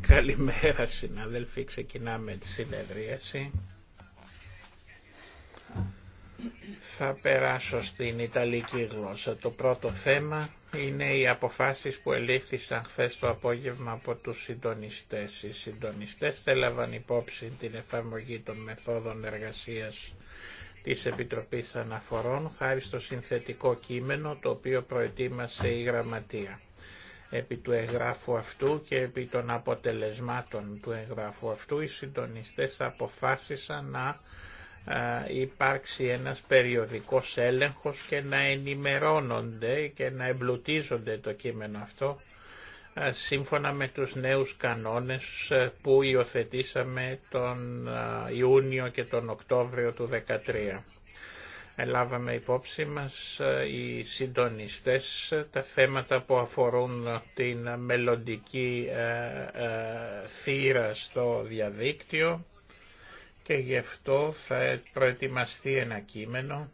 Καλημέρα συνάδελφοι, ξεκινάμε τη συνεδρίαση. Θα περάσω στην Ιταλική γλώσσα. Το πρώτο θέμα είναι οι αποφάσεις που ελήφθησαν χθε το απόγευμα από τους συντονιστές. Οι συντονιστές έλαβαν υπόψη την εφαρμογή των μεθόδων εργασίας της Επιτροπής Αναφορών χάρη στο συνθετικό κείμενο το οποίο προετοίμασε η Γραμματεία επί του εγγράφου αυτού και επί των αποτελεσμάτων του εγγράφου αυτού οι συντονιστές αποφάσισαν να υπάρξει ένας περιοδικός έλεγχος και να ενημερώνονται και να εμπλουτίζονται το κείμενο αυτό σύμφωνα με τους νέους κανόνες που υιοθετήσαμε τον Ιούνιο και τον Οκτώβριο του 2013 λάβαμε υπόψη μας ε, οι συντονιστές τα θέματα που αφορούν την μελλοντική ε, ε, θύρα στο διαδίκτυο και γι' αυτό θα προετοιμαστεί ένα κείμενο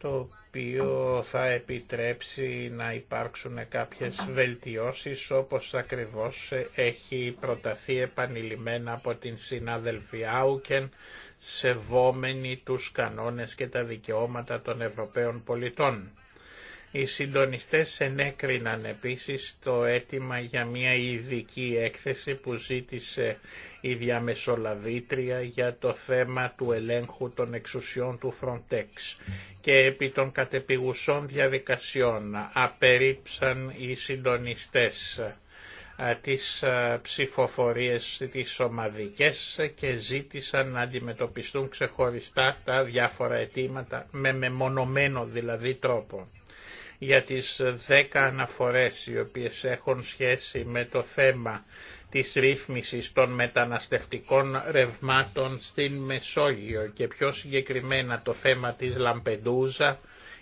το οποίο θα επιτρέψει να υπάρξουν κάποιες βελτιώσεις όπως ακριβώς έχει προταθεί επανειλημμένα από την συνάδελφη Άουκεν σεβόμενοι τους κανόνες και τα δικαιώματα των Ευρωπαίων πολιτών. Οι συντονιστές ενέκριναν επίσης το αίτημα για μια ειδική έκθεση που ζήτησε η διαμεσολαβήτρια για το θέμα του ελέγχου των εξουσιών του Frontex και επί των κατεπηγουσών διαδικασιών απερίψαν οι συντονιστές τις ψηφοφορίες τις ομαδικές και ζήτησαν να αντιμετωπιστούν ξεχωριστά τα διάφορα αιτήματα με μεμονωμένο δηλαδή τρόπο. Για τις δέκα αναφορές οι οποίες έχουν σχέση με το θέμα της ρύθμισης των μεταναστευτικών ρευμάτων στην Μεσόγειο και πιο συγκεκριμένα το θέμα της Λαμπεντούζα,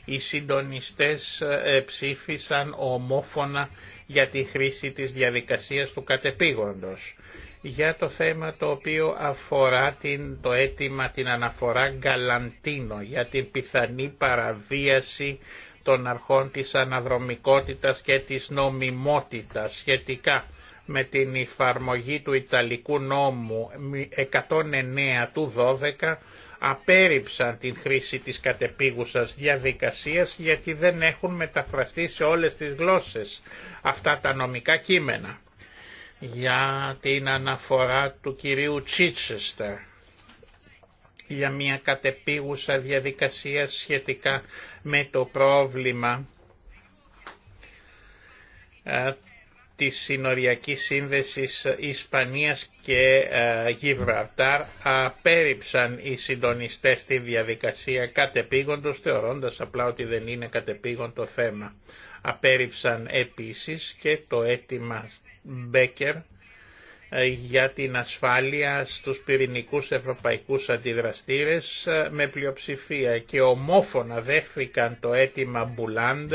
οι συντονιστές ε, ψήφισαν ομόφωνα για τη χρήση της διαδικασίας του κατεπήγοντος. Για το θέμα το οποίο αφορά την, το αίτημα την αναφορά Γκαλαντίνο για την πιθανή παραβίαση των αρχών της αναδρομικότητας και της νομιμότητας σχετικά με την εφαρμογή του Ιταλικού νόμου 109 του 12 Απέριψαν την χρήση της κατεπίγουσας διαδικασίας γιατί δεν έχουν μεταφραστεί σε όλες τις γλώσσες αυτά τα νομικά κείμενα. Για την αναφορά του κυρίου Τσίτσεστερ για μια κατεπίγουσα διαδικασία σχετικά με το πρόβλημα ε, της συνοριακής σύνδεσης Ισπανίας και ε, Γιβραλτάρ απέρριψαν οι συντονιστές τη διαδικασία κατεπίγοντος, θεωρώντας απλά ότι δεν είναι κατεπήγον το θέμα. Απέριψαν επίσης και το αίτημα Μπέκερ ε, για την ασφάλεια στους πυρηνικούς ευρωπαϊκούς αντιδραστήρες ε, με πλειοψηφία και ομόφωνα δέχθηκαν το αίτημα Μπουλάντ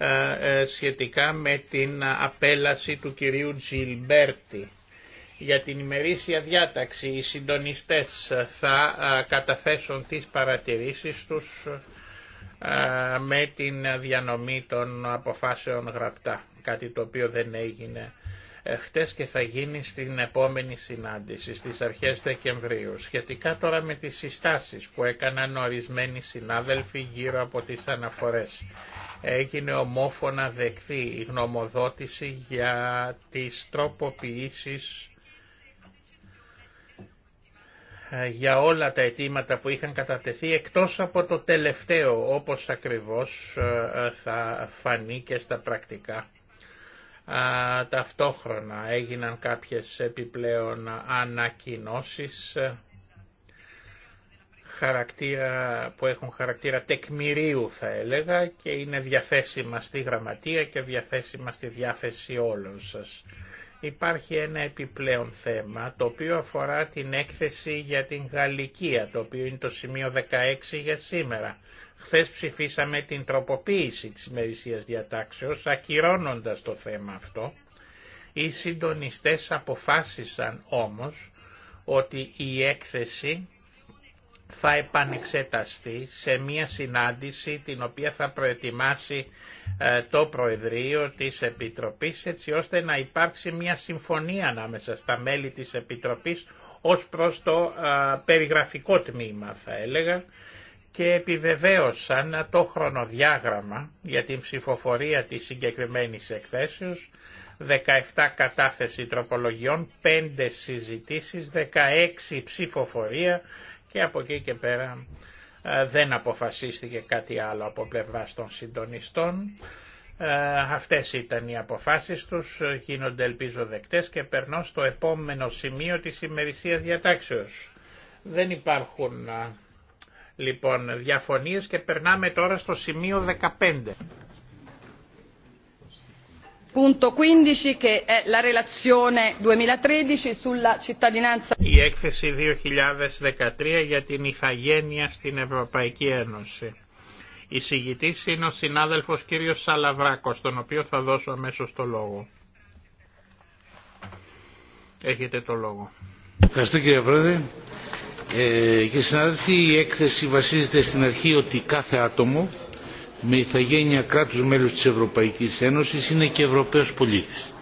ε, ε, σχετικά με την απέλαση του κυρίου Τζιλμπέρτη. Για την ημερήσια διάταξη οι συντονιστές θα ε, καταθέσουν τις παρατηρήσεις τους με την διανομή των αποφάσεων γραπτά, κάτι το οποίο δεν έγινε ε, χτες και θα γίνει στην επόμενη συνάντηση στις αρχές Δεκεμβρίου. Σχετικά τώρα με τις συστάσεις που έκαναν ορισμένοι συνάδελφοι γύρω από τις αναφορές. Έγινε ομόφωνα δεχθεί η γνωμοδότηση για τις τροποποιήσεις ε, για όλα τα αιτήματα που είχαν κατατεθεί εκτός από το τελευταίο όπως ακριβώς ε, θα φανεί και στα πρακτικά ταυτόχρονα έγιναν κάποιες επιπλέον ανακοινώσεις ε, χαρακτήρα, που έχουν χαρακτήρα τεκμηρίου θα έλεγα και είναι διαθέσιμα στη γραμματεία και διαθέσιμα στη διάθεση όλων σας. Υπάρχει ένα επιπλέον θέμα το οποίο αφορά την έκθεση για την Γαλλικία το οποίο είναι το σημείο 16 για σήμερα. Χθε ψηφίσαμε την τροποποίηση της ημερησίας διατάξεως, ακυρώνοντας το θέμα αυτό. Οι συντονιστές αποφάσισαν όμως ότι η έκθεση θα επανεξεταστεί σε μία συνάντηση την οποία θα προετοιμάσει ε, το Προεδρείο της Επιτροπής έτσι ώστε να υπάρξει μία συμφωνία ανάμεσα στα μέλη της Επιτροπής ως προς το ε, περιγραφικό τμήμα θα έλεγα και επιβεβαίωσαν το χρονοδιάγραμμα για την ψηφοφορία της συγκεκριμένης εκθέσεως, 17 κατάθεση τροπολογιών, 5 συζητήσεις, 16 ψηφοφορία και από εκεί και πέρα ε, δεν αποφασίστηκε κάτι άλλο από πλευρά των συντονιστών. Ε, αυτές ήταν οι αποφάσεις τους, γίνονται ελπίζω δεκτές και περνώ στο επόμενο σημείο της ημερησίας διατάξεως. Δεν υπάρχουν ε, λοιπόν διαφωνίες και περνάμε τώρα στο σημείο 15. Punto 15 che è la relazione 2013 sulla cittadinanza. Η έκθεση 2013 για την ηθαγένεια στην Ευρωπαϊκή Ένωση. Η συγητής είναι ο συνάδελφος κύριος Σαλαβράκος, τον οποίο θα δώσω αμέσω το λόγο. Έχετε το λόγο. Ευχαριστώ Πρόεδρε. Ε, και συνάδελφοι, η έκθεση βασίζεται στην αρχή ότι κάθε άτομο με ηθαγένεια κράτους μέλους της Ευρωπαϊκής Ένωσης είναι και Ευρωπαίος πολίτης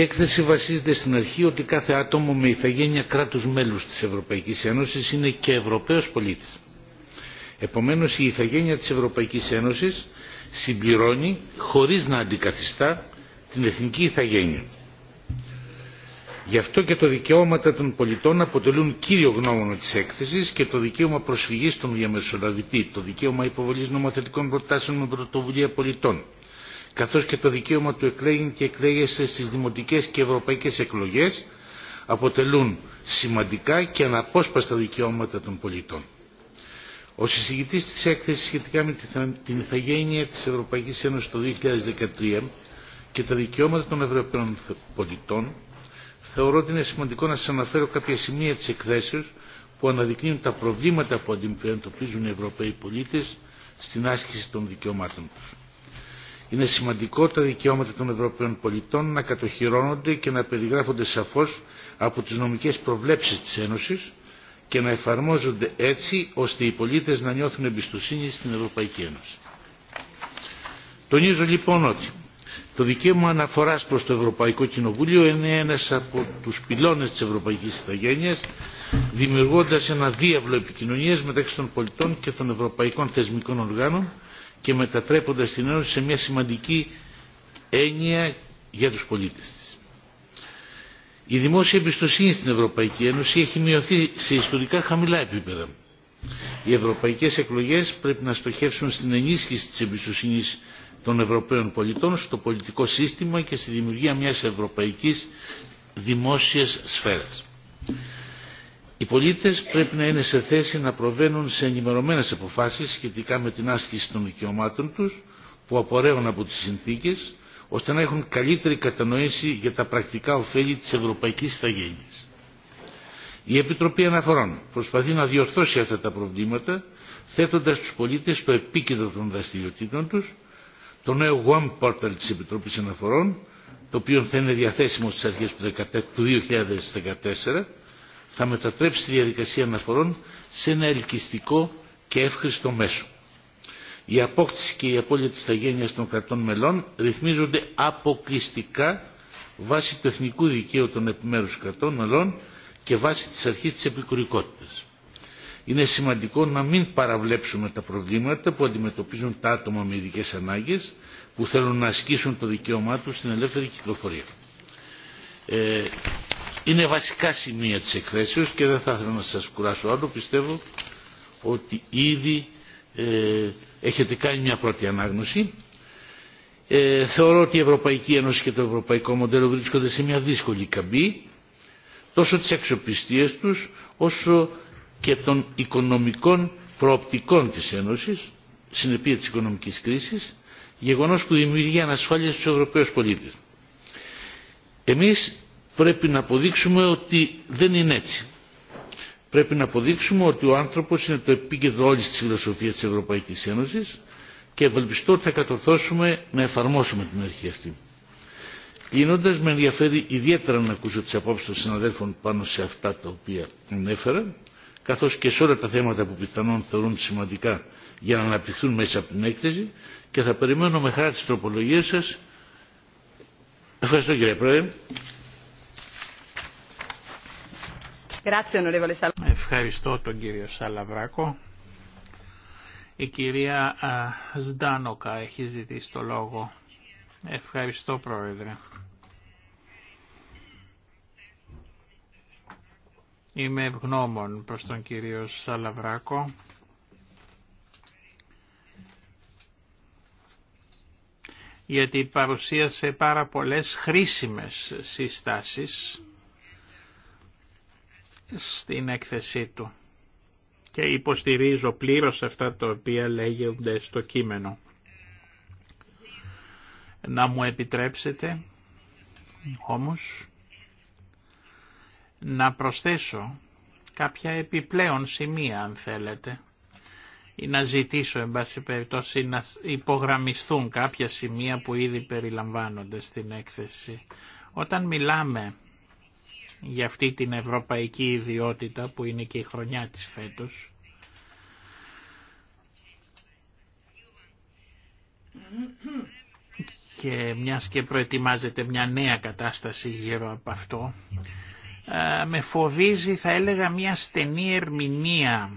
Η έκθεση βασίζεται στην αρχή ότι κάθε άτομο με ηθαγένεια κράτους μέλους της Ευρωπαϊκής Ένωσης είναι και Ευρωπαίος πολίτης. Επομένως η ηθαγένεια της Ευρωπαϊκής Ένωσης συμπληρώνει χωρίς να αντικαθιστά την εθνική ηθαγένεια. Γι' αυτό και το δικαιώματα των πολιτών αποτελούν κύριο γνώμονα της έκθεσης και το δικαίωμα προσφυγής των διαμεσολαβητή, το δικαίωμα υποβολής νομοθετικών προτάσεων με πρωτοβουλία πολιτών, καθώς και το δικαίωμα του εκλέγην και εκλέγεσαι στις δημοτικές και ευρωπαϊκές εκλογές αποτελούν σημαντικά και αναπόσπαστα δικαιώματα των πολιτών. Ο συζητητής της έκθεσης σχετικά με την ηθαγένεια της Ευρωπαϊκής Ένωσης το 2013 και τα δικαιώματα των Ευρωπαίων πολιτών θεωρώ ότι είναι σημαντικό να σας αναφέρω κάποια σημεία της εκθέσεως που αναδεικνύουν τα προβλήματα που αντιμετωπίζουν οι Ευρωπαίοι πολίτες στην άσκηση των δικαιωμάτων τους. Είναι σημαντικό τα δικαιώματα των Ευρωπαίων πολιτών να κατοχυρώνονται και να περιγράφονται σαφώς από τις νομικές προβλέψεις της Ένωσης και να εφαρμόζονται έτσι ώστε οι πολίτες να νιώθουν εμπιστοσύνη στην Ευρωπαϊκή Ένωση. Τονίζω λοιπόν ότι το δικαίωμα αναφοράς προς το Ευρωπαϊκό Κοινοβούλιο είναι ένα από τους πυλώνες της Ευρωπαϊκής Ιθαγένειας, δημιουργώντας ένα διάβλο επικοινωνίας μεταξύ των πολιτών και των ευρωπαϊκών θεσμικών οργάνων, και μετατρέποντας την Ένωση σε μια σημαντική έννοια για τους πολίτες της. Η δημόσια εμπιστοσύνη στην Ευρωπαϊκή Ένωση έχει μειωθεί σε ιστορικά χαμηλά επίπεδα. Οι ευρωπαϊκές εκλογές πρέπει να στοχεύσουν στην ενίσχυση της εμπιστοσύνης των Ευρωπαίων πολιτών στο πολιτικό σύστημα και στη δημιουργία μιας ευρωπαϊκής δημόσιας σφαίρας. Οι πολίτες πρέπει να είναι σε θέση να προβαίνουν σε ενημερωμένες αποφάσεις σχετικά με την άσκηση των δικαιωμάτων τους που απορρέουν από τις συνθήκες ώστε να έχουν καλύτερη κατανόηση για τα πρακτικά ωφέλη της ευρωπαϊκής σταγένειας. Η Επιτροπή Αναφορών προσπαθεί να διορθώσει αυτά τα προβλήματα θέτοντας τους πολίτες στο επίκεντρο των δραστηριοτήτων τους το νέο One Portal της Επιτροπής Αναφορών το οποίο θα είναι διαθέσιμο στις αρχές του 2014 θα μετατρέψει τη διαδικασία αναφορών σε ένα ελκυστικό και εύχριστο μέσο. Η απόκτηση και η απώλεια της ταγένειας των κρατών μελών ρυθμίζονται αποκλειστικά βάσει του εθνικού δικαίου των επιμέρους κρατών μελών και βάσει της αρχής της επικουρικότητας. Είναι σημαντικό να μην παραβλέψουμε τα προβλήματα που αντιμετωπίζουν τα άτομα με ειδικέ ανάγκες που θέλουν να ασκήσουν το δικαίωμά τους στην ελεύθερη κυκλοφορία. Ε, είναι βασικά σημεία της εκθέσεως και δεν θα ήθελα να σας κουράσω άλλο. Πιστεύω ότι ήδη ε, έχετε κάνει μια πρώτη ανάγνωση. Ε, θεωρώ ότι η Ευρωπαϊκή Ένωση και το Ευρωπαϊκό Μοντέλο βρίσκονται σε μια δύσκολη καμπή τόσο της αξιοπιστίας τους όσο και των οικονομικών προοπτικών της Ένωσης συνεπία της οικονομικής κρίσης γεγονός που δημιουργεί ανασφάλεια στους Ευρωπαίους πολίτες. Εμείς πρέπει να αποδείξουμε ότι δεν είναι έτσι. Πρέπει να αποδείξουμε ότι ο άνθρωπος είναι το επίκεντρο όλης της φιλοσοφίας της Ευρωπαϊκής Ένωσης και ευελπιστώ ότι θα κατορθώσουμε να εφαρμόσουμε την αρχή αυτή. Κλείνοντας, με ενδιαφέρει ιδιαίτερα να ακούσω τις απόψεις των συναδέλφων πάνω σε αυτά τα οποία ανέφερα, καθώς και σε όλα τα θέματα που πιθανόν θεωρούν σημαντικά για να αναπτυχθούν μέσα από την έκθεση και θα περιμένω με χαρά τις τροπολογίες σας. Ευχαριστώ κύριε Πρόεδρε. Ευχαριστώ τον κύριο Σαλαβράκο. Η κυρία Σντάνοκα έχει ζητήσει το λόγο. Ευχαριστώ πρόεδρε. Είμαι ευγνώμων προς τον κύριο Σαλαβράκο. γιατί παρουσίασε πάρα πολλές χρήσιμες συστάσεις στην έκθεσή του και υποστηρίζω πλήρως αυτά τα οποία λέγονται στο κείμενο. Να μου επιτρέψετε όμως να προσθέσω κάποια επιπλέον σημεία αν θέλετε ή να ζητήσω εν πάση περιπτώσει να υπογραμμιστούν κάποια σημεία που ήδη περιλαμβάνονται στην έκθεση. Όταν μιλάμε για αυτή την ευρωπαϊκή ιδιότητα που είναι και η χρονιά της φέτος. Και μιας και προετοιμάζεται μια νέα κατάσταση γύρω από αυτό, με φοβίζει θα έλεγα μια στενή ερμηνεία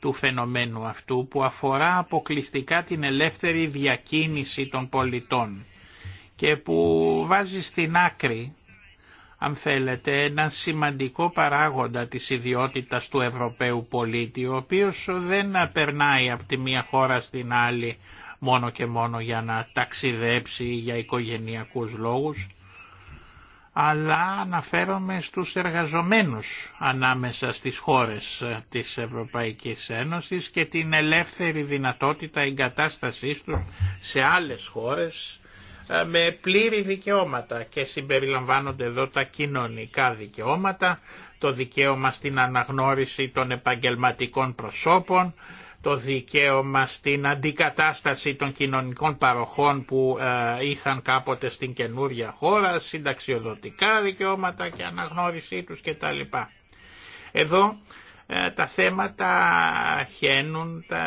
του φαινομένου αυτού που αφορά αποκλειστικά την ελεύθερη διακίνηση των πολιτών και που βάζει στην άκρη αν θέλετε, ένα σημαντικό παράγοντα της ιδιότητας του Ευρωπαίου πολίτη, ο οποίος δεν περνάει από τη μία χώρα στην άλλη μόνο και μόνο για να ταξιδέψει για οικογενειακούς λόγους, αλλά αναφέρομαι στους εργαζομένους ανάμεσα στις χώρες της Ευρωπαϊκής Ένωσης και την ελεύθερη δυνατότητα εγκατάστασής τους σε άλλες χώρες με πλήρη δικαιώματα και συμπεριλαμβάνονται εδώ τα κοινωνικά δικαιώματα, το δικαίωμα στην αναγνώριση των επαγγελματικών προσώπων, το δικαίωμα στην αντικατάσταση των κοινωνικών παροχών που είχαν κάποτε στην καινούρια χώρα, συνταξιοδοτικά δικαιώματα και αναγνώρισή τους κτλ. Εδώ ε, τα θέματα χαίνουν, τα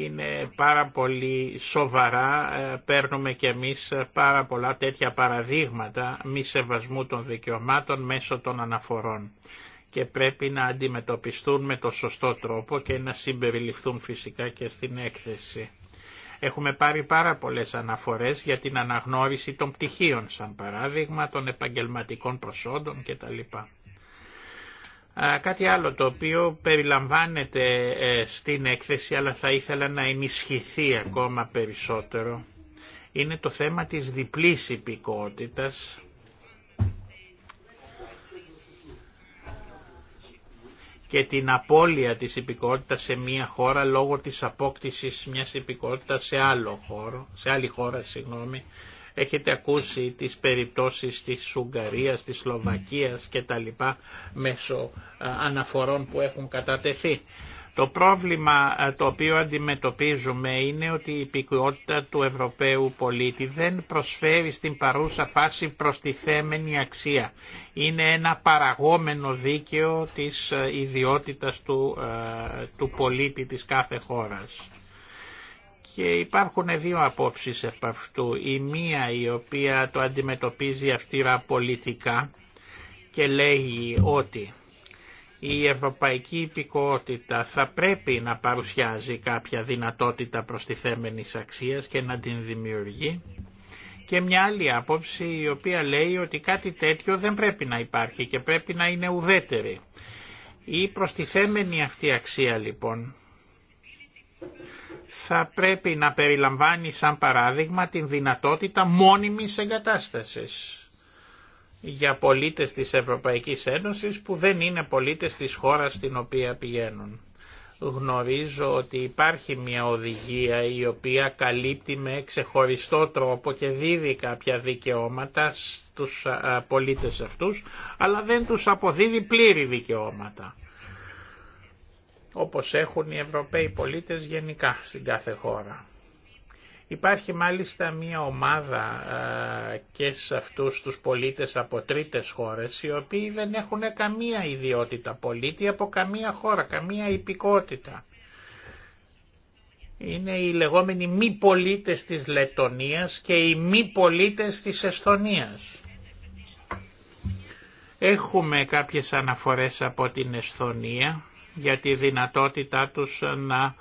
είναι πάρα πολύ σοβαρά, ε, παίρνουμε και εμείς πάρα πολλά τέτοια παραδείγματα μη σεβασμού των δικαιωμάτων μέσω των αναφορών και πρέπει να αντιμετωπιστούν με το σωστό τρόπο και να συμπεριληφθούν φυσικά και στην έκθεση. Έχουμε πάρει πάρα πολλές αναφορές για την αναγνώριση των πτυχίων, σαν παράδειγμα των επαγγελματικών προσόντων κτλ. Κάτι άλλο το οποίο περιλαμβάνεται ε, στην έκθεση αλλά θα ήθελα να ενισχυθεί ακόμα περισσότερο είναι το θέμα της διπλής υπηκότητας και την απώλεια της υπηκότητας σε μία χώρα λόγω της απόκτησης μιας υπηκότητας σε, άλλο χώρο, σε άλλη χώρα συγγνώμη, Έχετε ακούσει τις περιπτώσεις της Ουγγαρίας, της Σλοβακίας λοιπά μέσω ε, αναφορών που έχουν κατατεθεί. Το πρόβλημα ε, το οποίο αντιμετωπίζουμε είναι ότι η υπηκότητα του Ευρωπαίου πολίτη δεν προσφέρει στην παρούσα φάση προστιθέμενη αξία. Είναι ένα παραγόμενο δίκαιο της ε, ιδιότητας του, του πολίτη της κάθε χώρας. Και υπάρχουν δύο απόψεις επ' αυτού. Η μία η οποία το αντιμετωπίζει αυτήρα πολιτικά και λέει ότι η ευρωπαϊκή υπηκότητα θα πρέπει να παρουσιάζει κάποια δυνατότητα προστιθέμενης αξίας και να την δημιουργεί και μια άλλη άποψη η οποία λέει ότι κάτι τέτοιο δεν πρέπει να υπάρχει και πρέπει να είναι ουδέτερη. Η προστιθέμενη αυτή αξία λοιπόν θα πρέπει να περιλαμβάνει σαν παράδειγμα την δυνατότητα μόνιμης εγκατάστασης για πολίτες της Ευρωπαϊκής Ένωσης που δεν είναι πολίτες της χώρας στην οποία πηγαίνουν. Γνωρίζω ότι υπάρχει μια οδηγία η οποία καλύπτει με ξεχωριστό τρόπο και δίδει κάποια δικαιώματα στους πολίτες αυτούς, αλλά δεν τους αποδίδει πλήρη δικαιώματα όπως έχουν οι Ευρωπαίοι πολίτες γενικά στην κάθε χώρα. Υπάρχει μάλιστα μία ομάδα και σε αυτούς τους πολίτες από τρίτες χώρες, οι οποίοι δεν έχουν καμία ιδιότητα πολίτη από καμία χώρα, καμία υπηκότητα. Είναι οι λεγόμενοι μη πολίτες της Λετωνίας και οι μη πολίτες της Εσθονίας. Έχουμε κάποιες αναφορές από την Εσθονία για τη δυνατότητά τους να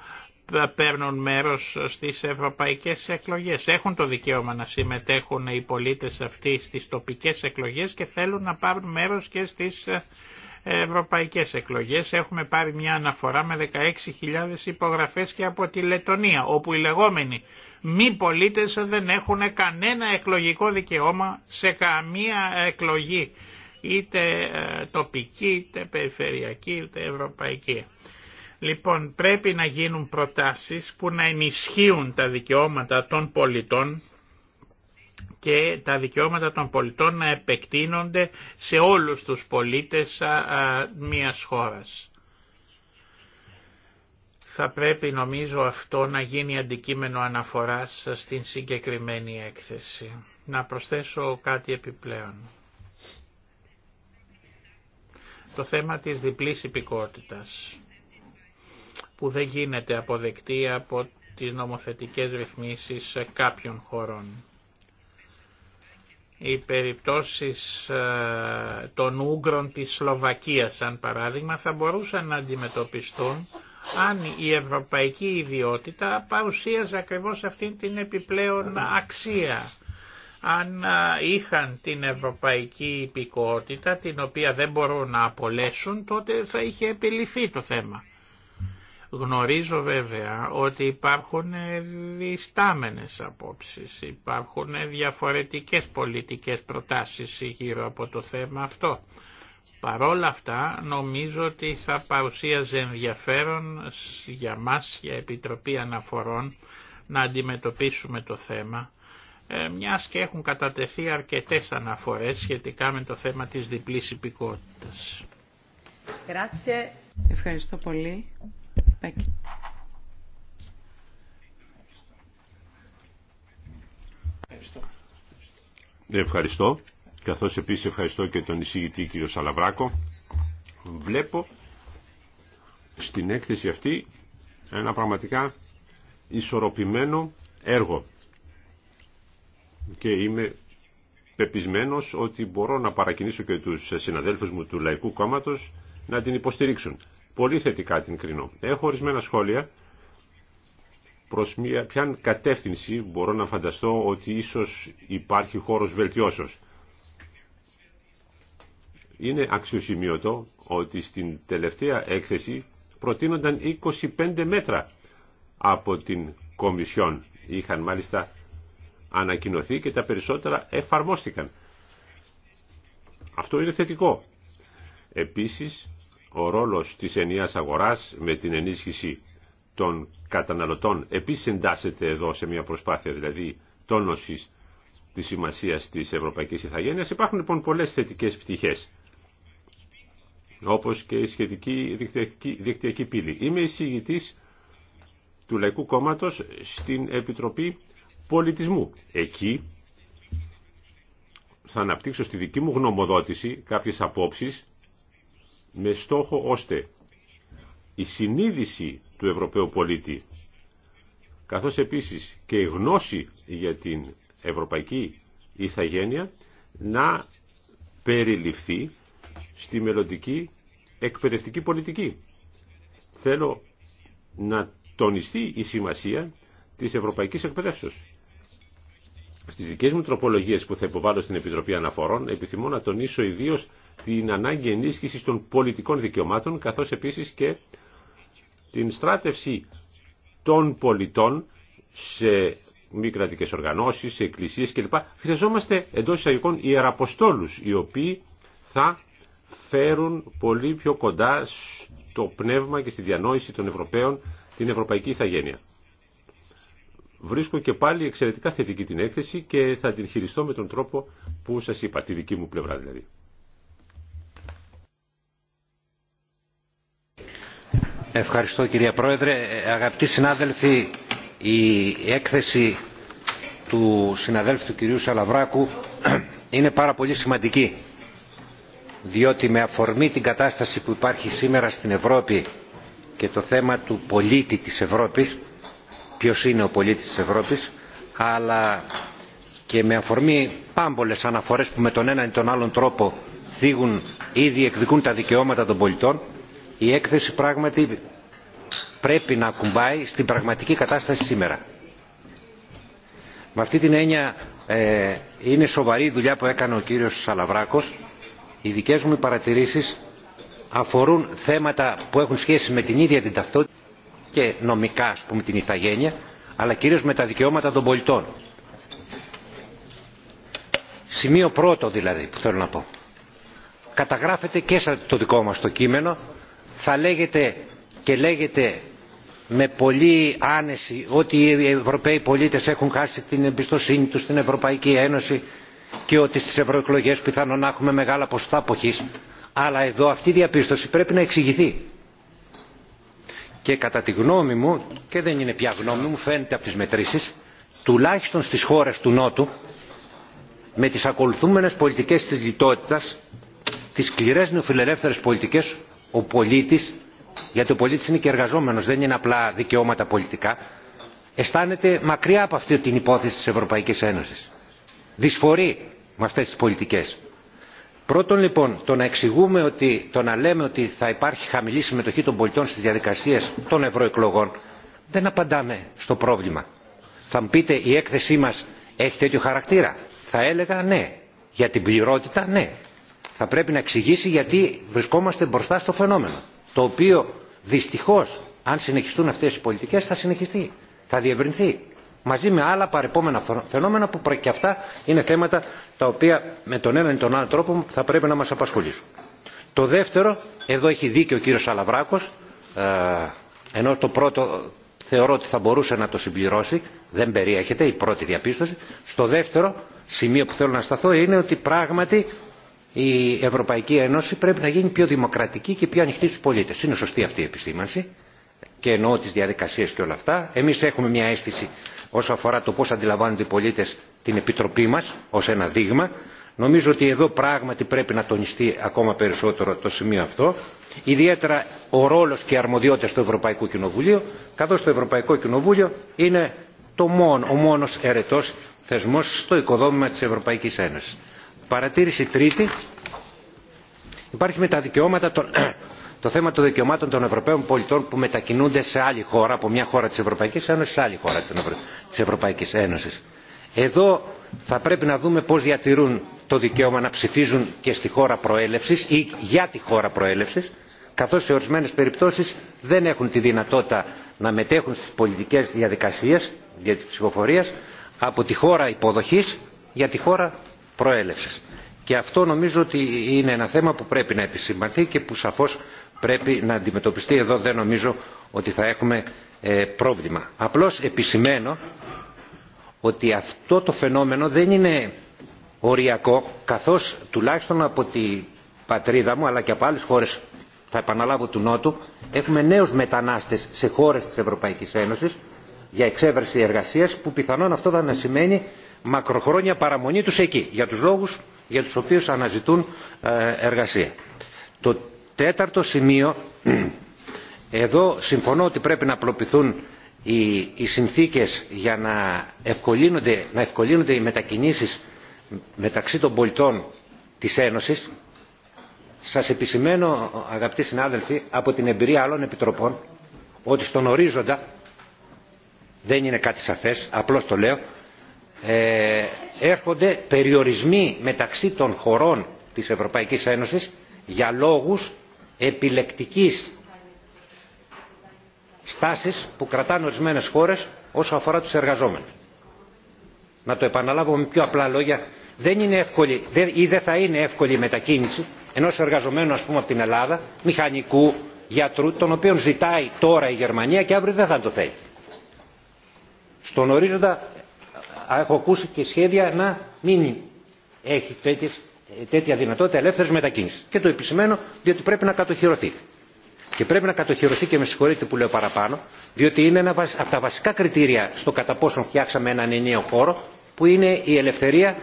παίρνουν μέρος στις ευρωπαϊκές εκλογές. Έχουν το δικαίωμα να συμμετέχουν οι πολίτες αυτοί στις τοπικές εκλογές και θέλουν να πάρουν μέρος και στις ευρωπαϊκές εκλογές. Έχουμε πάρει μια αναφορά με 16.000 υπογραφές και από τη Λετωνία, όπου οι λεγόμενοι μη πολίτες δεν έχουν κανένα εκλογικό δικαιώμα σε καμία εκλογή είτε ε, τοπική, είτε περιφερειακή, είτε ευρωπαϊκή. Λοιπόν, πρέπει να γίνουν προτάσεις που να ενισχύουν τα δικαιώματα των πολιτών και τα δικαιώματα των πολιτών να επεκτείνονται σε όλους τους πολίτες μιας χώρας. Θα πρέπει νομίζω αυτό να γίνει αντικείμενο αναφοράς στην συγκεκριμένη έκθεση. Να προσθέσω κάτι επιπλέον το θέμα της διπλής υπηκότητας που δεν γίνεται αποδεκτή από τις νομοθετικές ρυθμίσεις κάποιων χωρών. Οι περιπτώσεις ε, των Ούγκρων της Σλοβακίας, σαν παράδειγμα, θα μπορούσαν να αντιμετωπιστούν αν η ευρωπαϊκή ιδιότητα παρουσίαζε ακριβώς αυτήν την επιπλέον αξία αν είχαν την ευρωπαϊκή υπηκότητα την οποία δεν μπορούν να απολέσουν τότε θα είχε επιληθεί το θέμα. Γνωρίζω βέβαια ότι υπάρχουν ε, διστάμενες απόψεις, υπάρχουν ε, διαφορετικές πολιτικές προτάσεις γύρω από το θέμα αυτό. Παρόλα αυτά νομίζω ότι θα παρουσίαζε ενδιαφέρον για μας, για Επιτροπή Αναφορών, να αντιμετωπίσουμε το θέμα ε, μιας και έχουν κατατεθεί αρκετές αναφορές σχετικά με το θέμα της διπλής υπηκότητας. Ευχαριστώ πολύ. Ευχαριστώ. Καθώς επίσης ευχαριστώ και τον εισηγητή κύριο Σαλαβράκο. Βλέπω στην έκθεση αυτή ένα πραγματικά ισορροπημένο έργο και είμαι πεπισμένος ότι μπορώ να παρακινήσω και τους συναδέλφους μου του Λαϊκού Κόμματος να την υποστηρίξουν. Πολύ θετικά την κρίνω. Έχω ορισμένα σχόλια προς μια, ποια κατεύθυνση μπορώ να φανταστώ ότι ίσως υπάρχει χώρος βελτιώσεως. Είναι αξιοσημείωτο ότι στην τελευταία έκθεση προτείνονταν 25 μέτρα από την Κομισιόν. Είχαν μάλιστα ανακοινωθεί και τα περισσότερα εφαρμόστηκαν. Αυτό είναι θετικό. Επίσης, ο ρόλος της ενιαίας αγοράς με την ενίσχυση των καταναλωτών επίσης εντάσσεται εδώ σε μια προσπάθεια δηλαδή τόνωσης της σημασίας της Ευρωπαϊκής Ιθαγένειας. Υπάρχουν λοιπόν πολλές θετικές πτυχές όπως και η σχετική δικτυακή, πύλη. Είμαι εισηγητής του Λαϊκού Κόμματος στην Επιτροπή πολιτισμού. Εκεί θα αναπτύξω στη δική μου γνωμοδότηση κάποιες απόψεις με στόχο ώστε η συνείδηση του Ευρωπαίου πολίτη καθώς επίσης και η γνώση για την ευρωπαϊκή ηθαγένεια να περιληφθεί στη μελλοντική εκπαιδευτική πολιτική. Θέλω να τονιστεί η σημασία της ευρωπαϊκής εκπαιδεύσεως. Στι δικέ μου τροπολογίε που θα υποβάλω στην Επιτροπή Αναφορών επιθυμώ να τονίσω ιδίω την ανάγκη ενίσχυση των πολιτικών δικαιωμάτων καθώς επίσης και την στράτευση των πολιτών σε μη κρατικέ οργανώσεις, σε εκκλησίες κλπ. Χρειαζόμαστε εντό εισαγωγικών ιεραποστόλους οι οποίοι θα φέρουν πολύ πιο κοντά στο πνεύμα και στη διανόηση των Ευρωπαίων την Ευρωπαϊκή Ιθαγένεια βρίσκω και πάλι εξαιρετικά θετική την έκθεση και θα την χειριστώ με τον τρόπο που σας είπα, τη δική μου πλευρά δηλαδή. Ευχαριστώ κυρία Πρόεδρε. Αγαπητοί συνάδελφοι, η έκθεση του συναδέλφου του κυρίου Σαλαβράκου είναι πάρα πολύ σημαντική διότι με αφορμή την κατάσταση που υπάρχει σήμερα στην Ευρώπη και το θέμα του πολίτη της Ευρώπης ποιος είναι ο πολίτης της Ευρώπης, αλλά και με αφορμή πάμπολες αναφορές που με τον έναν ή τον άλλον τρόπο θίγουν ή διεκδικούν τα δικαιώματα των πολιτών, η έκθεση πράγματι πρέπει να ακουμπάει στην πραγματική κατάσταση σήμερα. Με αυτή την έννοια ε, είναι σοβαρή η διεκδικουν τα δικαιωματα των πολιτων η εκθεση πραγματι πρεπει να ακουμπαει στην πραγματικη κατασταση σημερα με αυτη την εννοια ειναι σοβαρη η δουλεια που έκανε ο κύριος Σαλαβράκος. Οι δικές μου παρατηρήσεις αφορούν θέματα που έχουν σχέση με την ίδια την ταυτότητα και νομικά ας πούμε, την ηθαγένεια, αλλά κυρίως με τα δικαιώματα των πολιτών. Σημείο πρώτο δηλαδή που θέλω να πω. Καταγράφεται και σε το δικό μας το κείμενο, θα λέγεται και λέγεται με πολύ άνεση ότι οι Ευρωπαίοι πολίτες έχουν χάσει την εμπιστοσύνη τους στην Ευρωπαϊκή Ένωση και ότι στις ευρωεκλογές πιθανόν να έχουμε μεγάλα ποσοστά αποχής. Αλλά εδώ αυτή η διαπίστωση πρέπει να εξηγηθεί και κατά τη γνώμη μου και δεν είναι πια γνώμη μου φαίνεται από τις μετρήσεις τουλάχιστον στις χώρες του Νότου με τις ακολουθούμενες πολιτικές της λιτότητας τις σκληρές νεοφιλελεύθερες πολιτικές ο πολίτης γιατί ο πολίτης είναι και εργαζόμενος δεν είναι απλά δικαιώματα πολιτικά αισθάνεται μακριά από αυτή την υπόθεση της Ευρωπαϊκής Ένωσης. Δυσφορεί με αυτές τις πολιτικές. Πρώτον λοιπόν το να εξηγούμε ότι το να λέμε ότι θα υπάρχει χαμηλή συμμετοχή των πολιτών στις διαδικασίες των ευρωεκλογών δεν απαντάμε στο πρόβλημα. Θα μου πείτε η έκθεσή μας έχει τέτοιο χαρακτήρα. Θα έλεγα ναι. Για την πληρότητα ναι. Θα πρέπει να εξηγήσει γιατί βρισκόμαστε μπροστά στο φαινόμενο. Το οποίο δυστυχώς αν συνεχιστούν αυτές οι πολιτικές θα συνεχιστεί. Θα διευρυνθεί μαζί με άλλα παρεπόμενα φαινόμενα που και αυτά είναι θέματα τα οποία με τον ένα ή τον άλλο τρόπο θα πρέπει να μας απασχολήσουν. Το δεύτερο, εδώ έχει δίκιο ο κύριος Αλαβράκος ε, ενώ το πρώτο θεωρώ ότι θα μπορούσε να το συμπληρώσει, δεν περιέχεται η πρώτη διαπίστωση. Στο δεύτερο σημείο που θέλω να σταθώ είναι ότι πράγματι η Ευρωπαϊκή Ένωση πρέπει να γίνει πιο δημοκρατική και πιο ανοιχτή στους πολίτες. Είναι σωστή αυτή η επιστήμανση και εννοώ τις διαδικασίες και όλα αυτά. Εμείς έχουμε μια αίσθηση όσο αφορά το πώς αντιλαμβάνονται οι πολίτες την Επιτροπή μας ως ένα δείγμα. Νομίζω ότι εδώ πράγματι πρέπει να τονιστεί ακόμα περισσότερο το σημείο αυτό, ιδιαίτερα ο ρόλος και οι αρμοδιότητες του Ευρωπαϊκού Κοινοβουλίου, καθώς το Ευρωπαϊκό Κοινοβούλιο είναι το μόνο, ο μόνος ερετός θεσμός στο οικοδόμημα της Ευρωπαϊκής Ένωσης. Παρατήρηση τρίτη, υπάρχει με τα δικαιώματα των το θέμα των δικαιωμάτων των Ευρωπαίων πολιτών που μετακινούνται σε άλλη χώρα, από μια χώρα της Ευρωπαϊκής Ένωσης σε άλλη χώρα της Ευρωπαϊκής Ένωσης. Εδώ θα πρέπει να δούμε πώς διατηρούν το δικαίωμα να ψηφίζουν και στη χώρα προέλευσης ή για τη χώρα προέλευσης, καθώς σε ορισμένες περιπτώσεις δεν έχουν τη δυνατότητα να μετέχουν στις πολιτικές διαδικασίες για της ψηφοφορία, από τη χώρα υποδοχής για τη χώρα προέλευσης. Και αυτό νομίζω ότι είναι ένα θέμα που πρέπει να επισημανθεί και που σαφώς πρέπει να αντιμετωπιστεί. Εδώ δεν νομίζω ότι θα έχουμε ε, πρόβλημα. Απλώς επισημαίνω ότι αυτό το φαινόμενο δεν είναι οριακό καθώς τουλάχιστον από τη πατρίδα μου αλλά και από άλλες χώρες θα επαναλάβω του Νότου έχουμε νέους μετανάστες σε χώρες της Ευρωπαϊκής Ένωσης για εξέβρεση εργασίας που πιθανόν αυτό θα να σημαίνει μακροχρόνια παραμονή τους εκεί για τους λόγους για τους οποίους αναζητούν ε, εργασία. Τέταρτο σημείο, εδώ συμφωνώ ότι πρέπει να απλοποιηθούν οι, συνθήκες για να ευκολύνονται, να οι μετακινήσεις μεταξύ των πολιτών της Ένωσης. Σας επισημαίνω αγαπητοί συνάδελφοι από την εμπειρία άλλων επιτροπών ότι στον ορίζοντα δεν είναι κάτι σαφές, απλώς το λέω ε, έρχονται περιορισμοί μεταξύ των χωρών της Ευρωπαϊκής Ένωσης για λόγους επιλεκτικής στάσης που κρατάνε ορισμένες χώρες όσο αφορά τους εργαζόμενους. Να το επαναλάβω με πιο απλά λόγια, δεν είναι εύκολη ή δεν θα είναι εύκολη η μετακίνηση ενός εργαζομένου ας πούμε από την Ελλάδα, μηχανικού, γιατρού, τον οποίον ζητάει τώρα η Γερμανία και αύριο δεν θα το θέλει. Στον ορίζοντα έχω ακούσει και σχέδια να μην έχει τέτοιες τέτοια δυνατότητα ελεύθερη μετακίνηση Και το επισημαίνω διότι πρέπει να κατοχυρωθεί. Και πρέπει να κατοχυρωθεί και με συγχωρείτε που λέω παραπάνω, διότι είναι ένα από τα βασικά κριτήρια στο κατά πόσον φτιάξαμε έναν ενιαίο χώρο, που είναι η ελευθερία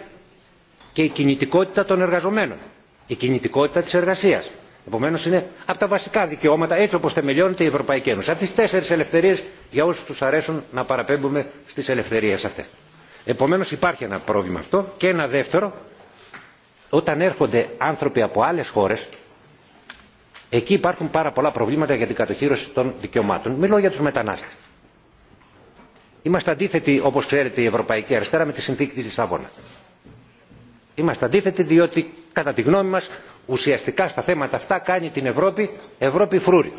και η κινητικότητα των εργαζομένων. Η κινητικότητα τη εργασία. Επομένω είναι από τα βασικά δικαιώματα έτσι όπω θεμελιώνεται η Ευρωπαϊκή Ένωση. Από τι τέσσερι ελευθερίε για όσου του αρέσουν να παραπέμπουμε στι ελευθερίε αυτέ. Επομένω υπάρχει ένα πρόβλημα αυτό και ένα δεύτερο όταν έρχονται άνθρωποι από άλλες χώρες εκεί υπάρχουν πάρα πολλά προβλήματα για την κατοχήρωση των δικαιωμάτων. Μιλώ για τους μετανάστες. Είμαστε αντίθετοι, όπως ξέρετε, η Ευρωπαϊκή Αριστερά με τη συνθήκη της Λισαβόνα. Είμαστε αντίθετοι διότι, κατά τη γνώμη μας, ουσιαστικά στα θέματα αυτά κάνει την Ευρώπη Ευρώπη φρούρη.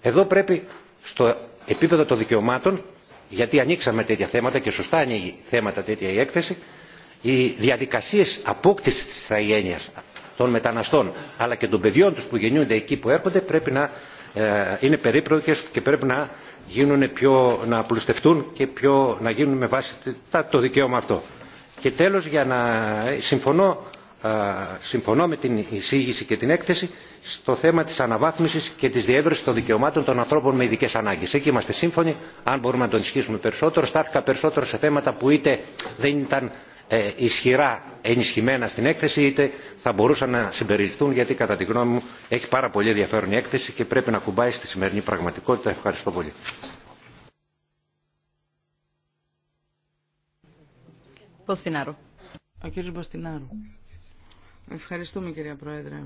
Εδώ πρέπει στο επίπεδο των δικαιωμάτων, γιατί ανοίξαμε τέτοια θέματα και σωστά ανοίγει θέματα τέτοια η έκθεση, οι διαδικασίες απόκτησης της ηθαγένειας των μεταναστών αλλά και των παιδιών τους που γεννιούνται εκεί που έρχονται πρέπει να ε, είναι περίπλοκες και πρέπει να γίνουν πιο, να και πιο, να γίνουν με βάση το δικαίωμα αυτό. Και τέλος για να ε, συμφωνώ, ε, συμφωνώ με την εισήγηση και την έκθεση στο θέμα της αναβάθμισης και της διεύρυνσης των δικαιωμάτων των ανθρώπων με ειδικέ ανάγκες. Εκεί είμαστε σύμφωνοι, αν μπορούμε να το ενισχύσουμε περισσότερο. Στάθηκα περισσότερο σε θέματα που είτε δεν ήταν ε, ισχυρά ενισχυμένα στην έκθεση είτε θα μπορούσαν να συμπεριληφθούν γιατί κατά τη γνώμη μου έχει πάρα πολύ ενδιαφέρον η έκθεση και πρέπει να κουμπάει στη σημερινή πραγματικότητα. Ευχαριστώ πολύ. Ο κύριος Μποστινάρου. Ευχαριστούμε κυρία Πρόεδρε.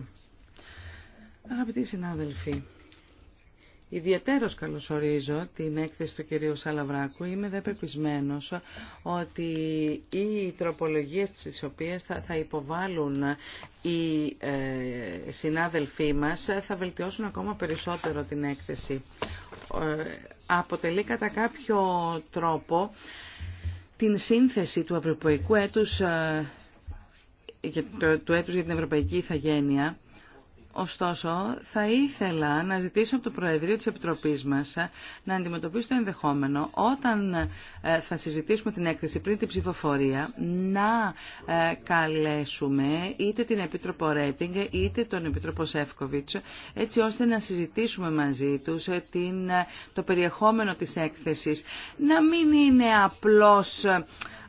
Αγαπητοί συνάδελφοι, Ιδιαίτερος καλωσορίζω την έκθεση του κυρίου Σαλαβράκου. Είμαι δε ότι οι τροπολογίες τις οποίες θα υποβάλουν οι ε, συνάδελφοί μας θα βελτιώσουν ακόμα περισσότερο την έκθεση. Ε, αποτελεί κατά κάποιο τρόπο την σύνθεση του Ευρωπαϊκού έτους, ε, του έτους για την Ευρωπαϊκή Ιθαγένεια Ωστόσο, θα ήθελα να ζητήσω από το Προεδρείο της Επιτροπής μας να αντιμετωπίσει το ενδεχόμενο όταν ε, θα συζητήσουμε την έκθεση πριν την ψηφοφορία να ε, καλέσουμε είτε την Επίτροπο Ρέτινγκ είτε τον Επίτροπο Σεύκοβιτς έτσι ώστε να συζητήσουμε μαζί τους ε, το περιεχόμενο της έκθεσης. Να μην είναι απλώς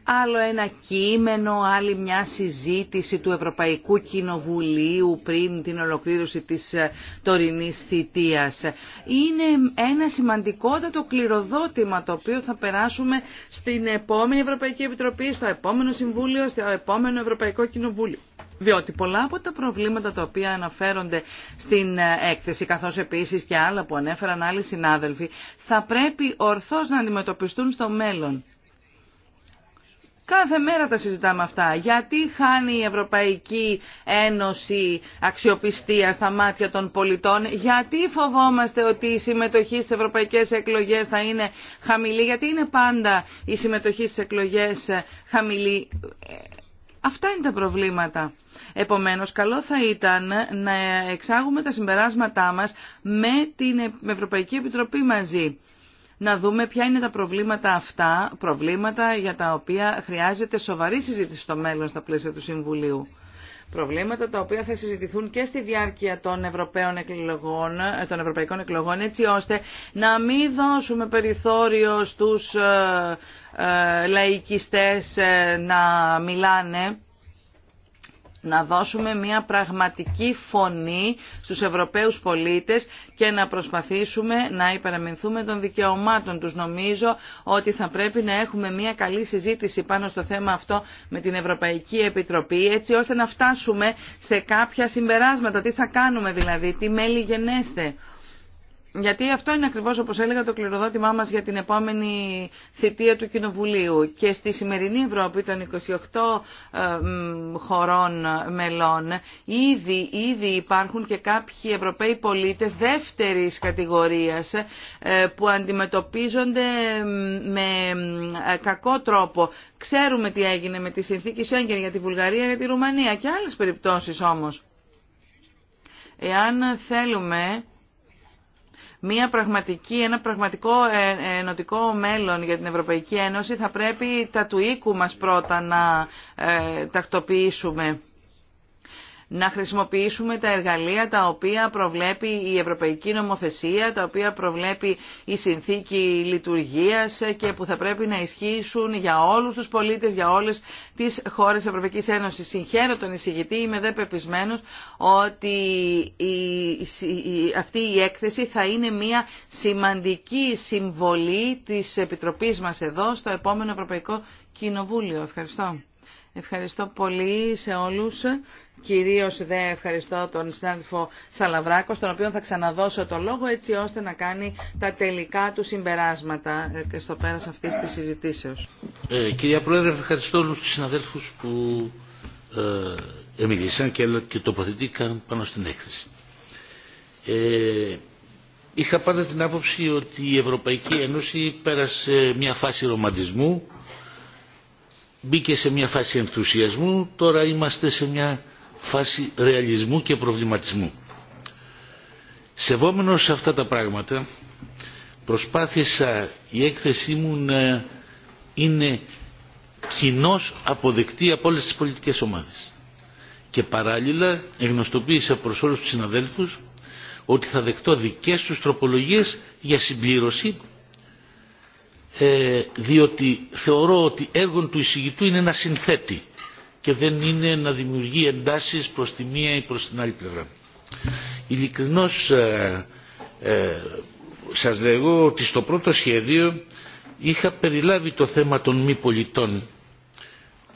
άλλο ένα κείμενο, άλλη μια συζήτηση του Ευρωπαϊκού Κοινοβουλίου πριν την ολοκλήρωση της ε, τωρινής θητείας. Είναι ένα σημαντικότατο κληροδότημα το οποίο θα περάσουμε στην επόμενη Ευρωπαϊκή Επιτροπή, στο επόμενο Συμβούλιο, στο επόμενο Ευρωπαϊκό Κοινοβούλιο διότι πολλά από τα προβλήματα τα οποία αναφέρονται στην ε, έκθεση, καθώς επίσης και άλλα που ανέφεραν άλλοι συνάδελφοι, θα πρέπει ορθώς να αντιμετωπιστούν στο μέλλον. Κάθε μέρα τα συζητάμε αυτά. Γιατί χάνει η Ευρωπαϊκή Ένωση αξιοπιστία στα μάτια των πολιτών, γιατί φοβόμαστε ότι η συμμετοχή στις ευρωπαϊκές εκλογές θα είναι χαμηλή, γιατί είναι πάντα η συμμετοχή στις εκλογές ε, χαμηλή. Ε, αυτά είναι τα προβλήματα. Επομένως, καλό θα ήταν να εξάγουμε τα συμπεράσματά μας με την Ευρωπαϊκή Επιτροπή μαζί να δούμε ποια είναι τα προβλήματα αυτά, προβλήματα για τα οποία χρειάζεται σοβαρή συζήτηση στο μέλλον στα πλαίσια του Συμβουλίου. Προβλήματα τα οποία θα συζητηθούν και στη διάρκεια των, Ευρωπαίων εκλογών, των ευρωπαϊκών εκλογών έτσι ώστε να μην δώσουμε περιθώριο στους ε, ε, λαϊκιστές ε, να μιλάνε να δώσουμε μια πραγματική φωνή στους Ευρωπαίους πολίτες και να προσπαθήσουμε να υπεραμεινθούμε των δικαιωμάτων τους. Νομίζω ότι θα πρέπει να έχουμε μια καλή συζήτηση πάνω στο θέμα αυτό με την Ευρωπαϊκή Επιτροπή έτσι ώστε να φτάσουμε σε κάποια συμπεράσματα. Τι θα κάνουμε δηλαδή, τι μέλη γενέστε. Γιατί αυτό είναι ακριβώς όπως έλεγα το κληροδότημά μας για την επόμενη θητεία του Κοινοβουλίου. Και στη σημερινή Ευρώπη των 28 ε, χωρών ε, μελών ήδη, ήδη υπάρχουν και κάποιοι Ευρωπαίοι πολίτες δεύτερης κατηγορίας ε, που αντιμετωπίζονται με κακό τρόπο. Ξέρουμε τι έγινε με τη συνθήκη Σέγγεν για τη Βουλγαρία, για τη Ρουμανία και άλλες περιπτώσεις όμως. Εάν θέλουμε μια πραγματική, ένα πραγματικό ε, ενωτικό μέλλον για την Ευρωπαϊκή Ένωση θα πρέπει τα του οίκου μας πρώτα να ε, τακτοποιήσουμε να χρησιμοποιήσουμε τα εργαλεία τα οποία προβλέπει η Ευρωπαϊκή Νομοθεσία, τα οποία προβλέπει η Συνθήκη Λειτουργίας και που θα πρέπει να ισχύσουν για όλους τους πολίτες, για όλες τις χώρες Ευρωπαϊκής Ένωσης. Συγχαίρω τον εισηγητή, είμαι δε πεπισμένος ότι αυτή η έκθεση θα είναι μια σημαντική συμβολή της Επιτροπής μας εδώ στο επόμενο Ευρωπαϊκό Κοινοβούλιο. Ευχαριστώ. Ευχαριστώ πολύ σε όλους. Κυρίως δε ευχαριστώ τον συνάδελφο Σαλαβράκο, στον οποίο θα ξαναδώσω το λόγο έτσι ώστε να κάνει τα τελικά του συμπεράσματα ε, και στο πέρας αυτής της συζητήσεως. Ε, κυρία Πρόεδρε, ευχαριστώ όλους τους συναδέλφους που ε, και, και τοποθετήκαν πάνω στην έκθεση. Ε, είχα πάντα την άποψη ότι η Ευρωπαϊκή Ένωση πέρασε μια φάση ρομαντισμού μπήκε σε μια φάση ενθουσιασμού, τώρα είμαστε σε μια φάση ρεαλισμού και προβληματισμού. Σεβόμενος αυτά τα πράγματα, προσπάθησα η έκθεσή μου να είναι κοινώ αποδεκτή από όλες τις πολιτικές ομάδες. Και παράλληλα εγνωστοποίησα προς όλους τους συναδέλφους ότι θα δεκτώ δικές τους τροπολογίες για συμπλήρωση ε, διότι θεωρώ ότι έργο του εισηγητού είναι να συνθέτει και δεν είναι να δημιουργεί εντάσεις προς τη μία ή προς την άλλη πλευρά. Ειλικρινώς ε, ε, σας λέγω ότι στο πρώτο σχέδιο είχα περιλάβει το θέμα των μη πολιτών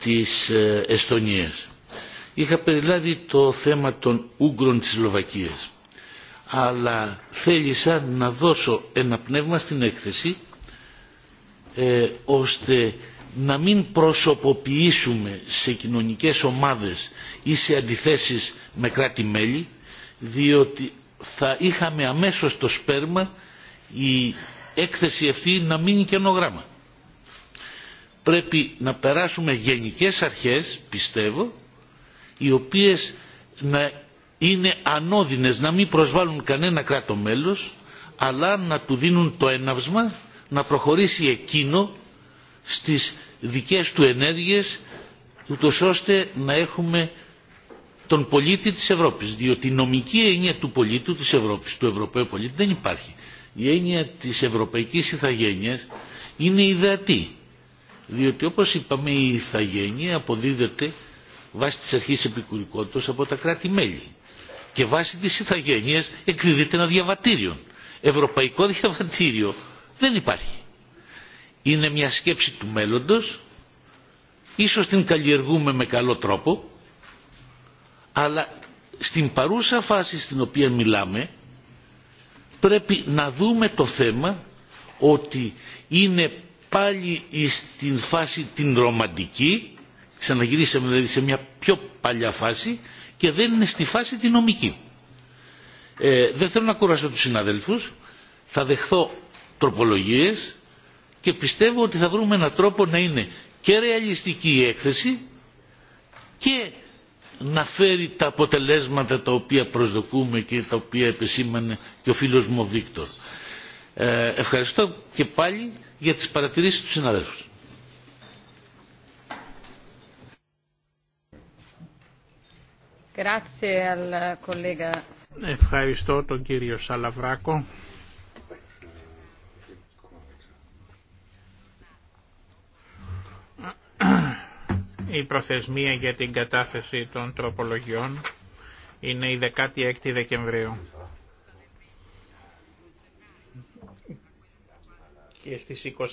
της Εστονίας. Είχα περιλάβει το θέμα των Ούγγρων της Σλοβακίας. Αλλά θέλησα να δώσω ένα πνεύμα στην έκθεση ε, ώστε να μην προσωποποιήσουμε σε κοινωνικές ομάδες ή σε αντιθέσεις με κράτη-μέλη διότι θα είχαμε αμέσως το σπέρμα η έκθεση αυτή να μείνει καινογράμμα. Πρέπει να περάσουμε γενικές αρχές, πιστεύω, οι οποίες να είναι ανώδυνες, να μην προσβάλλουν κανένα κράτο μέλος, αλλά να του δίνουν το έναυσμα να προχωρήσει εκείνο στις δικές του ενέργειες ούτως ώστε να έχουμε τον πολίτη της Ευρώπης διότι η νομική έννοια του πολίτου της Ευρώπης, του Ευρωπαίου πολίτη δεν υπάρχει. Η έννοια της ευρωπαϊκής ιθαγένειας είναι ιδεατή διότι όπως είπαμε η ηθαγένεια αποδίδεται βάσει της αρχής επικουρικότητας από τα κράτη-μέλη και βάσει της Ιθαγένειας εκδίδεται ένα διαβατήριο, ευρωπαϊκό διαβατήριο δεν υπάρχει. Είναι μια σκέψη του μέλλοντος, ίσως την καλλιεργούμε με καλό τρόπο, αλλά στην παρούσα φάση στην οποία μιλάμε πρέπει να δούμε το θέμα ότι είναι πάλι στην φάση την ρομαντική, ξαναγυρίσαμε δηλαδή σε μια πιο παλιά φάση και δεν είναι στη φάση την νομική. Ε, δεν θέλω να κουράσω τους συναδέλφους, θα δεχθώ τροπολογίες και πιστεύω ότι θα βρούμε έναν τρόπο να είναι και ρεαλιστική η έκθεση και να φέρει τα αποτελέσματα τα οποία προσδοκούμε και τα οποία επισήμανε και ο φίλος μου ο Βίκτορ. Ε, ευχαριστώ και πάλι για τις παρατηρήσεις του συναδέλφου. Ευχαριστώ τον κύριο Σαλαβράκο. Η προθεσμία για την κατάθεση των τροπολογιών είναι η 16η Δεκεμβρίου. Και στις 21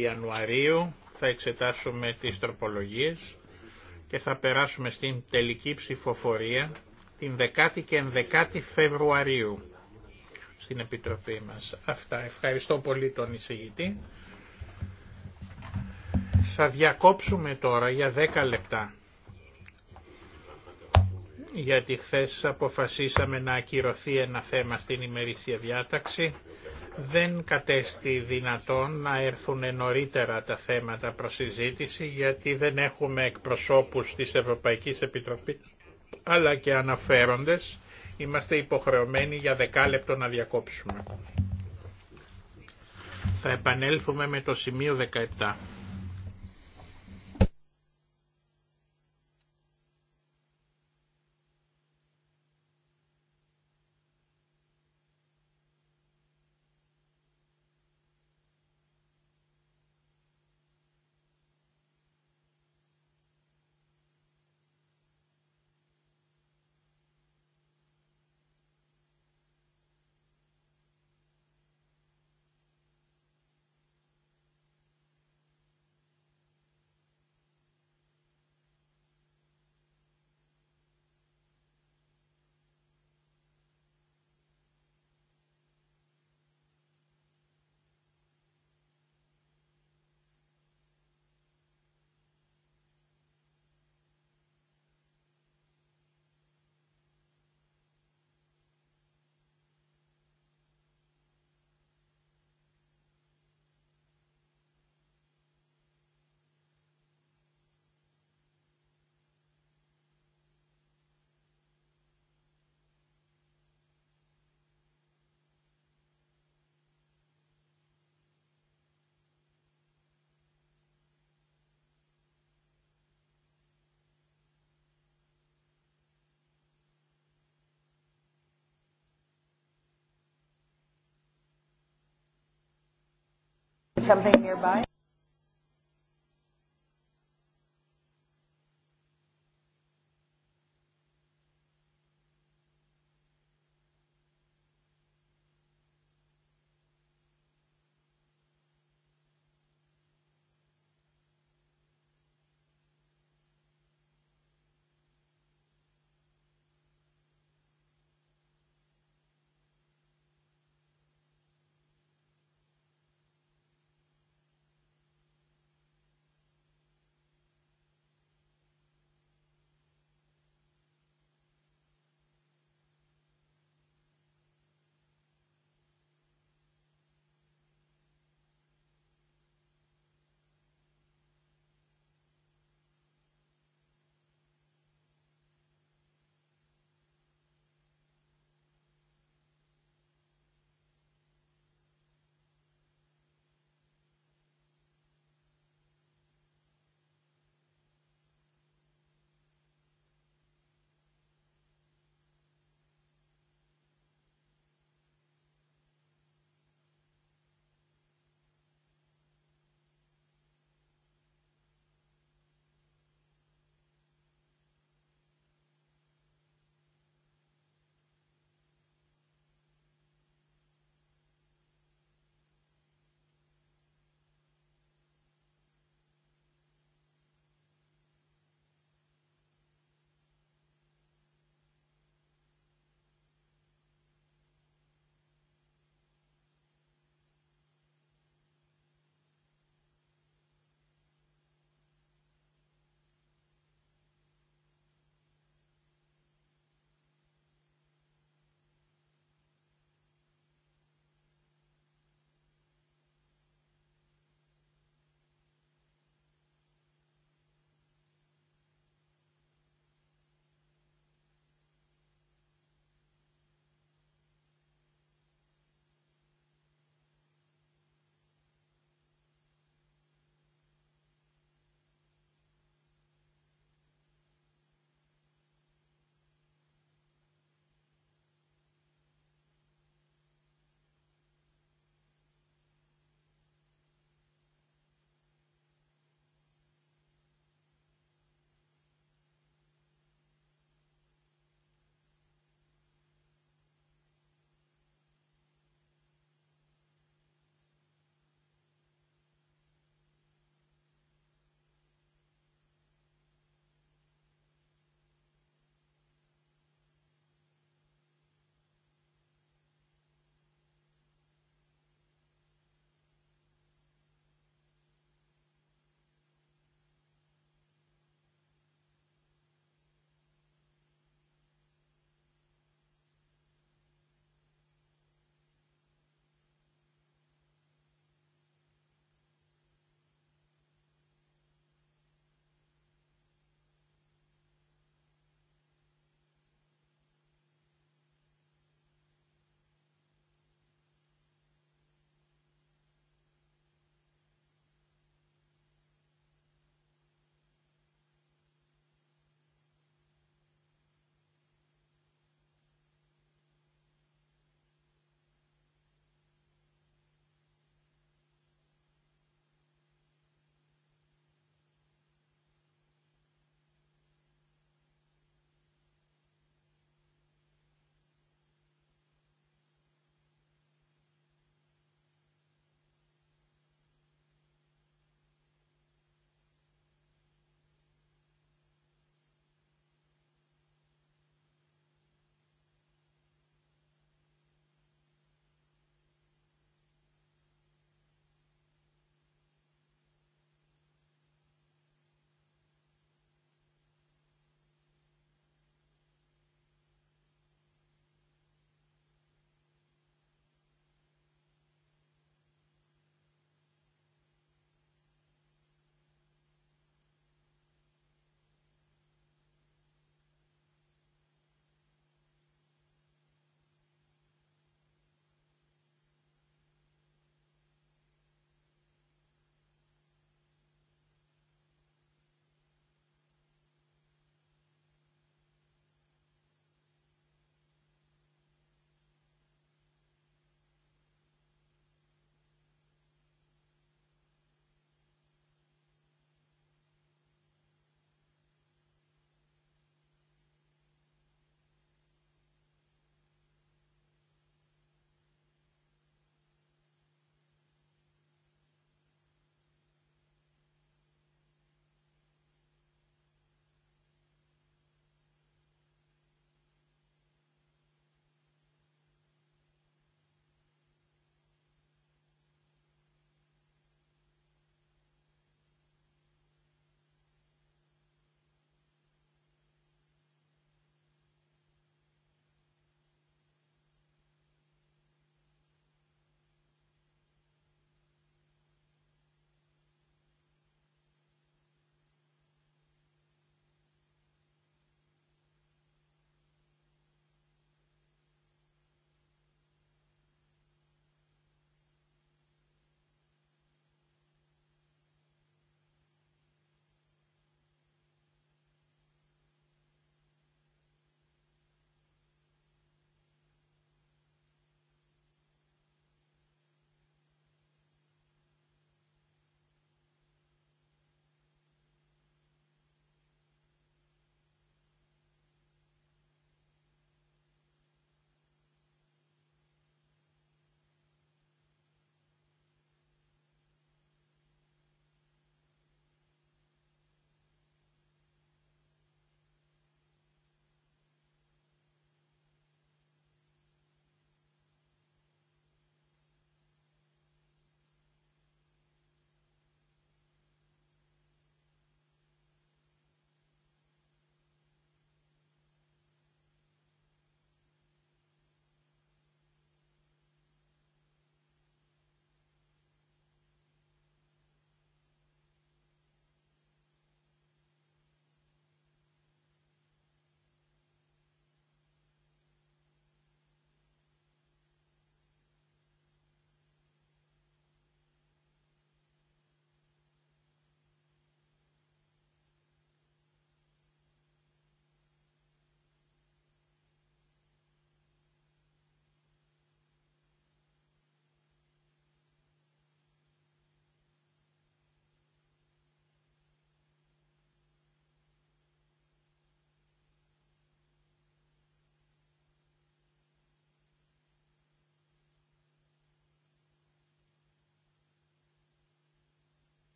Ιανουαρίου θα εξετάσουμε τις τροπολογίες και θα περάσουμε στην τελική ψηφοφορία την 10η και 11η Φεβρουαρίου στην Επιτροπή μας. Αυτά. Ευχαριστώ πολύ τον εισηγητή. Θα διακόψουμε τώρα για 10 λεπτά. Γιατί χθε αποφασίσαμε να ακυρωθεί ένα θέμα στην ημερήσια διάταξη. Δεν κατέστη δυνατόν να έρθουν νωρίτερα τα θέματα προς συζήτηση γιατί δεν έχουμε εκπροσώπους της Ευρωπαϊκής Επιτροπής αλλά και αναφέροντες. Είμαστε υποχρεωμένοι για λεπτό να διακόψουμε. Θα επανέλθουμε με το σημείο 17. something nearby?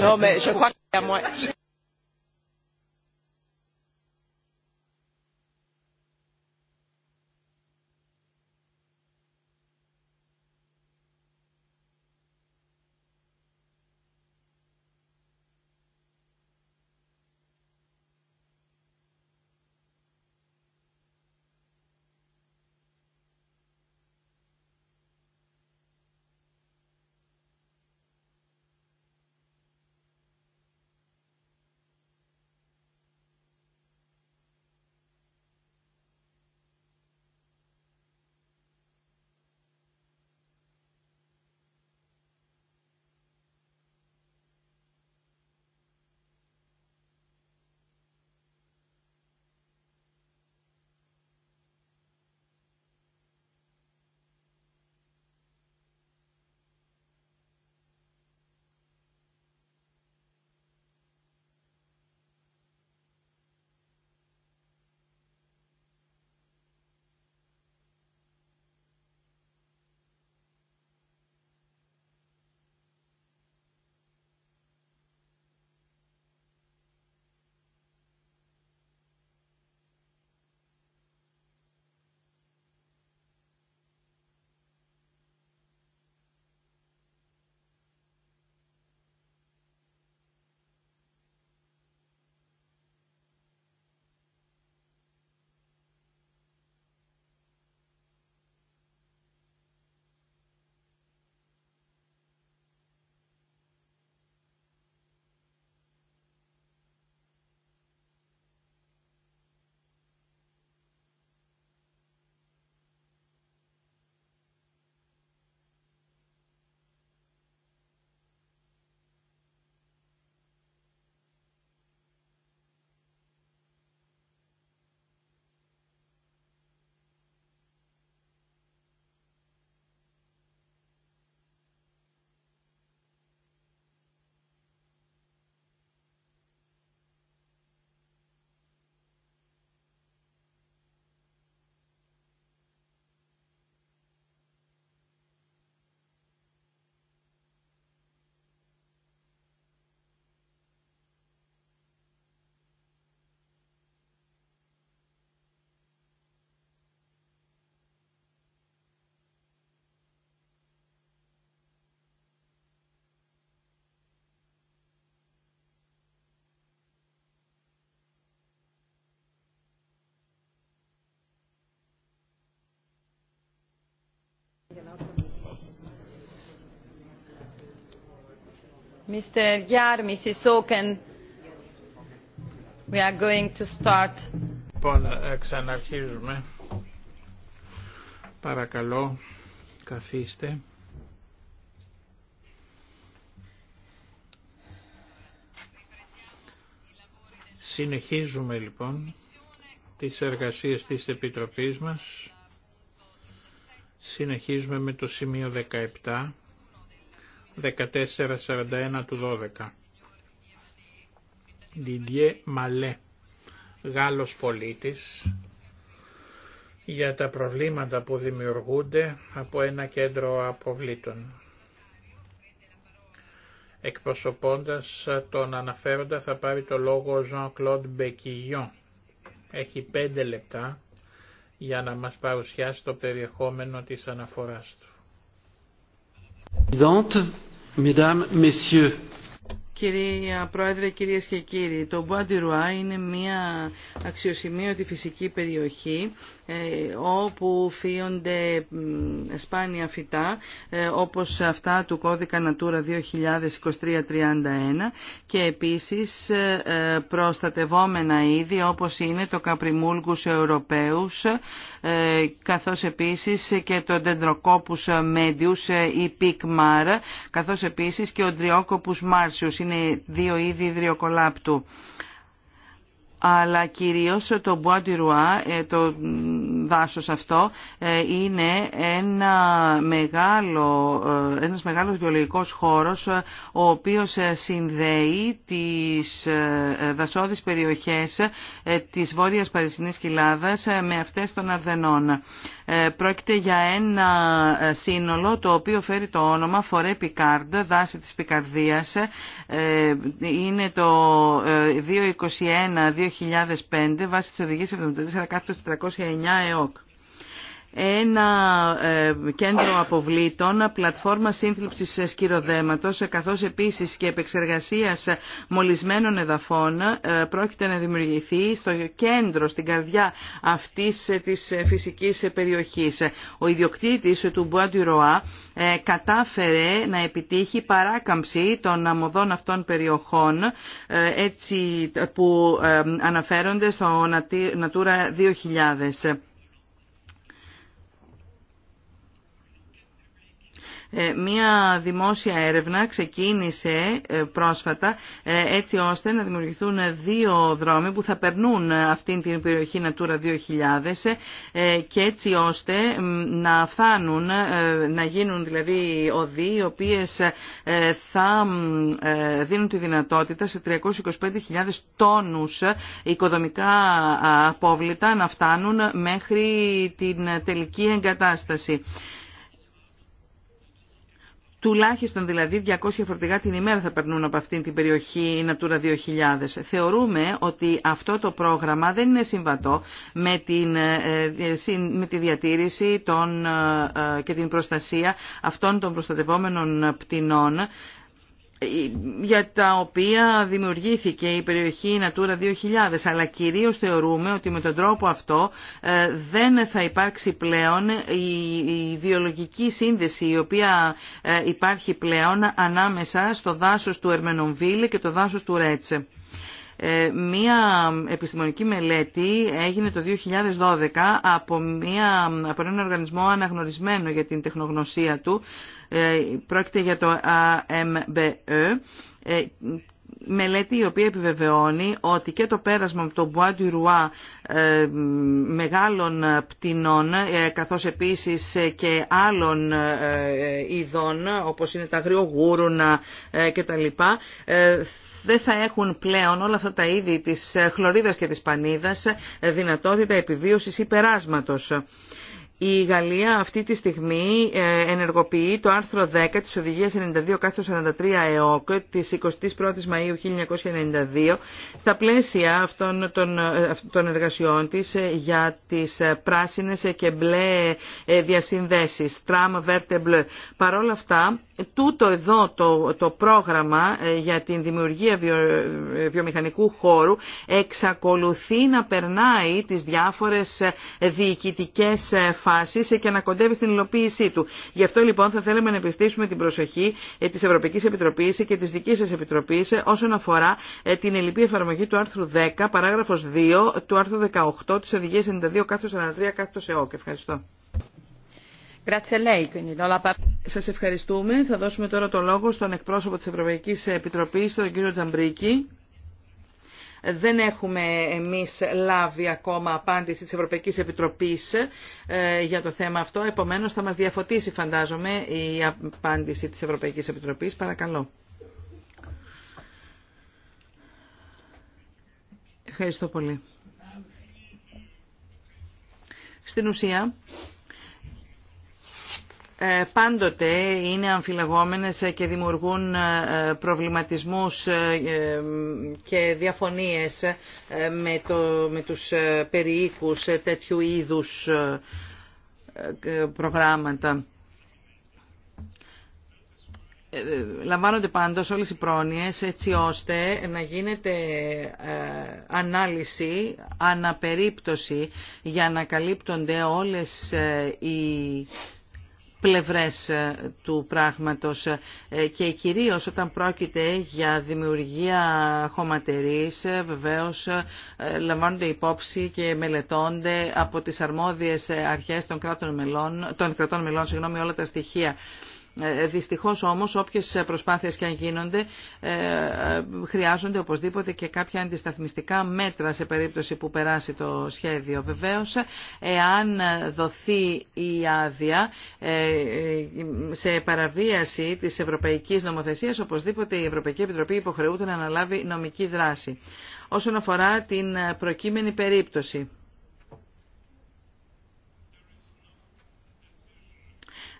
Non, mais je crois qu'il y a moins. Mr. to start. Λοιπόν, ε, ξαναρχίζουμε. Παρακαλώ, καθίστε. Συνεχίζουμε λοιπόν τις εργασίες της Επιτροπής μας. Συνεχίζουμε με το σημείο 17 1441 του 12. Διντιέ Μαλέ, Γάλλος πολίτης, για τα προβλήματα που δημιουργούνται από ένα κέντρο αποβλήτων. Εκπροσωπώντας τον αναφέροντα θα πάρει το λόγο Jean-Claude Μπεκιγιόν. Έχει πέντε λεπτά για να μας παρουσιάσει το περιεχόμενο της αναφοράς του. Κυρία Πρόεδρε, κυρίες και κύριοι, το Bois Ρουά είναι μια αξιοσημείωτη φυσική περιοχή ε, όπου φύονται σπάνια φυτά ε, όπως αυτά του κώδικα Natura 2023-31 και επίσης ε, προστατευόμενα είδη όπως είναι το Καπριμούλγκους Ευρωπαίους καθώς επίσης και το ντεντροκόπους μέντιους ή πικ καθώς επίσης και ο ντριόκοπους μάρσιους είναι δύο είδη δριοκολάπτου αλλά κυρίως το Bois du Roi, ε, το δάσος αυτό, ε, είναι ένα μεγάλο, ε, ένας μεγάλος βιολογικός χώρος, ο οποίος συνδέει τις δασόδεις περιοχές της Βόρειας Παρισινής Κοιλάδας με αυτές των Αρδενών. Πρόκειται για ένα σύνολο το οποίο φέρει το όνομα Φορέ Πικάρντ, δάση της Πικαρδίας. Είναι το 221 2005 βάσει της οδηγίας 74 409 ΕΟΚ ένα ε, κέντρο αποβλήτων, πλατφόρμα σύνθλιψης σκυροδέματος, καθώς επίσης και επεξεργασίας μολυσμένων εδαφών ε, πρόκειται να δημιουργηθεί στο κέντρο, στην καρδιά αυτής της φυσικής περιοχής. Ο ιδιοκτήτης του Μπουάντου Ροά ε, κατάφερε να επιτύχει παράκαμψη των αμμοδών αυτών περιοχών έτσι που αναφέρονται στο Natura 2000. Ε, μία δημόσια έρευνα ξεκίνησε ε, πρόσφατα ε, έτσι ώστε να δημιουργηθούν δύο δρόμοι που θα περνούν αυτήν την περιοχή Natura 2000 και έτσι ώστε να φτάνουν, να γίνουν δηλαδή οδοί οι οποίες θα δίνουν τη δυνατότητα σε 325.000 τόνους οικοδομικά απόβλητα να φτάνουν μέχρι την τελική εγκατάσταση. Τουλάχιστον δηλαδή 200 φορτηγά την ημέρα θα περνούν από αυτήν την περιοχή Natura 2000. Θεωρούμε ότι αυτό το πρόγραμμα δεν είναι συμβατό με, την, ε, ε, με τη διατήρηση των, ε, και την προστασία αυτών των προστατευόμενων πτηνών ε, για τα οποία δημιουργήθηκε η περιοχή Natura 2000 αλλά κυρίως θεωρούμε ότι με τον τρόπο αυτό ε, δεν θα υπάρξει πλέον η βιολογική σύνδεση η οποία ε, υπάρχει πλέον ανάμεσα στο δάσος του Ερμενομβίλη και το δάσος του Ρέτσε. Μία επιστημονική μελέτη έγινε το 2012 από, μια, από έναν οργανισμό αναγνωρισμένο για την τεχνογνωσία του ε, πρόκειται για το AMBE ε, μελέτη η οποία επιβεβαιώνει ότι και το πέρασμα από το Bois du Roi ε, μεγάλων πτηνών καθώς επίσης και άλλων ειδών όπως είναι τα αγριογούρουνα και τα λοιπά δεν θα έχουν πλέον όλα αυτά τα είδη της χλωρίδας και της πανίδας δυνατότητα επιβίωσης ή περάσματος. Η Γαλλία αυτή τη στιγμή ε, ενεργοποιεί το άρθρο 10 της Οδηγίας 92-43 ΕΟΚ της 21ης Μαΐου 1992 στα πλαίσια αυτών των, ε, εργασιών της ε, για τις πράσινες και μπλε διασυνδέσεις, τραμ, βέρτε, μπλε. Παρόλα αυτά, τούτο εδώ το, το πρόγραμμα για την δημιουργία βιο, βιομηχανικού χώρου εξακολουθεί να περνάει τις διάφορες διοικητικές αποφάσει και να κοντεύει στην υλοποίησή του. Γι' αυτό λοιπόν θα θέλαμε να επιστήσουμε την προσοχή ε, τη Ευρωπαϊκή Επιτροπή και τη δική σα Επιτροπή ε, όσον αφορά ε, την ελληπή εφαρμογή του άρθρου 10, παράγραφο 2, του άρθρου 18 τη Οδηγία 92 κάθε 43 κάθετο ΕΟΚ. Ευχαριστώ. Σα ευχαριστούμε. Θα δώσουμε τώρα το λόγο στον εκπρόσωπο της Ευρωπαϊκής Επιτροπής, τον κύριο Τζαμπρίκη. Δεν έχουμε εμείς λάβει ακόμα απάντηση της Ευρωπαϊκής Επιτροπής ε, για το θέμα αυτό. Επομένως θα μας διαφωτίσει φαντάζομαι η απάντηση της Ευρωπαϊκής Επιτροπής. Παρακαλώ. Ευχαριστώ πολύ. Στην ουσία, ε, πάντοτε είναι αμφιλεγόμενες και δημιουργούν ε, προβληματισμούς ε, και διαφωνίες με, το, με τους περιοίκους τέτοιου είδους προγράμματα. Λαμβάνονται πάντως όλες οι πρόνοιες έτσι ώστε να γίνεται ανάλυση, αναπερίπτωση για να καλύπτονται όλες οι πλευρές ε, του πράγματος ε, και κυρίως όταν πρόκειται για δημιουργία χωματερής ε, βεβαίως λαμβάνονται υπόψη και μελετώνται από τις αρμόδιες αρχές των, κράτων μελών, των κρατών μελών συγγνώμη, όλα τα στοιχεία ε, ε, δυστυχώς όμως όποιες προσπάθειες και αν γίνονται ε, χρειάζονται οπωσδήποτε και κάποια αντισταθμιστικά μέτρα σε περίπτωση που περάσει το σχέδιο. Βεβαίως εάν δοθεί η άδεια σε παραβίαση της Ευρωπαϊκής Νομοθεσίας οπωσδήποτε η Ευρωπαϊκή Επιτροπή υποχρεούται να αναλάβει νομική δράση. Όσον αφορά την προκείμενη περίπτωση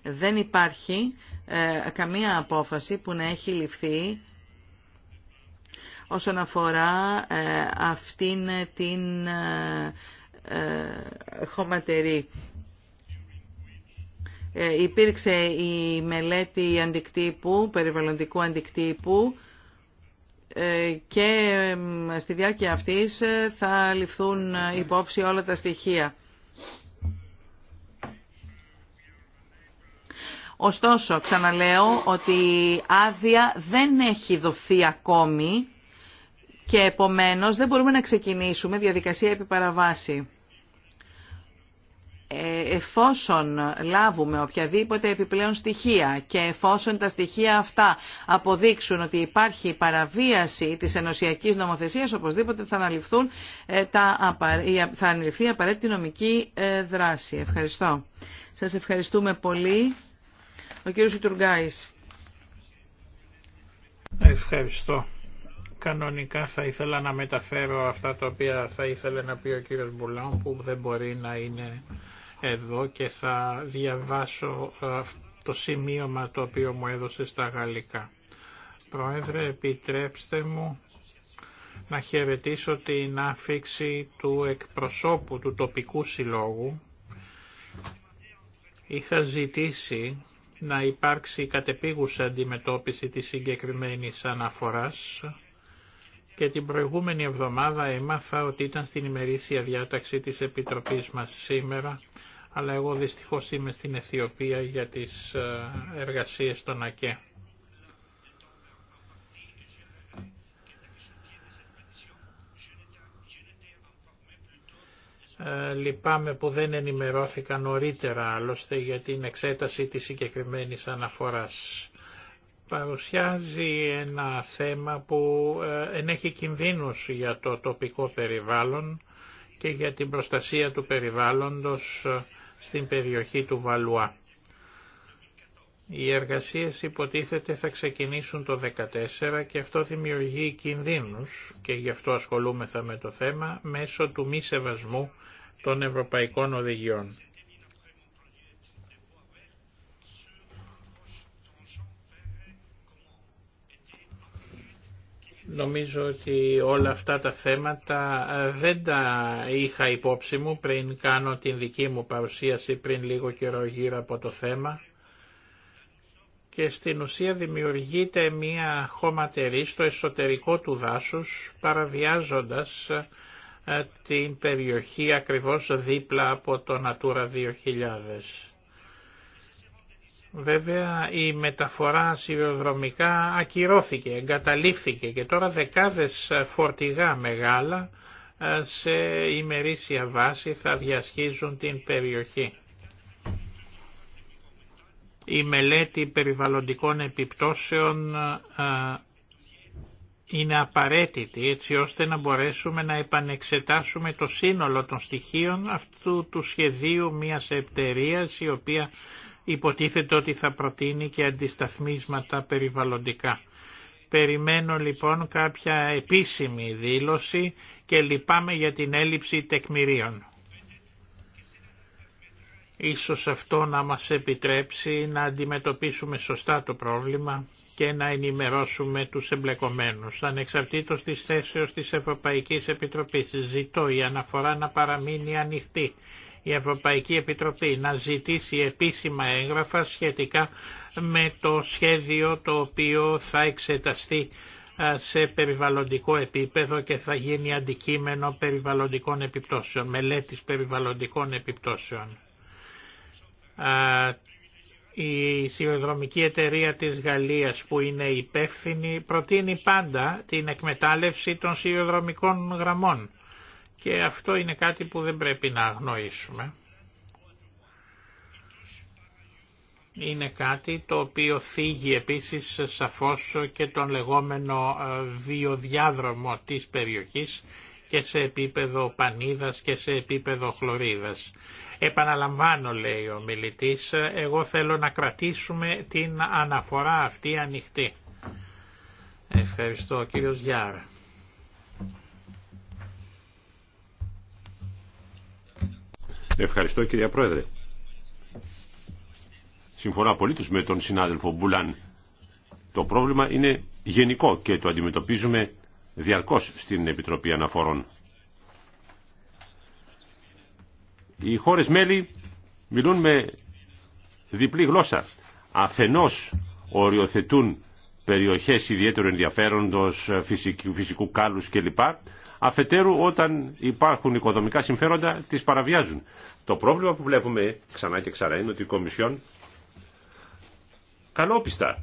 δεν υπάρχει ε, καμία απόφαση που να έχει ληφθεί όσον αφορά ε, αυτήν την ε, χωματερή. Υπήρξε η μελέτη αντικτύπου, περιβαλλοντικού αντικτύπου και στη διάρκεια αυτής θα ληφθούν υπόψη όλα τα στοιχεία. Ωστόσο, ξαναλέω ότι άδεια δεν έχει δοθεί ακόμη και επομένως δεν μπορούμε να ξεκινήσουμε διαδικασία επί ε, Εφόσον λάβουμε οποιαδήποτε επιπλέον στοιχεία και εφόσον τα στοιχεία αυτά αποδείξουν ότι υπάρχει παραβίαση της ενωσιακής νομοθεσίας, οπωσδήποτε θα αναλυφθούν, ε, θα αναλυφθεί απαραίτητη νομική ε, δράση. Ευχαριστώ. Σας ευχαριστούμε πολύ. Ο κύριος Ιτουργκάης. Ευχαριστώ. Κανονικά θα ήθελα να μεταφέρω αυτά τα οποία θα ήθελε να πει ο κύριος Μπουλάν που δεν μπορεί να είναι εδώ και θα διαβάσω ε, το σημείωμα το οποίο μου έδωσε στα γαλλικά. Πρόεδρε, επιτρέψτε μου να χαιρετήσω την άφηξη του εκπροσώπου του τοπικού συλλόγου. Είχα ζητήσει να υπάρξει κατεπίγουσα αντιμετώπιση της συγκεκριμένης αναφοράς και την προηγούμενη εβδομάδα έμαθα ότι ήταν στην ημερήσια διάταξη της Επιτροπής μας σήμερα, αλλά εγώ δυστυχώς είμαι στην Αιθιοπία για τις ε, εργασίες των ΑΚΕ. Ε, λυπάμαι που δεν ενημερώθηκα νωρίτερα άλλωστε για την εξέταση της συγκεκριμένης αναφοράς. Παρουσιάζει ένα θέμα που ε, ενέχει κινδύνους για το τοπικό περιβάλλον και για την προστασία του περιβάλλοντος ε, στην περιοχή του Βαλουά. Οι εργασίες υποτίθεται θα ξεκινήσουν το 2014 και αυτό δημιουργεί κινδύνους και γι' αυτό ασχολούμεθα με το θέμα μέσω του μη σεβασμού των ευρωπαϊκών οδηγιών. Νομίζω ότι όλα αυτά τα θέματα ε, δεν τα είχα υπόψη μου πριν κάνω την δική μου παρουσίαση πριν λίγο καιρό γύρω από το θέμα και στην ουσία δημιουργείται μία χωματερή στο εσωτερικό του δάσους παραβιάζοντας ε, την περιοχή ακριβώς δίπλα από το Natura 2000. Βέβαια η μεταφορά σιδηροδρομικά ακυρώθηκε, εγκαταλείφθηκε και τώρα δεκάδες φορτηγά μεγάλα ε, σε ημερήσια βάση θα διασχίζουν την περιοχή. Η μελέτη περιβαλλοντικών επιπτώσεων ε, είναι απαραίτητη έτσι ώστε να μπορέσουμε να επανεξετάσουμε το σύνολο των στοιχείων αυτού του σχεδίου μιας εταιρεία η οποία υποτίθεται ότι θα προτείνει και αντισταθμίσματα περιβαλλοντικά. Περιμένω λοιπόν κάποια επίσημη δήλωση και λυπάμαι για την έλλειψη τεκμηρίων. Ίσως αυτό να μας επιτρέψει να αντιμετωπίσουμε σωστά το πρόβλημα και να ενημερώσουμε τους εμπλεκομένους. Ανεξαρτήτως της θέσεως της Ευρωπαϊκής Επιτροπής ζητώ η αναφορά να παραμείνει ανοιχτή. Η Ευρωπαϊκή Επιτροπή να ζητήσει επίσημα έγγραφα σχετικά με το σχέδιο το οποίο θα εξεταστεί σε περιβαλλοντικό επίπεδο και θα γίνει αντικείμενο περιβαλλοντικών επιπτώσεων, μελέτης περιβαλλοντικών επιπτώσεων η σιδηροδρομική εταιρεία της Γαλλίας που είναι υπεύθυνη προτείνει πάντα την εκμετάλλευση των σιδηροδρομικών γραμμών και αυτό είναι κάτι που δεν πρέπει να αγνοήσουμε. Είναι κάτι το οποίο θίγει επίσης σαφώς και τον λεγόμενο ε, βιοδιάδρομο της περιοχής και σε επίπεδο πανίδας και σε επίπεδο χλωρίδας. Επαναλαμβάνω λέει ο μιλητής, εγώ θέλω να κρατήσουμε την αναφορά αυτή ανοιχτή. Ευχαριστώ κύριος Γιάρα. Ευχαριστώ κυρία Πρόεδρε. Συμφωνώ απολύτως με τον συνάδελφο Μπουλάν. Το πρόβλημα είναι γενικό και το αντιμετωπίζουμε διαρκώς στην Επιτροπή Αναφορών. Οι χώρες μέλη μιλούν με διπλή γλώσσα. Αφενός οριοθετούν περιοχές ιδιαίτερου ενδιαφέροντος, φυσικού, φυσικού κάλους κλπ. Αφετέρου όταν υπάρχουν οικοδομικά συμφέροντα τις παραβιάζουν. Το πρόβλημα που βλέπουμε ξανά και ξανά είναι ότι η Κομισιόν καλόπιστα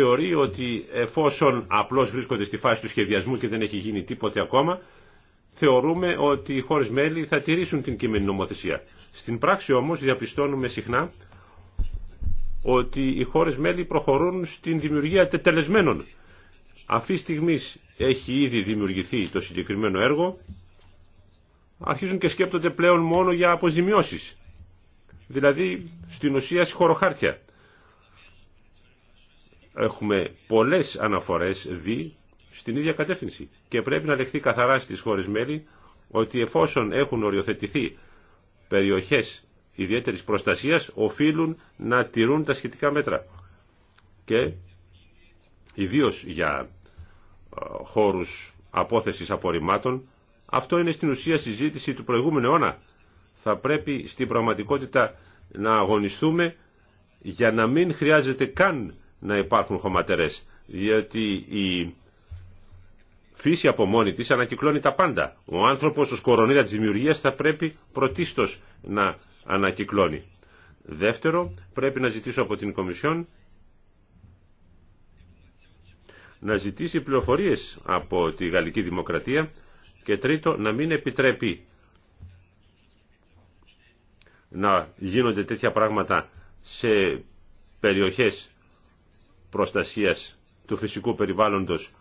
θεωρεί ότι εφόσον απλώς βρίσκονται στη φάση του σχεδιασμού και δεν έχει γίνει τίποτε ακόμα, θεωρούμε ότι οι χώρες μέλη θα τηρήσουν την κείμενη νομοθεσία. Στην πράξη όμως διαπιστώνουμε συχνά ότι οι χώρες μέλη προχωρούν στην δημιουργία τετελεσμένων. Αυτή τη στιγμή έχει ήδη δημιουργηθεί το συγκεκριμένο έργο, αρχίζουν και σκέπτονται πλέον μόνο για αποζημιώσεις. Δηλαδή στην ουσία συγχωροχάρτια έχουμε πολλές αναφορές δει στην ίδια κατεύθυνση και πρέπει να λεχθεί καθαρά στις χώρες μέλη ότι εφόσον έχουν οριοθετηθεί περιοχές ιδιαίτερης προστασίας οφείλουν να τηρούν τα σχετικά μέτρα και ιδίω για ε, χώρους απόθεσης απορριμμάτων αυτό είναι στην ουσία συζήτηση του προηγούμενου αιώνα θα πρέπει στην πραγματικότητα να αγωνιστούμε για να μην χρειάζεται καν να υπάρχουν χωματερές διότι η φύση από μόνη της ανακυκλώνει τα πάντα. Ο άνθρωπος ως κορονίδα της δημιουργίας θα πρέπει πρωτίστως να ανακυκλώνει. Δεύτερο, πρέπει να ζητήσω από την Κομισιόν να ζητήσει πληροφορίες από τη Γαλλική Δημοκρατία και τρίτο, να μην επιτρέπει να γίνονται τέτοια πράγματα σε περιοχές προστασίας του φυσικού περιβάλλοντος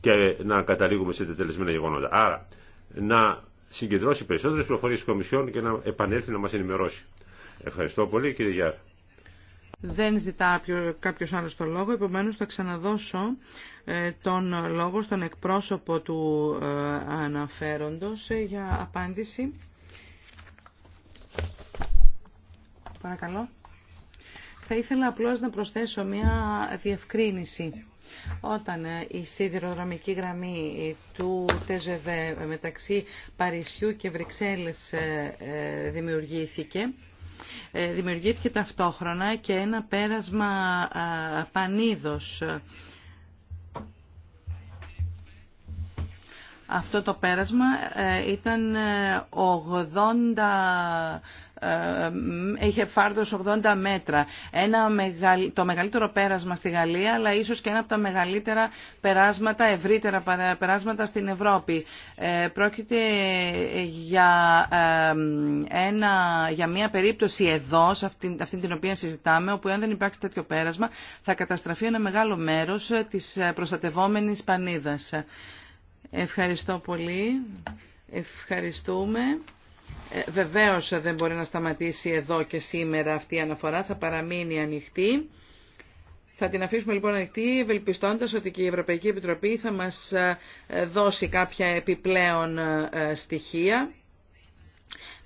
και να καταλήγουμε σε τελεσμένα γεγονότα. Άρα, να συγκεντρώσει περισσότερες πληροφορίες της Κομισιόν και να επανέλθει να μας ενημερώσει. Ευχαριστώ πολύ κύριε Γιάρ. Δεν ζητά κάποιος άλλος το λόγο, επομένως θα ξαναδώσω ε, τον λόγο στον εκπρόσωπο του ε, αναφέροντος ε, για απάντηση. Παρακαλώ. Θα ήθελα απλώς να προσθέσω μια διευκρίνηση. Όταν ε, η σιδηροδρομική γραμμή του ΤΖΒ μεταξύ Παρισιού και Βρυξέλλες ε, ε, δημιουργήθηκε, δημιουργήθηκε ταυτόχρονα και ένα πέρασμα πανίδος. Αυτό το πέρασμα ήταν 80 είχε φάρδος 80 μέτρα. Ένα Το μεγαλύτερο πέρασμα στη Γαλλία, αλλά ίσως και ένα από τα μεγαλύτερα περάσματα, ευρύτερα περάσματα στην Ευρώπη. Ε, πρόκειται για, ε, ένα... για μια περίπτωση εδώ, σε αυτή... αυτή την οποία συζητάμε, όπου αν δεν υπάρξει τέτοιο πέρασμα θα καταστραφεί ένα μεγάλο μέρος της προστατευόμενης πανίδας. Ευχαριστώ πολύ. Ευχαριστούμε. Ε, βεβαίως δεν μπορεί να σταματήσει εδώ και σήμερα αυτή η αναφορά, θα παραμείνει ανοιχτή. Θα την αφήσουμε λοιπόν ανοιχτή, ευελπιστώντας ότι και η Ευρωπαϊκή Επιτροπή θα μας ε, δώσει κάποια επιπλέον ε, στοιχεία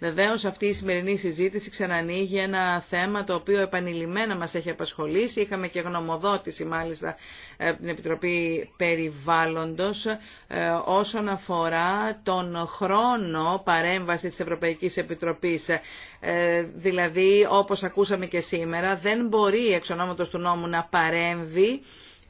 Βεβαίω αυτή η σημερινή συζήτηση ξανανοίγει ένα θέμα το οποίο επανειλημμένα μας έχει απασχολήσει. Είχαμε και γνωμοδότηση μάλιστα ε, από την Επιτροπή Περιβάλλοντος ε, όσον αφορά τον χρόνο παρέμβασης τη Ευρωπαϊκής Επιτροπή. Ε, δηλαδή όπω ακούσαμε και σήμερα δεν μπορεί εξ ονόματος του νόμου να παρέμβει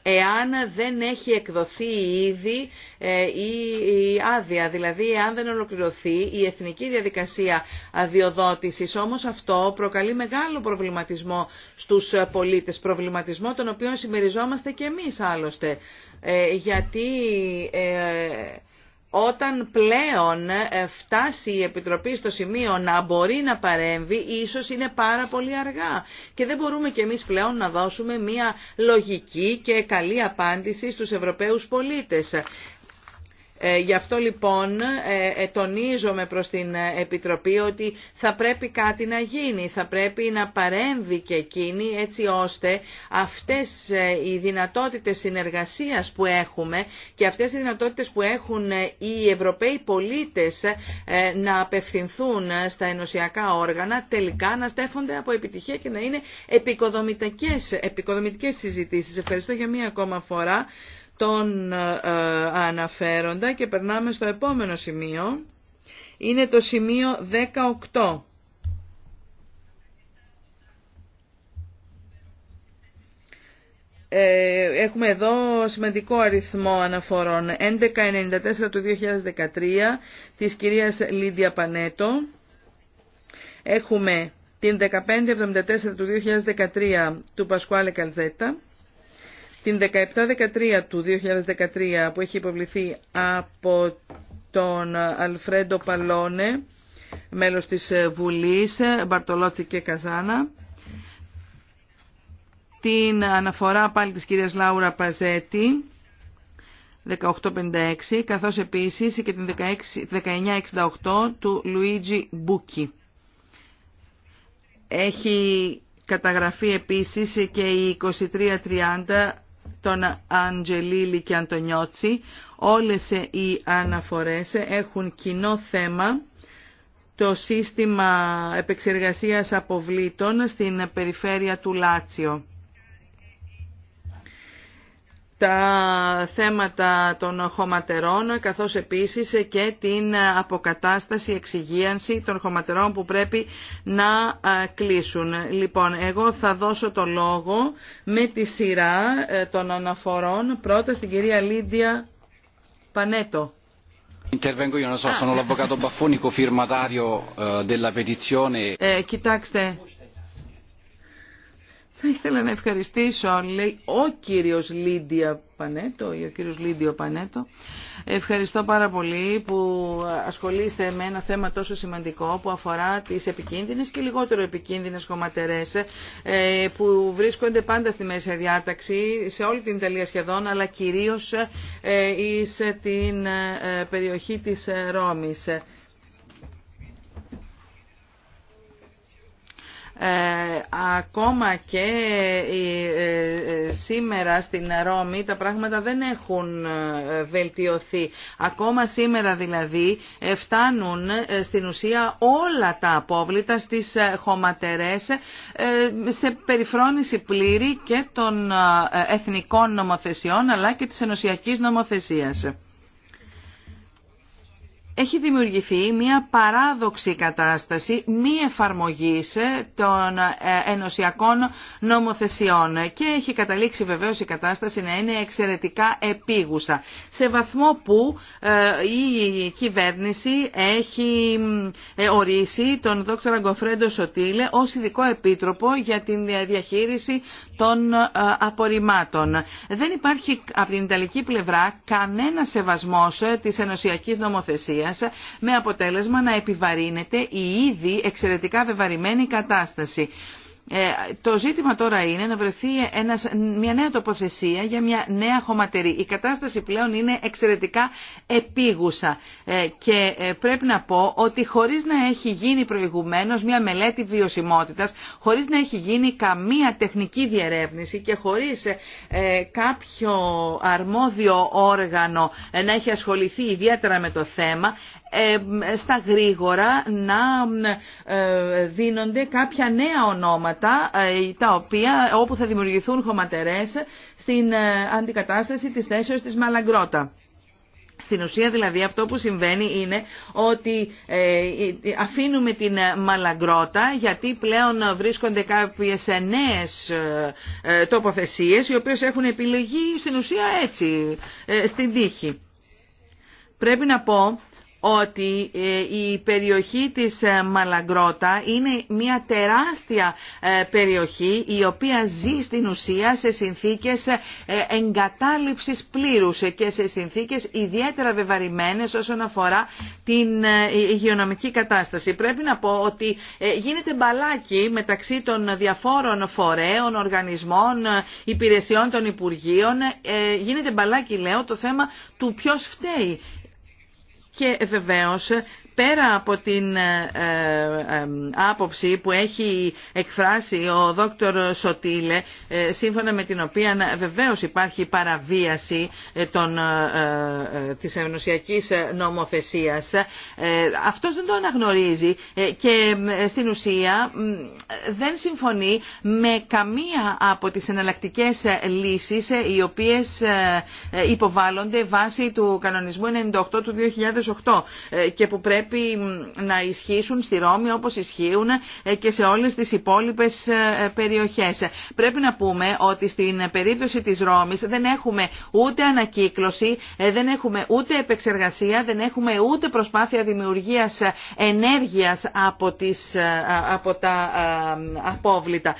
εάν δεν έχει εκδοθεί ήδη ε, η άδεια, δηλαδή εάν δεν ολοκληρωθεί η εθνική διαδικασία αδειοδότησης. Όμως αυτό προκαλεί μεγάλο προβληματισμό στους πολίτες, προβληματισμό τον οποίο συμμεριζόμαστε και εμείς άλλωστε, ε, γιατί ε, όταν πλέον ε, φτάσει η Επιτροπή στο σημείο να μπορεί να παρέμβει, ίσως είναι πάρα πολύ αργά. Και δεν μπορούμε κι εμείς πλέον να δώσουμε μια λογική και καλή απάντηση στους Ευρωπαίους πολίτες. Ε, γι' αυτό λοιπόν ε, ε, τονίζομαι προς την Επιτροπή ότι θα πρέπει κάτι να γίνει, θα πρέπει να παρέμβει και εκείνη έτσι ώστε αυτές οι δυνατότητες συνεργασίας που έχουμε και αυτές οι δυνατότητες που έχουν οι Ευρωπαίοι πολίτες να απευθυνθούν στα ενωσιακά όργανα τελικά να στέφονται από επιτυχία και να είναι επικοδομητικές, επικοδομητικές συζητήσεις. Ευχαριστώ για μία ακόμα φορά τον ε, ε, αναφέροντα και περνάμε στο επόμενο σημείο. Είναι το σημείο 18. Ε, έχουμε εδώ σημαντικό αριθμό αναφορών 1194 του 2013 της κυρίας Λίδια Πανέτο έχουμε την 1574 του 2013 του Πασκουάλε Καλδέτα στην 17-13 του 2013 που έχει υποβληθεί από τον Αλφρέντο Παλόνε, μέλος της Βουλής, Μπαρτολότσι και Καζάνα, την αναφορά πάλι της κυρίας Λάουρα Παζέτη, 1856, καθώς επίσης και την 1968 του Λουίτζι Μπούκι. Έχει καταγραφεί επίσης και η 2330 τον Αντζελίλη και Αντωνιώτση Όλες οι αναφορές έχουν κοινό θέμα το σύστημα επεξεργασίας αποβλήτων στην περιφέρεια του Λάτσιο τα θέματα των χωματερών καθώς επίσης και την αποκατάσταση, εξυγίανση των χωματερών που πρέπει να κλείσουν. Λοιπόν, εγώ θα δώσω το λόγο με τη σειρά ε, των αναφορών πρώτα στην κυρία Λίντια Πανέτο. Intervengo io, non so, sono l'avvocato ε, della ε, κοιτάξτε, θα ήθελα να ευχαριστήσω, λέει ο κύριος Λίντια Πανέτο, ή ο κύριος Λίντιο Πανέτο. Ευχαριστώ πάρα πολύ που ασχολείστε με ένα θέμα τόσο σημαντικό που αφορά τις επικίνδυνες και λιγότερο επικίνδυνες κομματερές ε, που βρίσκονται πάντα στη μέση διάταξη σε όλη την Ιταλία σχεδόν, αλλά κυρίως σε την ε, περιοχή της Ρώμης. Ε, ακόμα και ε, ε, σήμερα στην Ρώμη τα πράγματα δεν έχουν βελτιωθεί. Ακόμα σήμερα δηλαδή φτάνουν στην ουσία όλα τα απόβλητα στις χωματερές σε περιφρόνηση πλήρη και των εθνικών νομοθεσιών αλλά και της ενωσιακής νομοθεσίας έχει δημιουργηθεί μια παράδοξη κατάσταση μη εφαρμογής ε, των ε, ενωσιακών νομοθεσιών και έχει καταλήξει βεβαίως η κατάσταση να είναι εξαιρετικά επίγουσα σε βαθμό που ε, η κυβέρνηση έχει ορίσει τον Δ. Αγκοφρέντο Σωτήλε ως ειδικό επίτροπο για την διαχείριση των απορριμμάτων. Δεν υπάρχει από την Ιταλική πλευρά κανένα σεβασμός της ενωσιακής νομοθεσίας με αποτέλεσμα να επιβαρύνεται η ήδη εξαιρετικά βεβαρημένη κατάσταση. Ε, το ζήτημα τώρα είναι να βρεθεί μια νέα τοποθεσία για μια νέα χωματερή. Η κατάσταση πλέον είναι εξαιρετικά επίγουσα ε, και ε, πρέπει να πω ότι χωρίς να έχει γίνει προηγουμένως μια μελέτη βιωσιμότητας, χωρίς να έχει γίνει καμία τεχνική διερεύνηση και χωρίς κάποιο αρμόδιο όργανο να έχει ασχοληθεί ιδιαίτερα με το θέμα, στα γρήγορα να ε, δίνονται κάποια νέα ονόματα ε, τα οποία όπου θα δημιουργηθούν χωματερές στην ε, αντικατάσταση της θέσεως της Μαλαγκρότα. Στην ουσία δηλαδή αυτό που συμβαίνει είναι ότι αφήνουμε την μαλαγκρότα γιατί πλέον βρίσκονται κάποιες νέες τοποθεσίες οι οποίες έχουν επιλεγεί στην ουσία έτσι, στην τύχη. Πρέπει να πω ότι ε, η περιοχή της ε, Μαλαγκρότα είναι μια τεράστια ε, περιοχή η οποία ζει στην ουσία σε συνθήκες εγκατάλειψης πλήρους και σε συνθήκες ιδιαίτερα βεβαρημένες όσον αφορά την υγειονομική κατάσταση. Πρέπει να πω ότι γίνεται μπαλάκι μεταξύ των διαφόρων φορέων, οργανισμών, υπηρεσιών των Υπουργείων. Γίνεται μπαλάκι λέω το θέμα του ποιος φταίει και βεβαίως πέρα από την ε, ε, ε, άποψη που έχει εκφράσει ο δόκτωρ Σωτήλε, σύμφωνα με την οποία βεβαίως υπάρχει παραβίαση των, της ευνοσιακής νομοθεσίας, αυτός δεν το αναγνωρίζει και στην ουσία δεν συμφωνεί με καμία από τις εναλλακτικέ λύσεις οι οποίες υποβάλλονται βάσει του κανονισμού 98 του 2008 και που πρέπει πρέπει να ισχύσουν στη Ρώμη όπως ισχύουν ε, και σε όλες τις υπόλοιπες ε, περιοχές. Πρέπει να πούμε ότι στην περίπτωση της Ρώμης δεν έχουμε ούτε ανακύκλωση, ε, δεν έχουμε ούτε επεξεργασία, δεν έχουμε ούτε προσπάθεια δημιουργίας ενέργειας από, τις, από τα απόβλητα.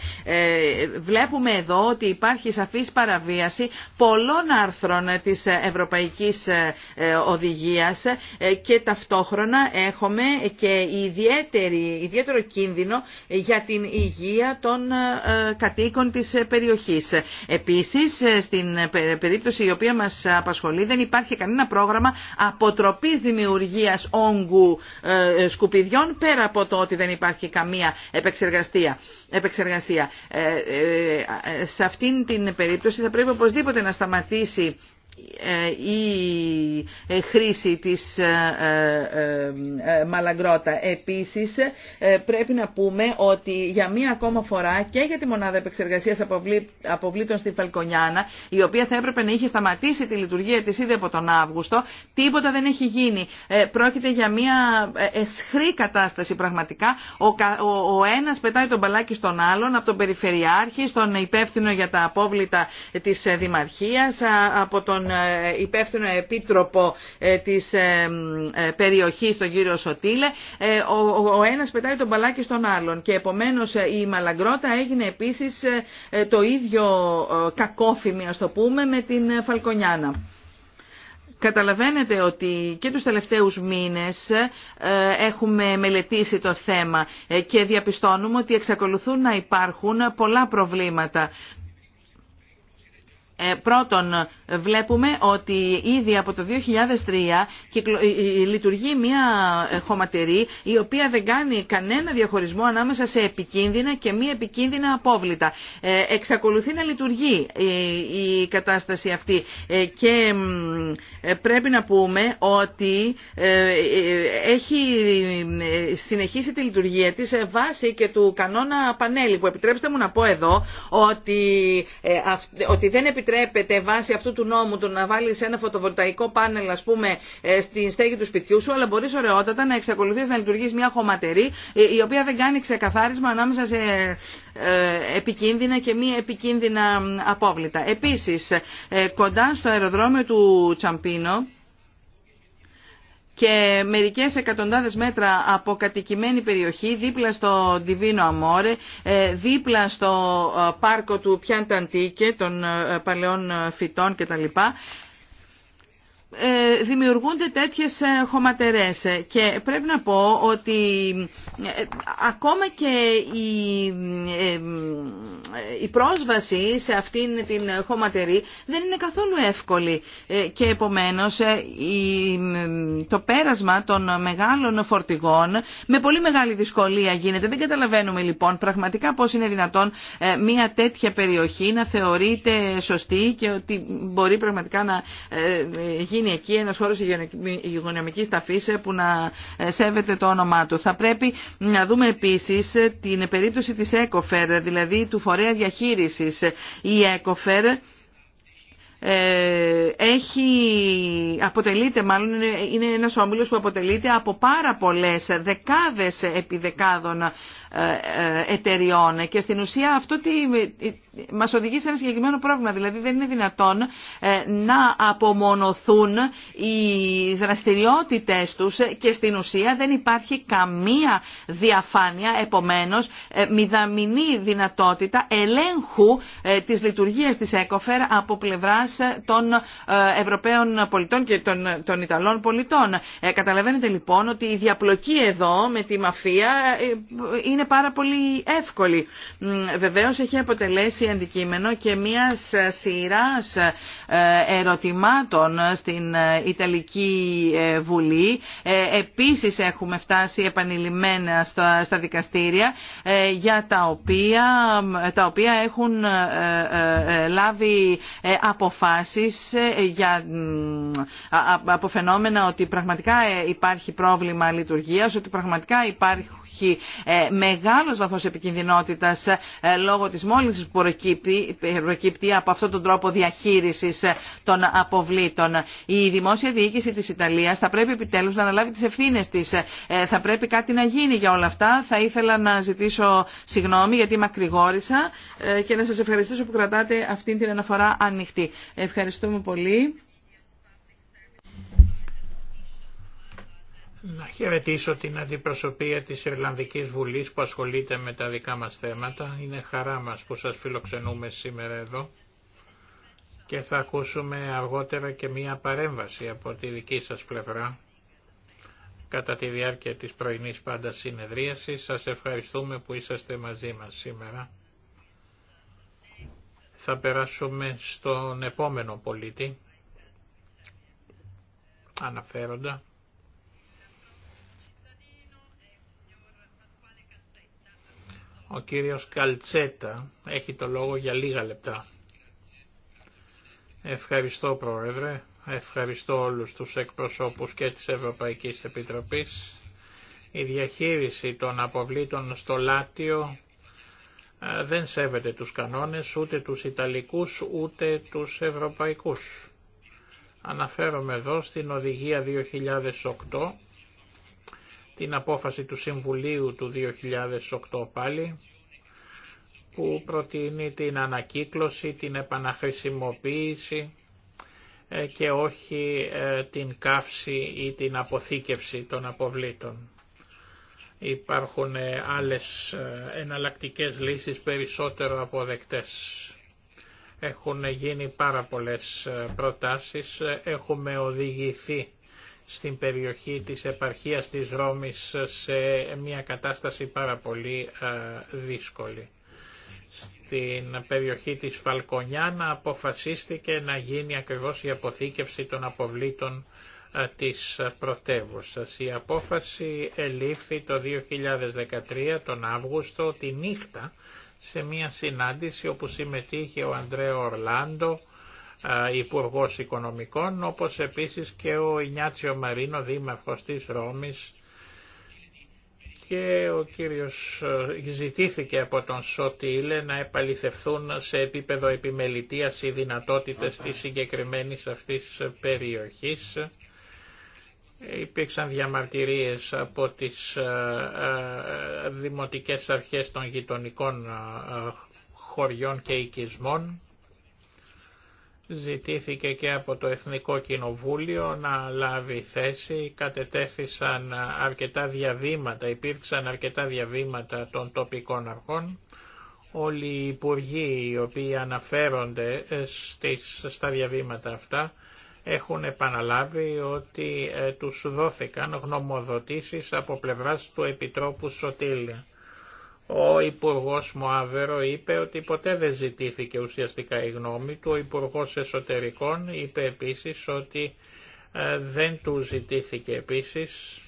Βλέπουμε εδώ ότι υπάρχει σαφής παραβίαση πολλών άρθρων της Ευρωπαϊκής Οδηγίας και ταυτόχρονα έχουμε και ιδιαίτερη, ιδιαίτερο κίνδυνο για την υγεία των ε, κατοίκων της περιοχής. Επίσης, ε, στην περίπτωση η οποία μας απασχολεί δεν υπάρχει κανένα πρόγραμμα αποτροπής δημιουργίας όγκου ε, σκουπιδιών πέρα από το ότι δεν υπάρχει καμία επεξεργασία. επεξεργασία. σε αυτήν την περίπτωση θα πρέπει οπωσδήποτε να σταματήσει ε, η ε, χρήση της ε, μαλαγκρότα. Επίσης πρέπει να πούμε ότι για μία ακόμα φορά και για τη μονάδα επεξεργασίας αποβλήτων στη Φαλκονιάνα η οποία θα έπρεπε να είχε σταματήσει τη λειτουργία της ήδη από τον Αύγουστο τίποτα δεν έχει γίνει. Πρόκειται για μία εσχρή κατάσταση πραγματικά. Ο ένας πετάει τον μπαλάκι στον άλλον από τον Περιφερειάρχη, στον υπεύθυνο για τα απόβλητα της Δημαρχίας, από τον ε, υπεύθυνο επίτροπο ε, της ε, περιοχής, τον κύριο Σωτήλε, ο ένας πετάει τον μπαλάκι στον άλλον και επομένως η Μαλαγκρότα έγινε επίσης το ίδιο κακόφημη, ας το πούμε, με την Φαλκονιάνα. Καταλαβαίνετε ότι και τους τελευταίους μήνες έχουμε μελετήσει το θέμα και διαπιστώνουμε ότι εξακολουθούν να υπάρχουν πολλά προβλήματα. Πρώτον, βλέπουμε ότι ήδη από το 2003 ε, ε, ε, λειτουργεί μια χωματερή η οποία δεν κάνει κανένα διαχωρισμό ανάμεσα σε επικίνδυνα και μη επικίνδυνα απόβλητα. Εξακολουθεί να λειτουργεί η κατάσταση αυτή και πρέπει να πούμε ότι έχει συνεχίσει τη λειτουργία της βάση και του κανόνα πανέλη που επιτρέψτε μου να πω εδώ ότι δεν επιτρέπεται βάσει αυτού του νόμου του να βάλει ένα φωτοβολταϊκό πάνελ, α πούμε, ε, στην στέγη του σπιτιού σου, αλλά μπορεί ωραιότατα να εξακολουθεί να λειτουργεί μια χωματερή η οποία δεν κάνει ξεκαθάρισμα ανάμεσα σε ε, επικίνδυνα και μη επικίνδυνα απόβλητα. Επίση, ε, κοντά στο αεροδρόμιο του Τσαμπίνο, και μερικές εκατοντάδες μέτρα από κατοικημένη περιοχή δίπλα στο Divino Αμόρε, δίπλα στο ε, πάρκο του Πιάνταντίκε των ε, παλαιών ε, φυτών κτλ. Ε, δημιουργούνται τέτοιες ε, χωματερές ε, και πρέπει να πω ότι ακόμα και η, η πρόσβαση σε αυτήν την χωματερή δεν είναι καθόλου εύκολη και επομένως το πέρασμα των μεγάλων φορτηγών με πολύ μεγάλη δυσκολία γίνεται. Δεν καταλαβαίνουμε λοιπόν πραγματικά πώς είναι δυνατόν μια τέτοια περιοχή να θεωρείται σωστή και ότι μπορεί πραγματικά να είναι εκεί ένας χώρος υγειονομική ταφής ε, που να ε, σέβεται το όνομά του. Θα πρέπει να δούμε επίσης ε, την περίπτωση της ΕΚΟΦΕΡ, δηλαδή του φορέα διαχείρισης. Η ΕΚΟΦΕΡ έχει, αποτελείται μάλλον, είναι ένας όμιλος που αποτελείται από πάρα πολλές δεκάδες επί δεκάδων ε, ε, εταιριών και στην ουσία αυτό τι, μας οδηγεί σε ένα συγκεκριμένο πρόβλημα. Δηλαδή δεν είναι δυνατόν ε, να απομονωθούν οι δραστηριότητες τους και στην ουσία δεν υπάρχει καμία διαφάνεια, επομένως μηδαμινή δυνατότητα ελέγχου της λειτουργίας της ΕΚΟΦΕΡ από πλευράς των ε, Ευρωπαίων πολιτών και των, των Ιταλών πολιτών. Ε, καταλαβαίνετε λοιπόν ότι η διαπλοκή εδώ με τη μαφία ε, είναι πάρα πολύ εύκολη. Βεβαίως έχει αποτελέσει αντικείμενο και μια σειρά ερωτημάτων στην Ιταλική Βουλή. Επίσης έχουμε φτάσει επανειλημμένα στα δικαστήρια για τα οποία, τα οποία έχουν λάβει αποφάσεις για, από φαινόμενα ότι πραγματικά ε, υπάρχει πρόβλημα λειτουργίας, ότι πραγματικά υπάρχει υπάρχει ε, μεγάλος βαθμός επικινδυνότητας ε, λόγω της μόλυνσης που προκύπτει από αυτόν τον τρόπο διαχείρισης ε, των αποβλήτων. Η δημόσια διοίκηση της Ιταλίας θα πρέπει επιτέλους να αναλάβει τις ευθύνες της. Θα πρέπει κάτι να γίνει για όλα αυτά. Θα ήθελα να ζητήσω συγγνώμη γιατί μακρηγόρησα και να σας ευχαριστήσω που κρατάτε αυτή την αναφορά ανοιχτή. Ευχαριστούμε πολύ. Να χαιρετήσω την αντιπροσωπεία της Ιρλανδικής Βουλής που ασχολείται με τα δικά μας θέματα. Είναι χαρά μας που σας φιλοξενούμε σήμερα εδώ και θα ακούσουμε αργότερα και μία παρέμβαση από τη δική σας πλευρά κατά τη διάρκεια της πρωινής πάντα συνεδρίασης. Σας ευχαριστούμε που είσαστε μαζί μας σήμερα. Θα περάσουμε στον επόμενο πολίτη αναφέροντα Ο κύριος Καλτσέτα έχει το λόγο για λίγα λεπτά. Ευχαριστώ Πρόεδρε, ευχαριστώ όλους τους εκπροσώπους και της Ευρωπαϊκής Επιτροπής. Η διαχείριση των αποβλήτων στο Λάτιο ε, δεν σέβεται τους κανόνες ούτε τους Ιταλικούς ούτε τους Ευρωπαϊκούς. Αναφέρομαι εδώ στην Οδηγία 2008 την απόφαση του Συμβουλίου του 2008 πάλι, που προτείνει την ανακύκλωση, την επαναχρησιμοποίηση ε, και όχι ε, την καύση ή την αποθήκευση των αποβλήτων. Υπάρχουν ε, άλλες εναλλακτικές λύσεις περισσότερο αποδεκτές. Έχουν γίνει πάρα πολλές προτάσεις, έχουμε οδηγηθεί στην περιοχή της επαρχίας της Ρώμης σε μια κατάσταση πάρα πολύ δύσκολη. Στην περιοχή της Φαλκονιάνα αποφασίστηκε να γίνει ακριβώς η αποθήκευση των αποβλήτων της πρωτεύουσας. Η απόφαση ελήφθη το 2013 τον Αύγουστο τη νύχτα σε μια συνάντηση όπου συμμετείχε ο Αντρέο Ορλάντο, Υπουργό Οικονομικών, όπως επίσης και ο Ινιάτσιο Μαρίνο, δήμαρχος της Ρώμης, και ο κύριος ζητήθηκε από τον Σωτήλε να επαληθευθούν σε επίπεδο επιμελητίας οι δυνατότητες της συγκεκριμένη αυτής περιοχής. Υπήρξαν διαμαρτυρίες από τις δημοτικές αρχές των γειτονικών χωριών και οικισμών Ζητήθηκε και από το Εθνικό Κοινοβούλιο να λάβει θέση, κατετέθησαν αρκετά διαβήματα, υπήρξαν αρκετά διαβήματα των τοπικών αρχών. Όλοι οι υπουργοί οι οποίοι αναφέρονται ε, στις, στα διαβήματα αυτά έχουν επαναλάβει ότι ε, τους δόθηκαν γνωμοδοτήσεις από πλευράς του Επιτρόπου Σωτήλη. Ο υπουργό Μοάβερο είπε ότι ποτέ δεν ζητήθηκε ουσιαστικά η γνώμη του. Ο υπουργό Εσωτερικών είπε επίσης ότι ε, δεν του ζητήθηκε επίσης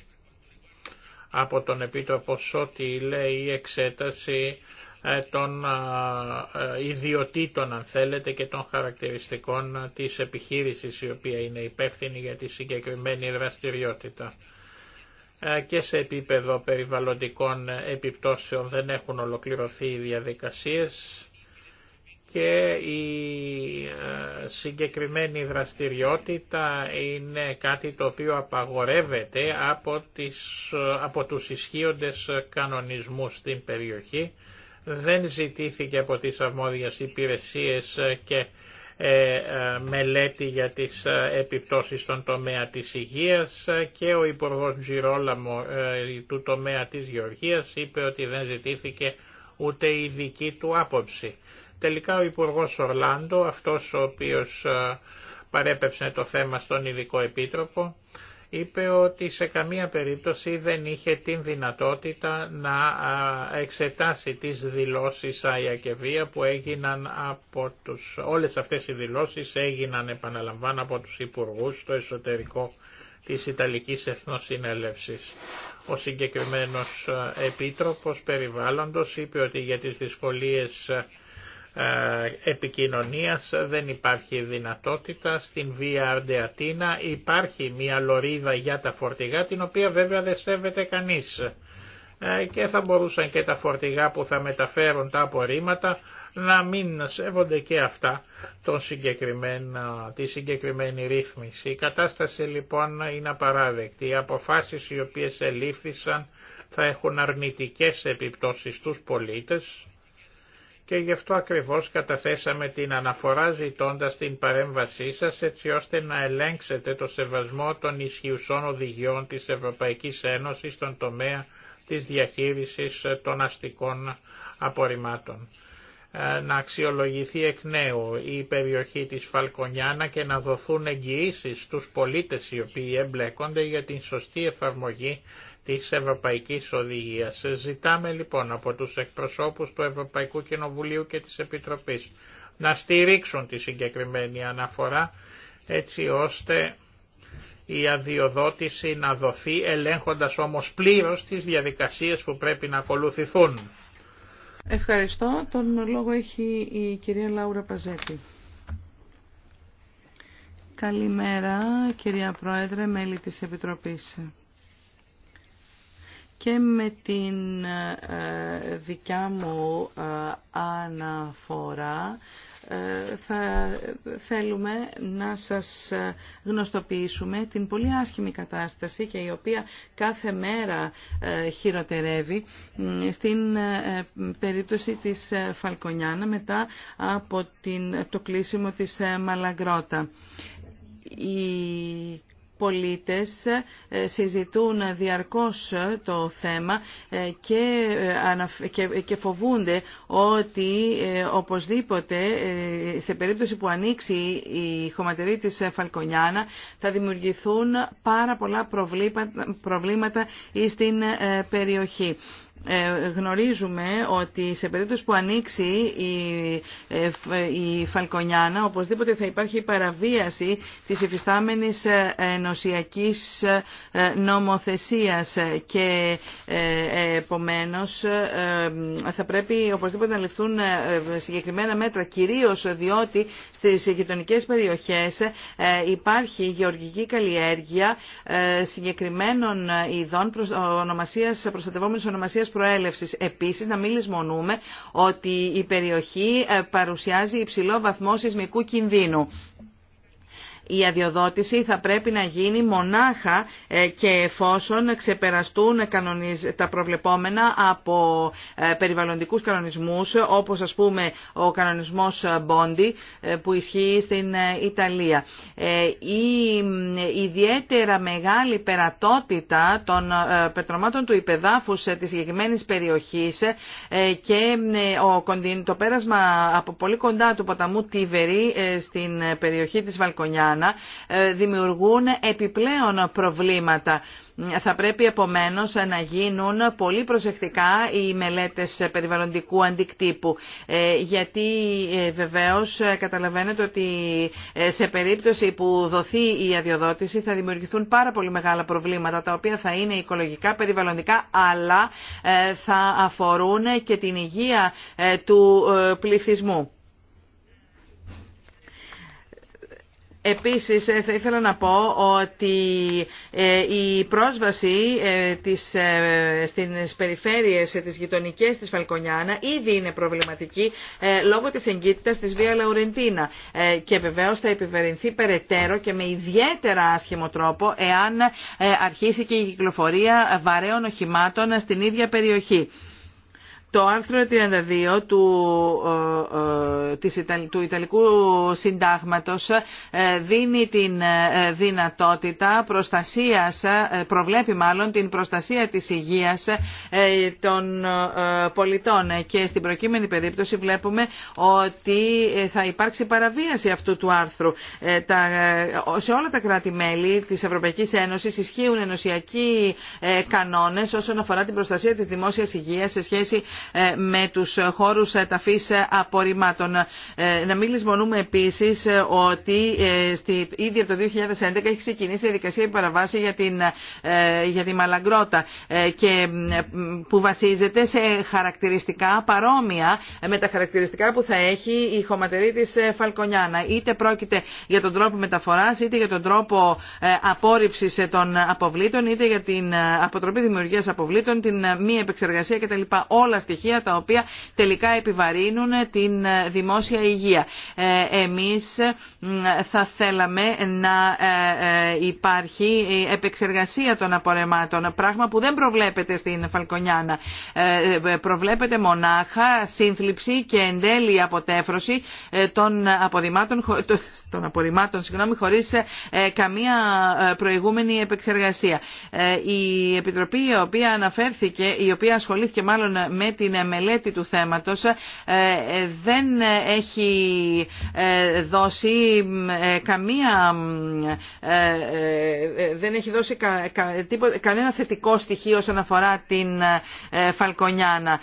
από τον Επίτροπο ό,τι λέει η εξέταση ε, των ε, ιδιωτήτων αν θέλετε και των χαρακτηριστικών της επιχείρησης η οποία είναι υπεύθυνη για τη συγκεκριμένη δραστηριότητα. Ε, και σε επίπεδο περιβαλλοντικών επιπτώσεων δεν έχουν ολοκληρωθεί οι διαδικασίες και η ε, συγκεκριμένη δραστηριότητα είναι κάτι το οποίο απαγορεύεται από, τις, από τους ισχύοντες κανονισμούς στην περιοχή. Δεν ζητήθηκε από τις αρμόδιες υπηρεσίες και ε, ε, μελέτη για τις ε, επιπτώσεις στον τομέα της υγείας και ο Υπουργός Τζιρόλαμο του τομέα της Γεωργίας είπε ότι δεν ζητήθηκε ούτε η δική του άποψη. Τελικά ο Υπουργός Ορλάντο, αυτός ο οποίος παρέπεψε το θέμα στον Ειδικό Επίτροπο, είπε ότι σε καμία περίπτωση δεν είχε την δυνατότητα να εξετάσει τις δηλώσεις Άγια και που έγιναν από τους... Όλες αυτές οι δηλώσεις έγιναν επαναλαμβάνω από τους υπουργούς στο εσωτερικό της Ιταλικής Εθνοσυνέλευσης. Ο συγκεκριμένος Επίτροπος Περιβάλλοντος είπε ότι για τις δυσκολίες ε, επικοινωνίας δεν υπάρχει δυνατότητα. Στην Βία Αρντεατίνα υπάρχει μια λωρίδα για τα φορτηγά την οποία βέβαια δεν σέβεται κανείς ε, και θα μπορούσαν και τα φορτηγά που θα μεταφέρουν τα απορρίμματα να μην σέβονται και αυτά τον συγκεκριμένο, τη συγκεκριμένη ρύθμιση. Η κατάσταση λοιπόν είναι απαράδεκτη. Οι αποφάσεις οι οποίες ελήφθησαν θα έχουν αρνητικές επιπτώσεις στους πολίτες και γι' αυτό ακριβώς καταθέσαμε την αναφορά ζητώντας την παρέμβασή σας έτσι ώστε να ελέγξετε το σεβασμό των ισχυουσών οδηγιών της Ευρωπαϊκής Ένωσης στον τομέα της διαχείρισης ε, των αστικών απορριμμάτων. Ε, να αξιολογηθεί εκ νέου η περιοχή της Φαλκονιάνα και να δοθούν εγγυήσεις στους πολίτες οι οποίοι εμπλέκονται για την σωστή εφαρμογή της Ευρωπαϊκής Οδηγίας. Ζητάμε λοιπόν από τους εκπροσώπους του Ευρωπαϊκού Κοινοβουλίου και της Επιτροπής να στηρίξουν τη συγκεκριμένη αναφορά έτσι ώστε η αδειοδότηση να δοθεί ελέγχοντας όμως πλήρως τις διαδικασίες που πρέπει να ακολουθηθούν. Ευχαριστώ. Τον λόγο έχει η κυρία Λάουρα Παζέτη. Καλημέρα κυρία Πρόεδρε, μέλη της Επιτροπής και με την ε, δικιά μου ε, αναφορά ε, θα θέλουμε να σας γνωστοποιήσουμε την πολύ άσχημη κατάσταση και η οποία κάθε μέρα χειροτερεύει στην περίπτωση της Φαλκονιάνα μετά από το κλείσιμο της Μαλαγκρότα πολίτες ε, συζητούν διαρκώς το θέμα ε, ε, και φοβούνται ότι οπωσδήποτε σε περίπτωση που ανοίξει η χωματερή της Φαλκονιάνα θα δημιουργηθούν πάρα πολλά προβλήματα στην περιοχή. Ε, γνωρίζουμε ότι σε περίπτωση που ανοίξει ε, η, Φαλκονιάνα οπωσδήποτε θα υπάρχει παραβίαση της υφιστάμενης ε, ενωσιακής νομοθεσίας και επομένως θα πρέπει οπωσδήποτε να ληφθούν συγκεκριμένα μέτρα κυρίως διότι στις γειτονικέ περιοχές υπάρχει γεωργική καλλιέργεια συγκεκριμένων ειδών ονομασίας, προστατευόμενης ονομασίας Επίση, Επίσης, να μην λησμονούμε ότι η περιοχή ε, παρουσιάζει υψηλό βαθμό σεισμικού κινδύνου. Η αδειοδότηση θα πρέπει να γίνει μονάχα ε, και εφόσον ξεπεραστούν τα προβλεπόμενα από ε, περιβαλλοντικούς κανονισμούς, όπως ας πούμε ο κανονισμός Bondi ε, που ισχύει στην Ιταλία. Η ιδιαίτερα μεγάλη περατότητα των πετρωμάτων του υπεδάφους της συγκεκριμένη περιοχής και το πέρασμα από πολύ κοντά του ποταμού Τίβερη στην περιοχή της Βαλκονιάνου ε, δημιουργούν επιπλέον προβλήματα. Θα πρέπει επομένως να γίνουν πολύ προσεκτικά οι μελέτες περιβαλλοντικού αντικτύπου ε, γιατί ε, βεβαίως καταλαβαίνετε ότι σε περίπτωση που δοθεί η αδειοδότηση θα δημιουργηθούν πάρα πολύ μεγάλα προβλήματα τα οποία θα είναι οικολογικά, περιβαλλοντικά αλλά θα αφορούν και την υγεία του πληθυσμού. Επίσης ε, θα ήθελα να πω ότι ε, η πρόσβαση ε, της, στις περιφέρειες, τις γειτονικές της Φαλκονιάνα ήδη είναι προβληματική λόγω της εγκύτητας της Βία Λαουρεντίνα και βεβαίως θα επιβερυνθεί περαιτέρω και με ιδιαίτερα άσχημο τρόπο εάν αρχίσει και η κυκλοφορία βαρέων οχημάτων στην ίδια περιοχή το άρθρο 32 του, ε, ε, του Ιταλικού Συντάγματος ε, δίνει την δυνατότητα προστασίας, προβλέπει μάλλον την προστασία της υγείας των πολιτών και στην προκείμενη περίπτωση βλέπουμε ότι θα υπάρξει παραβίαση αυτού του άρθρου. Σε όλα τα κράτη-μέλη της Ευρωπαϊκής Ένωσης ισχύουν ενωσιακοί κανόνες όσον αφορά την προστασία της δημόσιας υγείας σε σχέση ε, με τους χώρους ε, ταφή ε, απορριμμάτων. Να μην λησμονούμε επίσης ότι ήδη από το 2011 έχει ξεκινήσει η διαδικασία παραβάση για, την, για τη Μαλαγκρότα και που βασίζεται σε χαρακτηριστικά παρόμοια με τα χαρακτηριστικά που θα έχει η χωματερή τη Φαλκονιάνα. Είτε πρόκειται για τον τρόπο μεταφοράς, είτε για τον τρόπο απόρριψη των αποβλήτων, είτε για την αποτροπή δημιουργίας αποβλήτων, την μη επεξεργασία κτλ. Όλα στοιχεία τα οποία τελικά επιβαρύνουν την δημόσια υγεία. Ε, εμείς θα θέλαμε να ε, ε, υπάρχει επεξεργασία των απορρεμάτων, πράγμα που δεν προβλέπεται στην Φαλκονιάνα. Προβλέπεται μονάχα σύνθλιψη και εν τέλει αποτέφρωση των απορριμμάτων, των απορριμμάτων συγγνώμη, χωρίς καμία προηγούμενη επεξεργασία. Η Επιτροπή η οποία αναφέρθηκε, η οποία ασχολήθηκε μάλλον με την μελέτη του θέματος ε, ε, ε, δεν έχει δώσει καμία δεν έχει δώσει κανένα θετικό στοιχείο όσον αφορά την Φαλκονιάνα.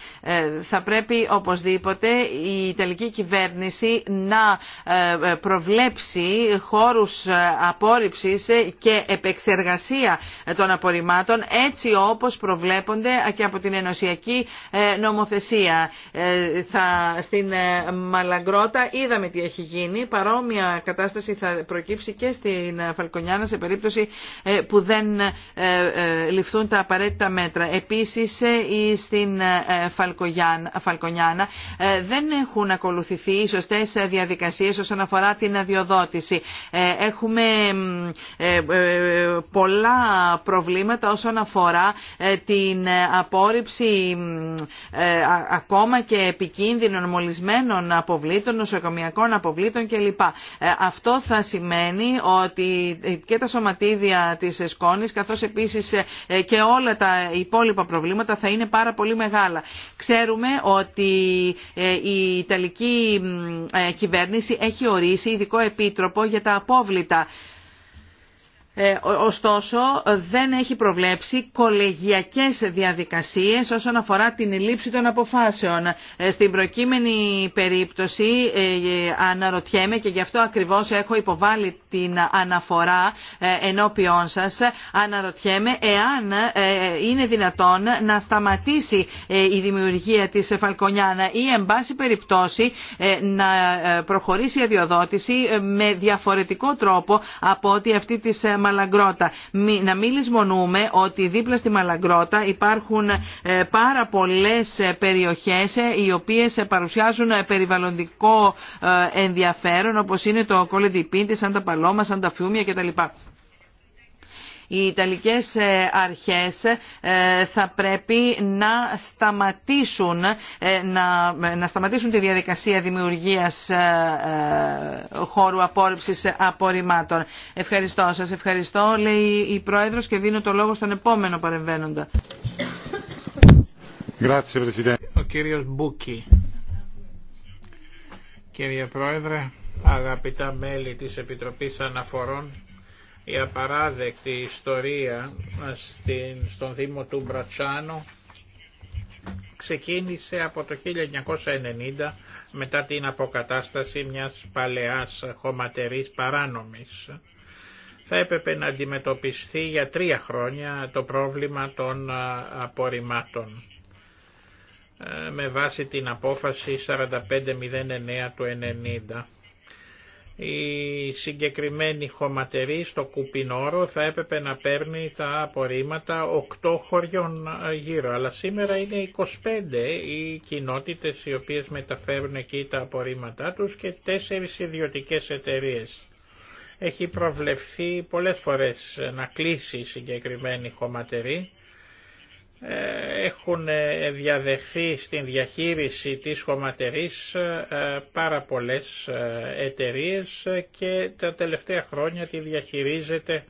Θα πρέπει οπωσδήποτε η Ιταλική κυβέρνηση να προβλέψει χώρους απόρριψης και επεξεργασία των απορριμμάτων έτσι όπως προβλέπονται και από την Ενωσιακή νομοθεσία. Ε, θα, στην ε, Μαλαγκρότα είδαμε τι έχει γίνει. Παρόμοια κατάσταση θα προκύψει και στην ε, Φαλκονιάνα σε περίπτωση που δεν ληφθούν τα απαραίτητα μέτρα. Επίσης στην Φαλκονιάνα δεν έχουν ακολουθηθεί οι σωστές διαδικασίες όσον αφορά την αδειοδότηση. Έχουμε πολλά προβλήματα όσον αφορά την απόρριψη ε, ακόμα και επικίνδυνων μολυσμένων αποβλήτων, νοσοκομιακών αποβλήτων κλπ. Ε, αυτό θα σημαίνει ότι και τα σωματίδια της σκόνης καθώς επίσης ε, και όλα τα υπόλοιπα προβλήματα θα είναι πάρα πολύ μεγάλα. Ξέρουμε ότι η Ιταλική κυβέρνηση έχει ορίσει ειδικό επίτροπο για τα απόβλητα ε, ωστόσο δεν έχει προβλέψει κολεγιακές διαδικασίες όσον αφορά την λήψη των αποφάσεων. Ε, στην προκείμενη περίπτωση ε, αναρωτιέμαι και γι' αυτό ακριβώς έχω υποβάλει την αναφορά ενώπιόν σας. Αναρωτιέμαι εάν είναι δυνατόν να σταματήσει η δημιουργία της Φαλκονιάνα ή εν πάση περιπτώσει να προχωρήσει η αδειοδότηση με διαφορετικό τρόπο από ότι αυτή της Μαλαγκρότα. Να μην λησμονούμε ότι δίπλα στη Μαλαγκρότα υπάρχουν ε, πάρα πολλές ε, περιοχές ε, οι οποίες παρουσιάζουν περιβαλλοντικό ενδιαφέρον όπως είναι το Κόλεντι Πίντε, τα Παλώμα, τα Φιούμια κτλ. Οι Ιταλικές ε, αρχές ε, θα πρέπει να σταματήσουν, ε, να, σταματήσουν τη διαδικασία δημιουργίας χώρου απόρριψης απορριμμάτων. Ευχαριστώ σας. Ευχαριστώ, λέει η Πρόεδρος και δίνω το λόγο στον επόμενο παρεμβαίνοντα. Ο κύριος Μπούκη. Κύριε Πρόεδρε, αγαπητά μέλη της Επιτροπής Αναφορών, η απαράδεκτη ιστορία στον Δήμο του Μπρατσάνο ξεκίνησε από το 1990 μετά την αποκατάσταση μιας παλαιάς χωματερής παράνομης. Θα έπρεπε να αντιμετωπιστεί για τρία χρόνια το πρόβλημα των απορριμμάτων ε, με βάση την απόφαση 4509 του 90 η συγκεκριμένη χωματερή στο Κουπινόρο θα έπρεπε να παίρνει τα απορρίμματα 8 χωριών ε, γύρω. Αλλά σήμερα είναι 25 οι κοινότητες οι οποίες μεταφέρουν εκεί τα απορρίμματά τους και 4 ιδιωτικές εταιρείες. Έχει προβλεφθεί πολλές φορές να κλείσει η συγκεκριμένη χωματερή ε, έχουν ε, διαδεχθεί στην διαχείριση της χωματερής ε, πάρα πολλές εταιρείες και τα τελευταία χρόνια τη διαχειρίζεται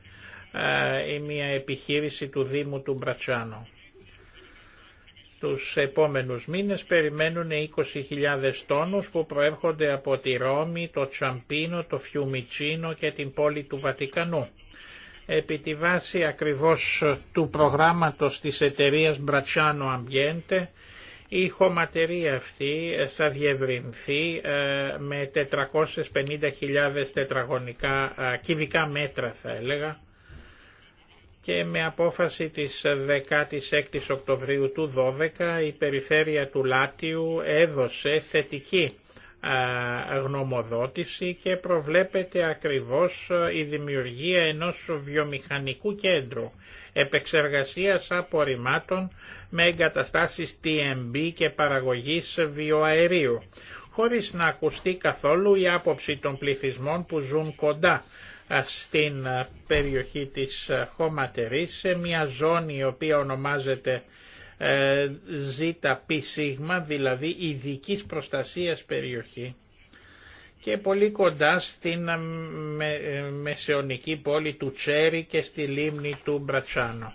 η μια επιχείρηση του Δήμου του Μπρατσάνο. Τους επόμενους μήνες περιμένουν 20.000 τόνους που προέρχονται από τη Ρώμη, το Τσαμπίνο, το Φιουμιτσίνο και την πόλη του Βατικανού επί τη βάση ακριβώς του προγράμματος της εταιρείας Μπρατσάνο Ambiente η χωματερία αυτή θα διευρυνθεί ε, με 450.000 τετραγωνικά ε, κυβικά μέτρα θα έλεγα και με απόφαση της 16ης Οκτωβρίου του 12 η περιφέρεια του Λάτιου έδωσε θετική γνωμοδότηση και προβλέπεται ακριβώς η δημιουργία ενός βιομηχανικού κέντρου επεξεργασίας απορριμμάτων με εγκαταστάσεις TMB και παραγωγής βιοαερίου, χωρίς να ακουστεί καθόλου η άποψη των πληθυσμών που ζουν κοντά στην περιοχή της Χωματερής, σε μια ζώνη η οποία ονομάζεται ε, ΖΠΣ, δηλαδή ειδική προστασίας περιοχή και πολύ κοντά στην ε, ε, μεσαιωνική πόλη του Τσέρι και στη λίμνη του Μπρατσάνο.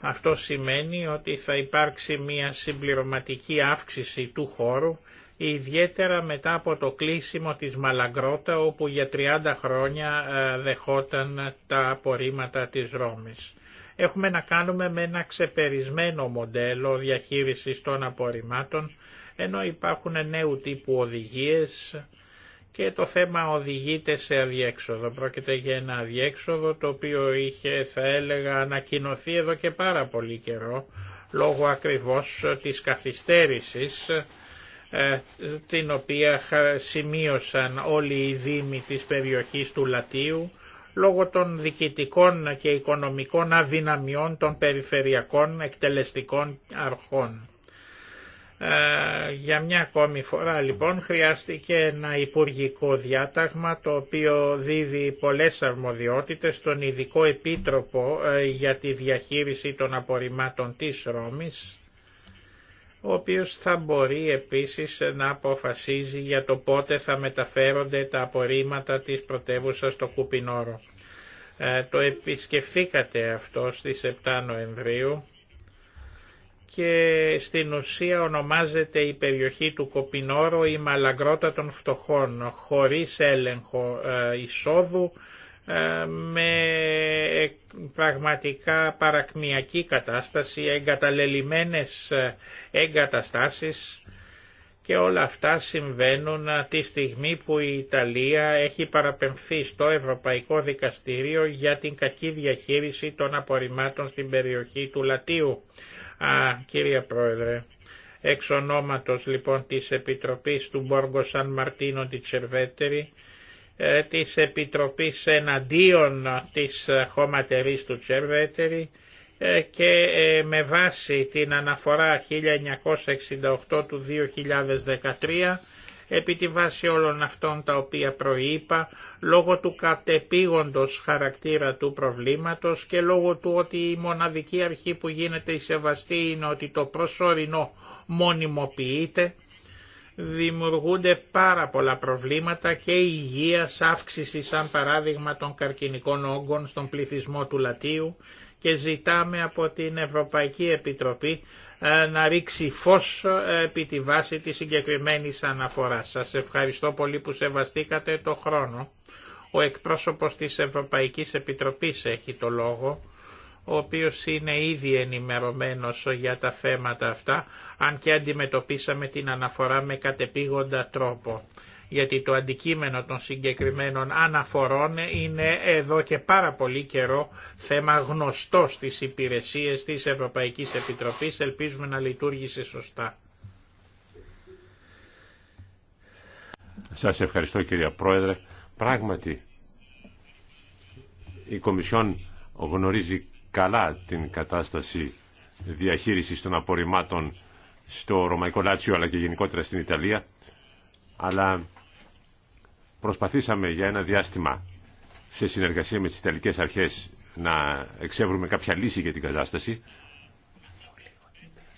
Αυτό σημαίνει ότι θα υπάρξει μια συμπληρωματική αύξηση του χώρου, ιδιαίτερα μετά από το κλείσιμο της Μαλαγκρότα όπου για 30 χρόνια δεχόταν τα απορρίμματα της Ρώμης έχουμε να κάνουμε με ένα ξεπερισμένο μοντέλο διαχείρισης των απορριμμάτων, ενώ υπάρχουν νέου τύπου οδηγίες και το θέμα οδηγείται σε αδιέξοδο. Πρόκειται για ένα αδιέξοδο το οποίο είχε, θα έλεγα, ανακοινωθεί εδώ και πάρα πολύ καιρό, λόγω ακριβώς της καθυστέρησης ε, την οποία σημείωσαν όλοι οι δήμοι της περιοχής του Λατίου λόγω των διοικητικών και οικονομικών αδυναμιών των περιφερειακών εκτελεστικών αρχών. Ε, για μια ακόμη φορά λοιπόν χρειάστηκε ένα υπουργικό διάταγμα το οποίο δίδει πολλές αρμοδιότητες στον ειδικό επίτροπο ε, για τη διαχείριση των απορριμμάτων της Ρώμης ο οποίος θα μπορεί επίσης να αποφασίζει για το πότε θα μεταφέρονται τα απορρίμματα της πρωτεύουσα στο Κουπινόρο. Ε, το επισκεφθήκατε αυτό στις 7 Νοεμβρίου και στην ουσία ονομάζεται η περιοχή του Κοπινόρο η Μαλαγκρότα των Φτωχών, χωρίς έλεγχο ε, εισόδου, ε, με ε, πραγματικά παρακμιακή κατάσταση, εγκαταλελειμμένες ε, εγκαταστάσεις και όλα αυτά συμβαίνουν τη στιγμή που η Ιταλία έχει παραπεμφθεί στο Ευρωπαϊκό Δικαστήριο για την κακή διαχείριση των απορριμμάτων στην περιοχή του Λατίου. Α, κύριε Πρόεδρε, εξ ονόματος λοιπόν της Επιτροπής του Μπόργκο Σαν Μαρτίνο τη ε, της Επιτροπής εναντίον της ε, χωματερής του Τσερβέτερη ε, και με βάση την αναφορά 1968 του 2013 επί τη βάση όλων αυτών τα οποία προείπα, λόγω του κατεπήγοντος χαρακτήρα του προβλήματος και λόγω του ότι η μοναδική αρχή που γίνεται η σεβαστή είναι ότι το προσωρινό μονιμοποιείται, δημιουργούνται πάρα πολλά προβλήματα και υγεία αύξηση σαν παράδειγμα των καρκινικών όγκων στον πληθυσμό του Λατίου και ζητάμε από την Ευρωπαϊκή Επιτροπή ε, να ρίξει φως ε, επί τη βάση της συγκεκριμένης αναφοράς. Σας ευχαριστώ πολύ που σεβαστήκατε το χρόνο. Ο εκπρόσωπος της Ευρωπαϊκής Επιτροπής έχει το λόγο ο οποίος είναι ήδη ενημερωμένος για τα θέματα αυτά, αν και αντιμετωπίσαμε την αναφορά με κατεπήγοντα τρόπο. Γιατί το αντικείμενο των συγκεκριμένων αναφορών είναι εδώ και πάρα πολύ καιρό θέμα γνωστό στις υπηρεσίες της Ευρωπαϊκής Επιτροπής, ελπίζουμε να λειτουργήσει σωστά. Σας ευχαριστώ κυρία Πρόεδρε. Πράγματι, η Κομισιόν γνωρίζει καλά την κατάσταση διαχείρισης των απορριμμάτων στο Ρωμαϊκό Λάτσιο αλλά και γενικότερα στην Ιταλία αλλά προσπαθήσαμε για ένα διάστημα σε συνεργασία με τις Ιταλικές Αρχές να εξεύρουμε κάποια λύση για την κατάσταση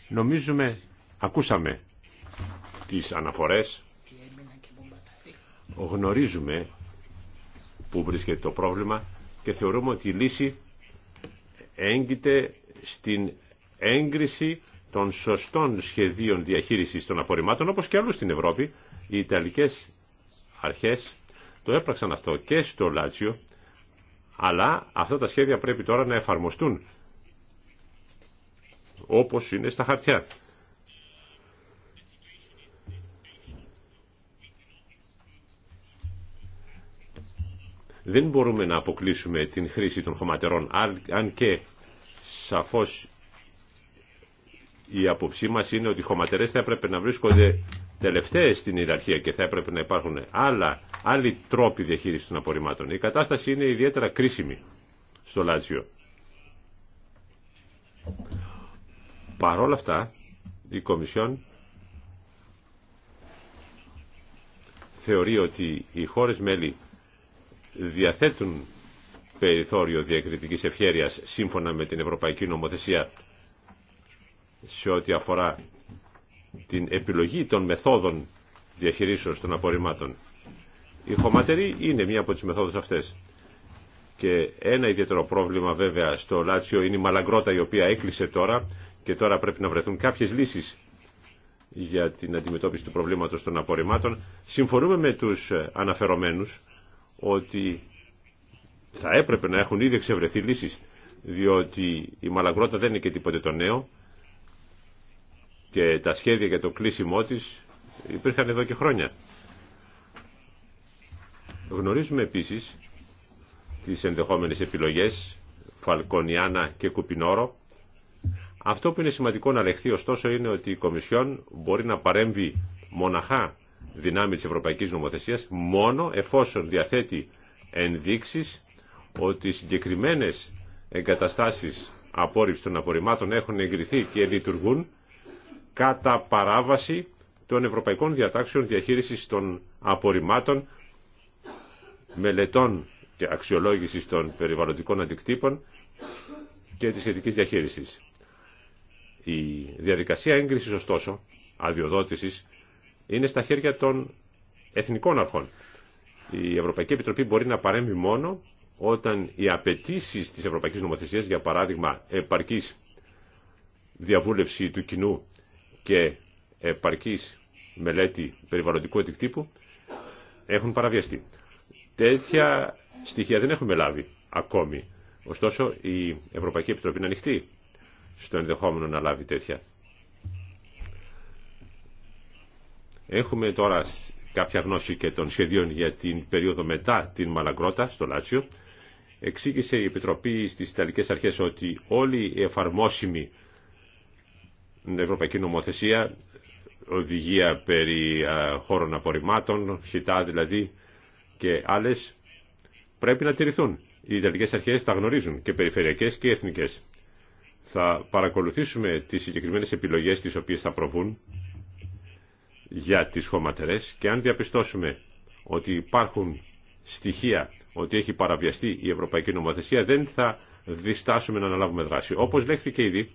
νομίζουμε ακούσαμε τις αναφορές γνωρίζουμε που βρίσκεται το πρόβλημα και θεωρούμε ότι η λύση έγκυται στην έγκριση των σωστών σχεδίων διαχείρισης των απορριμμάτων, όπως και αλλού στην Ευρώπη. Οι Ιταλικές αρχές το έπραξαν αυτό και στο Λάτσιο, αλλά αυτά τα σχέδια πρέπει τώρα να εφαρμοστούν όπως είναι στα χαρτιά. Δεν μπορούμε να αποκλείσουμε την χρήση των χωματερών, αν και Σαφώς η απόψή μας είναι ότι οι χωματερές θα έπρεπε να βρίσκονται τελευταίες στην ιεραρχία και θα έπρεπε να υπάρχουν άλλα, άλλοι τρόποι διαχείρισης των απορριμμάτων. Η κατάσταση είναι ιδιαίτερα κρίσιμη στο Λάτσιο. Παρόλα αυτά, η Κομισιόν θεωρεί ότι οι χώρες μέλη διαθέτουν περιθώριο διακριτικής ευχέρειας σύμφωνα με την Ευρωπαϊκή Νομοθεσία σε ό,τι αφορά την επιλογή των μεθόδων διαχειρίσεως των απορριμμάτων. Η χωματερή είναι μία από τις μεθόδους αυτές. Και ένα ιδιαίτερο πρόβλημα βέβαια στο Λάτσιο είναι η μαλαγκρότα η οποία έκλεισε τώρα και τώρα πρέπει να βρεθούν κάποιες λύσεις για την αντιμετώπιση του προβλήματος των απορριμμάτων. Συμφωνούμε με τους αναφερομένους ότι θα έπρεπε να έχουν ήδη εξευρεθεί λύσεις διότι η Μαλαγκρότα δεν είναι και τίποτε το νέο και τα σχέδια για το κλείσιμό της υπήρχαν εδώ και χρόνια. Γνωρίζουμε επίσης τις ενδεχόμενες επιλογές Φαλκονιάνα και Κουπινόρο. Αυτό που είναι σημαντικό να λεχθεί ωστόσο είναι ότι η Κομισιόν μπορεί να παρέμβει μοναχά δυνάμει της Ευρωπαϊκής Νομοθεσίας μόνο εφόσον διαθέτει ενδείξεις ότι συγκεκριμένες εγκαταστάσεις απόρριψης των απορριμμάτων έχουν εγκριθεί και λειτουργούν κατά παράβαση των Ευρωπαϊκών Διατάξεων Διαχείρισης των Απορριμμάτων, Μελετών και Αξιολόγησης των Περιβαλλοντικών Αντικτύπων και της σχετικής διαχείρισης. Η διαδικασία έγκρισης, ωστόσο, αδειοδότησης, είναι στα χέρια των εθνικών αρχών. Η Ευρωπαϊκή Επιτροπή μπορεί να παρέμβει μόνο όταν οι απαιτήσει της Ευρωπαϊκής Νομοθεσίας, για παράδειγμα επαρκής διαβούλευση του κοινού και επαρκής μελέτη περιβαλλοντικού αντικτύπου, έχουν παραβιαστεί. Τέτοια στοιχεία δεν έχουμε λάβει ακόμη. Ωστόσο, η Ευρωπαϊκή Επιτροπή είναι ανοιχτή στο ενδεχόμενο να λάβει τέτοια. Έχουμε τώρα κάποια γνώση και των σχεδίων για την περίοδο μετά την Μαλαγκρότα στο Λάτσιο εξήγησε η Επιτροπή στις Ιταλικές Αρχές ότι όλη η εφαρμόσιμη ευρωπαϊκή νομοθεσία, οδηγία περί χώρων απορριμμάτων, χιτά δηλαδή και άλλες, πρέπει να τηρηθούν. Οι Ιταλικές Αρχές τα γνωρίζουν και περιφερειακές και εθνικές. Θα παρακολουθήσουμε τις συγκεκριμένες επιλογές τις οποίες θα προβούν για τις χωματερές και αν διαπιστώσουμε ότι υπάρχουν στοιχεία ότι έχει παραβιαστεί η Ευρωπαϊκή Νομοθεσία, δεν θα διστάσουμε να αναλάβουμε δράση. Όπως λέχθηκε ήδη,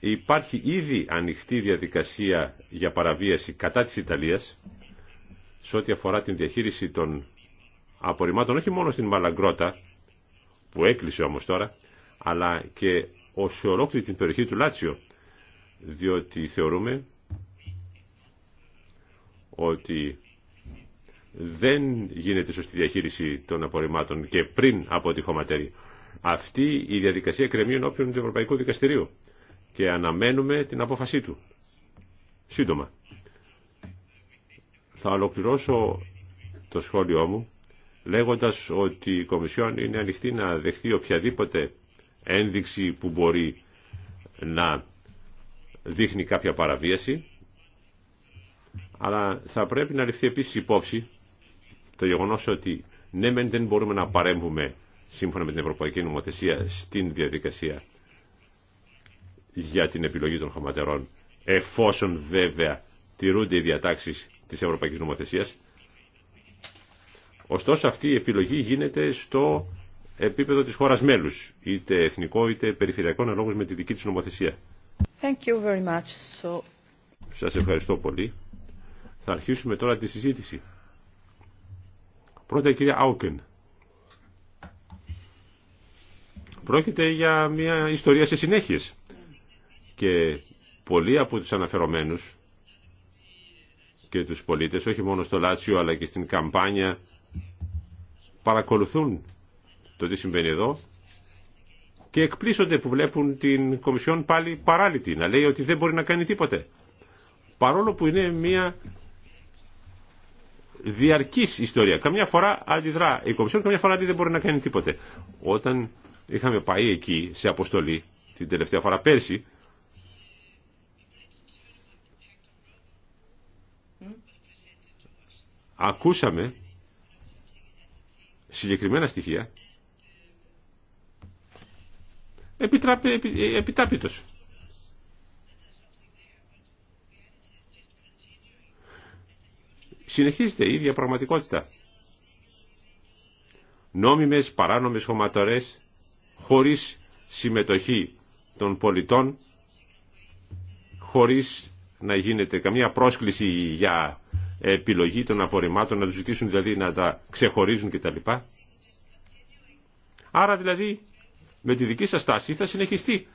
υπάρχει ήδη ανοιχτή διαδικασία για παραβίαση κατά της Ιταλίας σε ό,τι αφορά την διαχείριση των απορριμμάτων, όχι μόνο στην Μαλαγκρότα, που έκλεισε όμω τώρα, αλλά και ως ολόκληρη την περιοχή του Λάτσιο, διότι θεωρούμε ότι δεν γίνεται σωστή διαχείριση των απορριμμάτων και πριν από τη χωματερή. Αυτή η διαδικασία κρεμεί ενώπιον του Ευρωπαϊκού Δικαστηρίου και αναμένουμε την απόφασή του. Σύντομα. Θα ολοκληρώσω το σχόλιο μου λέγοντας ότι η Κομισιόν είναι ανοιχτή να δεχθεί οποιαδήποτε ένδειξη που μπορεί να δείχνει κάποια παραβίαση αλλά θα πρέπει να ληφθεί επίσης υπόψη το γεγονό ότι ναι μεν δεν μπορούμε να παρέμβουμε σύμφωνα με την Ευρωπαϊκή Νομοθεσία στην διαδικασία για την επιλογή των χωματερών εφόσον βέβαια τηρούνται οι διατάξει τη Ευρωπαϊκή Νομοθεσία, ωστόσο αυτή η επιλογή γίνεται στο επίπεδο της χώρας μέλους είτε εθνικό είτε περιφερειακό αναλόγως με τη δική της νομοθεσία Thank So... Σας ευχαριστώ πολύ Θα αρχίσουμε τώρα τη συζήτηση Πρώτα η κυρία Άουκεν. Πρόκειται για μια ιστορία σε συνέχειες. Και πολλοί από τους αναφερομένους και τους πολίτες, όχι μόνο στο Λάτσιο αλλά και στην καμπάνια, παρακολουθούν το τι συμβαίνει εδώ και εκπλήσονται που βλέπουν την Κομισιόν πάλι παράλυτη, να λέει ότι δεν μπορεί να κάνει τίποτε. Παρόλο που είναι μια Διαρκή ιστορία. Καμιά φορά αντιδρά η Κομισιόν, καμιά φορά δεν μπορεί να κάνει τίποτε. Όταν είχαμε πάει εκεί σε αποστολή την τελευταία φορά πέρσι, ακούσαμε συγκεκριμένα στοιχεία επιτράπη, συνεχίζεται η ίδια πραγματικότητα. Νόμιμες παράνομες χωματορές χωρίς συμμετοχή των πολιτών, χωρίς να γίνεται καμία πρόσκληση για επιλογή των απορριμμάτων, να τους ζητήσουν δηλαδή να τα ξεχωρίζουν κτλ. Άρα δηλαδή με τη δική σας στάση θα συνεχιστεί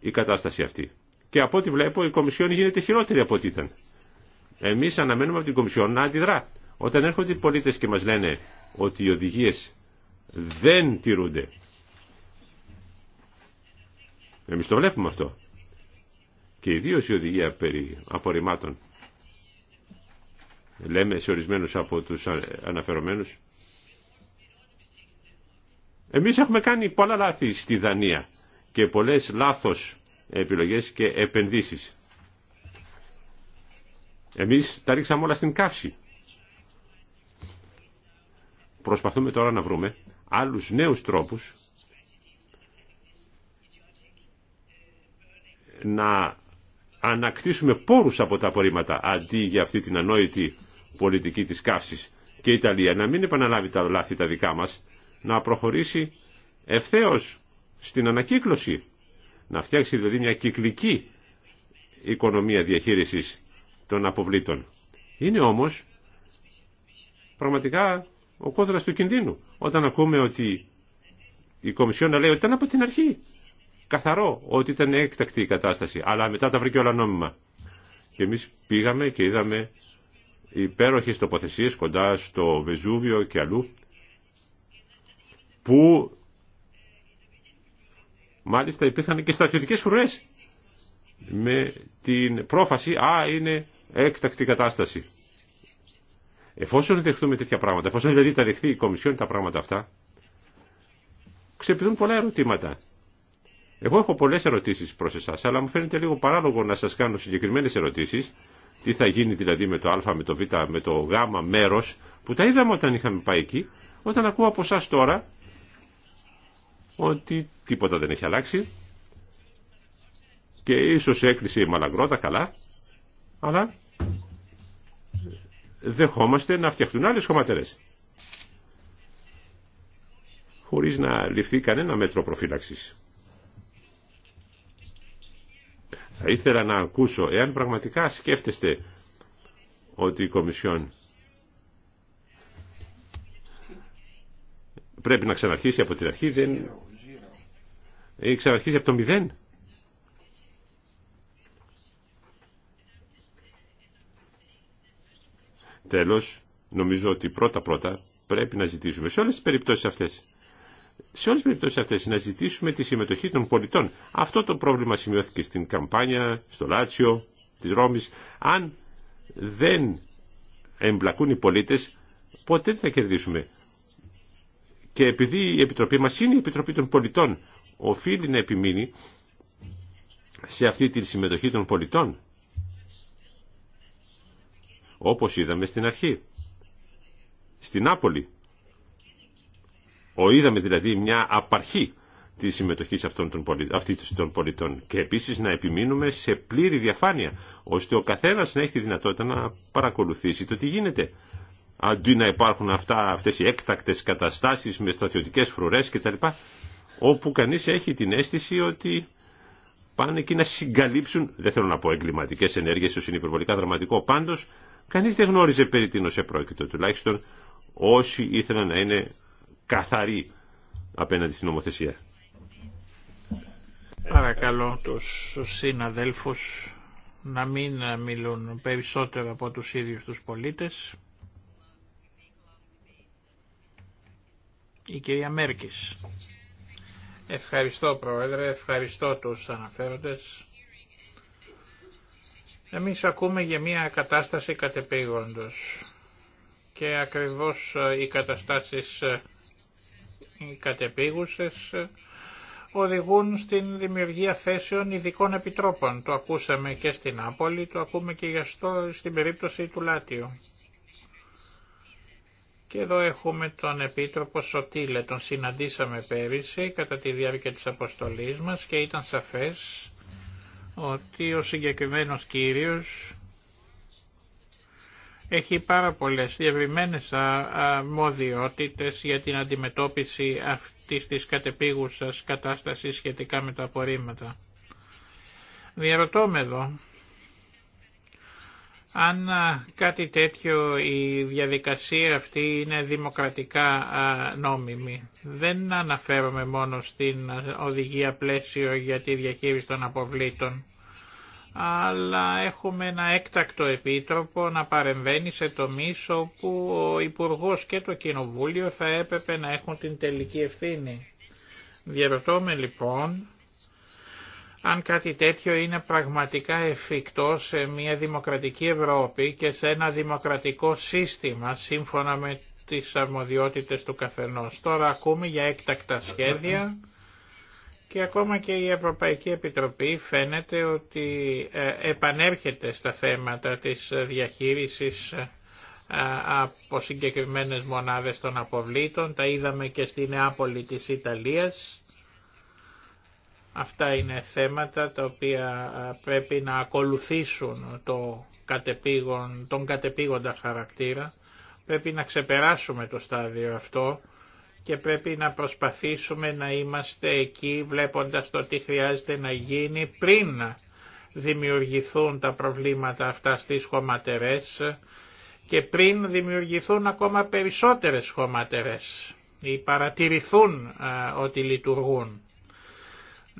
η κατάσταση αυτή. Και από ό,τι βλέπω η Κομισιόν γίνεται χειρότερη από ό,τι ήταν. Εμείς αναμένουμε από την Κομισιόν να αντιδρά. Όταν έρχονται οι πολίτε και μας λένε ότι οι οδηγίες δεν τηρούνται. Εμεί το βλέπουμε αυτό. Και ιδίω η οδηγία περί απορριμμάτων. Λέμε σε ορισμένου από τους αναφερομένους. Εμείς έχουμε κάνει πολλά λάθη στη Δανία και πολλές λάθο επιλογές και επενδύσεις. Εμείς τα ρίξαμε όλα στην καύση. Προσπαθούμε τώρα να βρούμε άλλους νέους τρόπους να ανακτήσουμε πόρους από τα απορρίμματα αντί για αυτή την ανόητη πολιτική της καύσης και η Ιταλία να μην επαναλάβει τα λάθη τα δικά μας να προχωρήσει ευθέως στην ανακύκλωση να φτιάξει δηλαδή μια κυκλική οικονομία διαχείρισης των αποβλήτων. Είναι όμως πραγματικά ο κόδρας του κινδύνου. Όταν ακούμε ότι η Κομισιόνα λέει ότι ήταν από την αρχή καθαρό ότι ήταν έκτακτη η κατάσταση, αλλά μετά τα βρήκε όλα νόμιμα. Και εμείς πήγαμε και είδαμε υπέροχέ τοποθεσίες κοντά στο Βεζούβιο και αλλού, που μάλιστα υπήρχαν και στρατιωτικές φρουρές με την πρόφαση «Α, είναι έκτακτη κατάσταση. Εφόσον δεχτούμε τέτοια πράγματα, εφόσον δηλαδή τα δεχθεί η Κομισιόν τα πράγματα αυτά, ξεπηδούν πολλά ερωτήματα. Εγώ έχω πολλές ερωτήσεις προς εσάς, αλλά μου φαίνεται λίγο παράλογο να σας κάνω συγκεκριμένες ερωτήσεις, τι θα γίνει δηλαδή με το α, με το β, με το γ μέρος, που τα είδαμε όταν είχαμε πάει εκεί, όταν ακούω από εσά τώρα ότι τίποτα δεν έχει αλλάξει και ίσως έκλεισε η μαλαγκρότα καλά, αλλά δεχόμαστε να φτιαχτούν άλλες χωματερές χωρίς να ληφθεί κανένα μέτρο προφύλαξης. Θα ήθελα να ακούσω, εάν πραγματικά σκέφτεστε ότι η Κομισιόν πρέπει να ξαναρχίσει από την αρχή, δεν... ή ξαναρχίσει από το μηδέν. Τέλος, νομίζω ότι πρώτα-πρώτα πρέπει να ζητήσουμε σε όλες τις περιπτώσεις αυτές σε όλες τις περιπτώσεις αυτές να ζητήσουμε τη συμμετοχή των πολιτών. Αυτό το πρόβλημα σημειώθηκε στην καμπάνια, στο Λάτσιο, της Ρώμης. Αν δεν εμπλακούν οι πολίτες, ποτέ δεν θα κερδίσουμε. Και επειδή η Επιτροπή μας είναι η Επιτροπή των Πολιτών, οφείλει να επιμείνει σε αυτή τη συμμετοχή των πολιτών όπως είδαμε στην αρχή, στην Άπολη Ο είδαμε δηλαδή μια απαρχή της συμμετοχής αυτών των πολιτών, αυτή των πολιτών και επίσης να επιμείνουμε σε πλήρη διαφάνεια ώστε ο καθένας να έχει τη δυνατότητα να παρακολουθήσει το τι γίνεται αντί να υπάρχουν αυτά, αυτές οι έκτακτες καταστάσεις με στρατιωτικές φρουρές κτλ όπου κανείς έχει την αίσθηση ότι πάνε εκεί να συγκαλύψουν δεν θέλω να πω εγκληματικές ενέργειες όσο είναι υπερβολικά δραματικό πάντως Κανείς δεν γνώριζε περί τίνος επρόκειτο, τουλάχιστον όσοι ήθελαν να είναι καθαροί απέναντι στην νομοθεσία. Παρακαλώ τους συναδέλφους να μην μιλούν περισσότερο από τους ίδιους τους πολίτες. Η κυρία Μέρκης. Ευχαριστώ Πρόεδρε, ευχαριστώ τους αναφέροντες. Εμείς ακούμε για μια κατάσταση κατεπήγοντος και ακριβώς ε, οι καταστάσεις ε, κατεπήγουσες ε, οδηγούν στην δημιουργία θέσεων ειδικών επιτρόπων. Το ακούσαμε και στην Άπολη, το ακούμε και για στο, στην περίπτωση του Λάτιου. Και εδώ έχουμε τον Επίτροπο Σωτήλε, τον συναντήσαμε πέρυσι κατά τη διάρκεια της αποστολής μας και ήταν σαφές ότι ο συγκεκριμένος κύριος έχει πάρα πολλές διευρυμένες αρμόδιότητες για την αντιμετώπιση αυτής της κατεπίγουσας κατάστασης σχετικά με τα απορρίμματα. Διαρωτώ με εδώ αν κάτι τέτοιο η διαδικασία αυτή είναι δημοκρατικά νόμιμη. Δεν αναφέρομαι μόνο στην οδηγία πλαίσιο για τη διαχείριση των αποβλήτων, αλλά έχουμε ένα έκτακτο επίτροπο να παρεμβαίνει σε τομείς όπου ο Υπουργός και το Κοινοβούλιο θα έπρεπε να έχουν την τελική ευθύνη. Διερωτώμε λοιπόν αν κάτι τέτοιο είναι πραγματικά εφικτό σε μια δημοκρατική Ευρώπη και σε ένα δημοκρατικό σύστημα σύμφωνα με τις αρμοδιότητες του καθενός. Τώρα ακούμε για έκτακτα σχέδια και ακόμα και η Ευρωπαϊκή Επιτροπή φαίνεται ότι ε, επανέρχεται στα θέματα της διαχείρισης ε, από συγκεκριμένες μονάδες των αποβλήτων. Τα είδαμε και στην Νεάπολη της Ιταλίας Αυτά είναι θέματα τα οποία πρέπει να ακολουθήσουν το τον κατεπήγοντα χαρακτήρα. Πρέπει να ξεπεράσουμε το στάδιο αυτό και πρέπει να προσπαθήσουμε να είμαστε εκεί βλέποντας το τι χρειάζεται να γίνει πριν δημιουργηθούν τα προβλήματα αυτά στις χωματερές και πριν δημιουργηθούν ακόμα περισσότερες χωματερές ή παρατηρηθούν ότι λειτουργούν.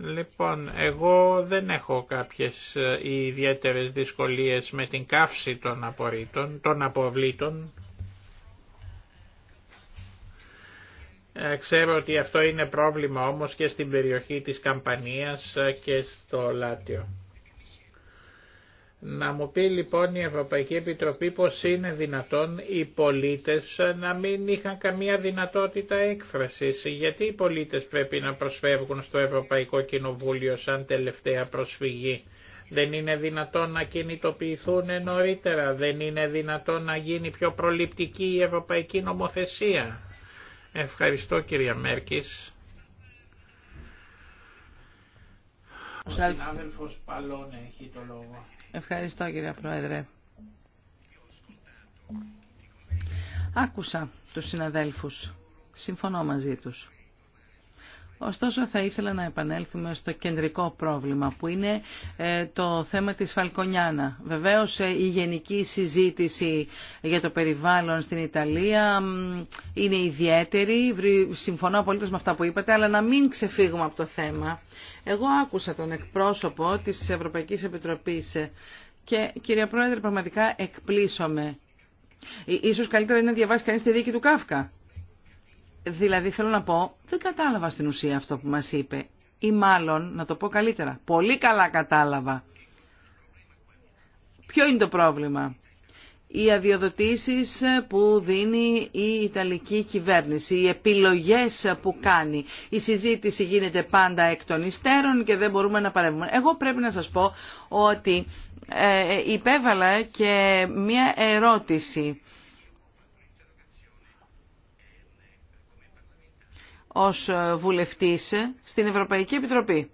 Λοιπόν, εγώ δεν έχω κάποιες ε, ιδιαίτερες δυσκολίες με την καύση των απορρίτων, των αποβλήτων. Ε, ξέρω ότι αυτό είναι πρόβλημα όμως και στην περιοχή της Καμπανίας ε, και στο Λάτιο. Να μου πει λοιπόν η Ευρωπαϊκή Επιτροπή πως είναι δυνατόν οι πολίτες να μην είχαν καμία δυνατότητα έκφρασης. Γιατί οι πολίτες πρέπει να προσφεύγουν στο Ευρωπαϊκό Κοινοβούλιο σαν τελευταία προσφυγή. Δεν είναι δυνατόν να κινητοποιηθούν νωρίτερα, δεν είναι δυνατόν να γίνει πιο προληπτική η Ευρωπαϊκή Νομοθεσία. Ευχαριστώ κυρία Μέρκης. Ευχαριστώ κύριε Πρόεδρε. Άκουσα τους συναδέλφους. Συμφωνώ μαζί τους. Ωστόσο θα ήθελα να επανέλθουμε στο κεντρικό πρόβλημα που είναι ε, το θέμα της Φαλκονιάνα. Βεβαίως ε, η γενική συζήτηση για το περιβάλλον στην Ιταλία είναι ιδιαίτερη. Συμφωνώ απολύτως με αυτά που είπατε, αλλά να μην ξεφύγουμε από το θέμα. Εγώ άκουσα τον εκπρόσωπο της Ευρωπαϊκής Επιτροπής ε, και κυρία Πρόεδρε πραγματικά εκπλήσωμαι. Ίσως καλύτερα είναι να διαβάσει κανείς τη δίκη του Κάφκα. Δηλαδή θέλω να πω, δεν κατάλαβα στην ουσία αυτό που μας είπε. Ή μάλλον, να το πω καλύτερα, πολύ καλά κατάλαβα. Ποιο είναι το πρόβλημα. Οι αδειοδοτήσεις που δίνει η Ιταλική κυβέρνηση, οι επιλογές που κάνει. Η συζήτηση γίνεται πάντα εκ των υστέρων και δεν μπορούμε να παρέμβουμε. Εγώ πρέπει να σας πω ότι ε, ε, υπέβαλα και μία ερώτηση ως βουλευτής στην Ευρωπαϊκή Επιτροπή.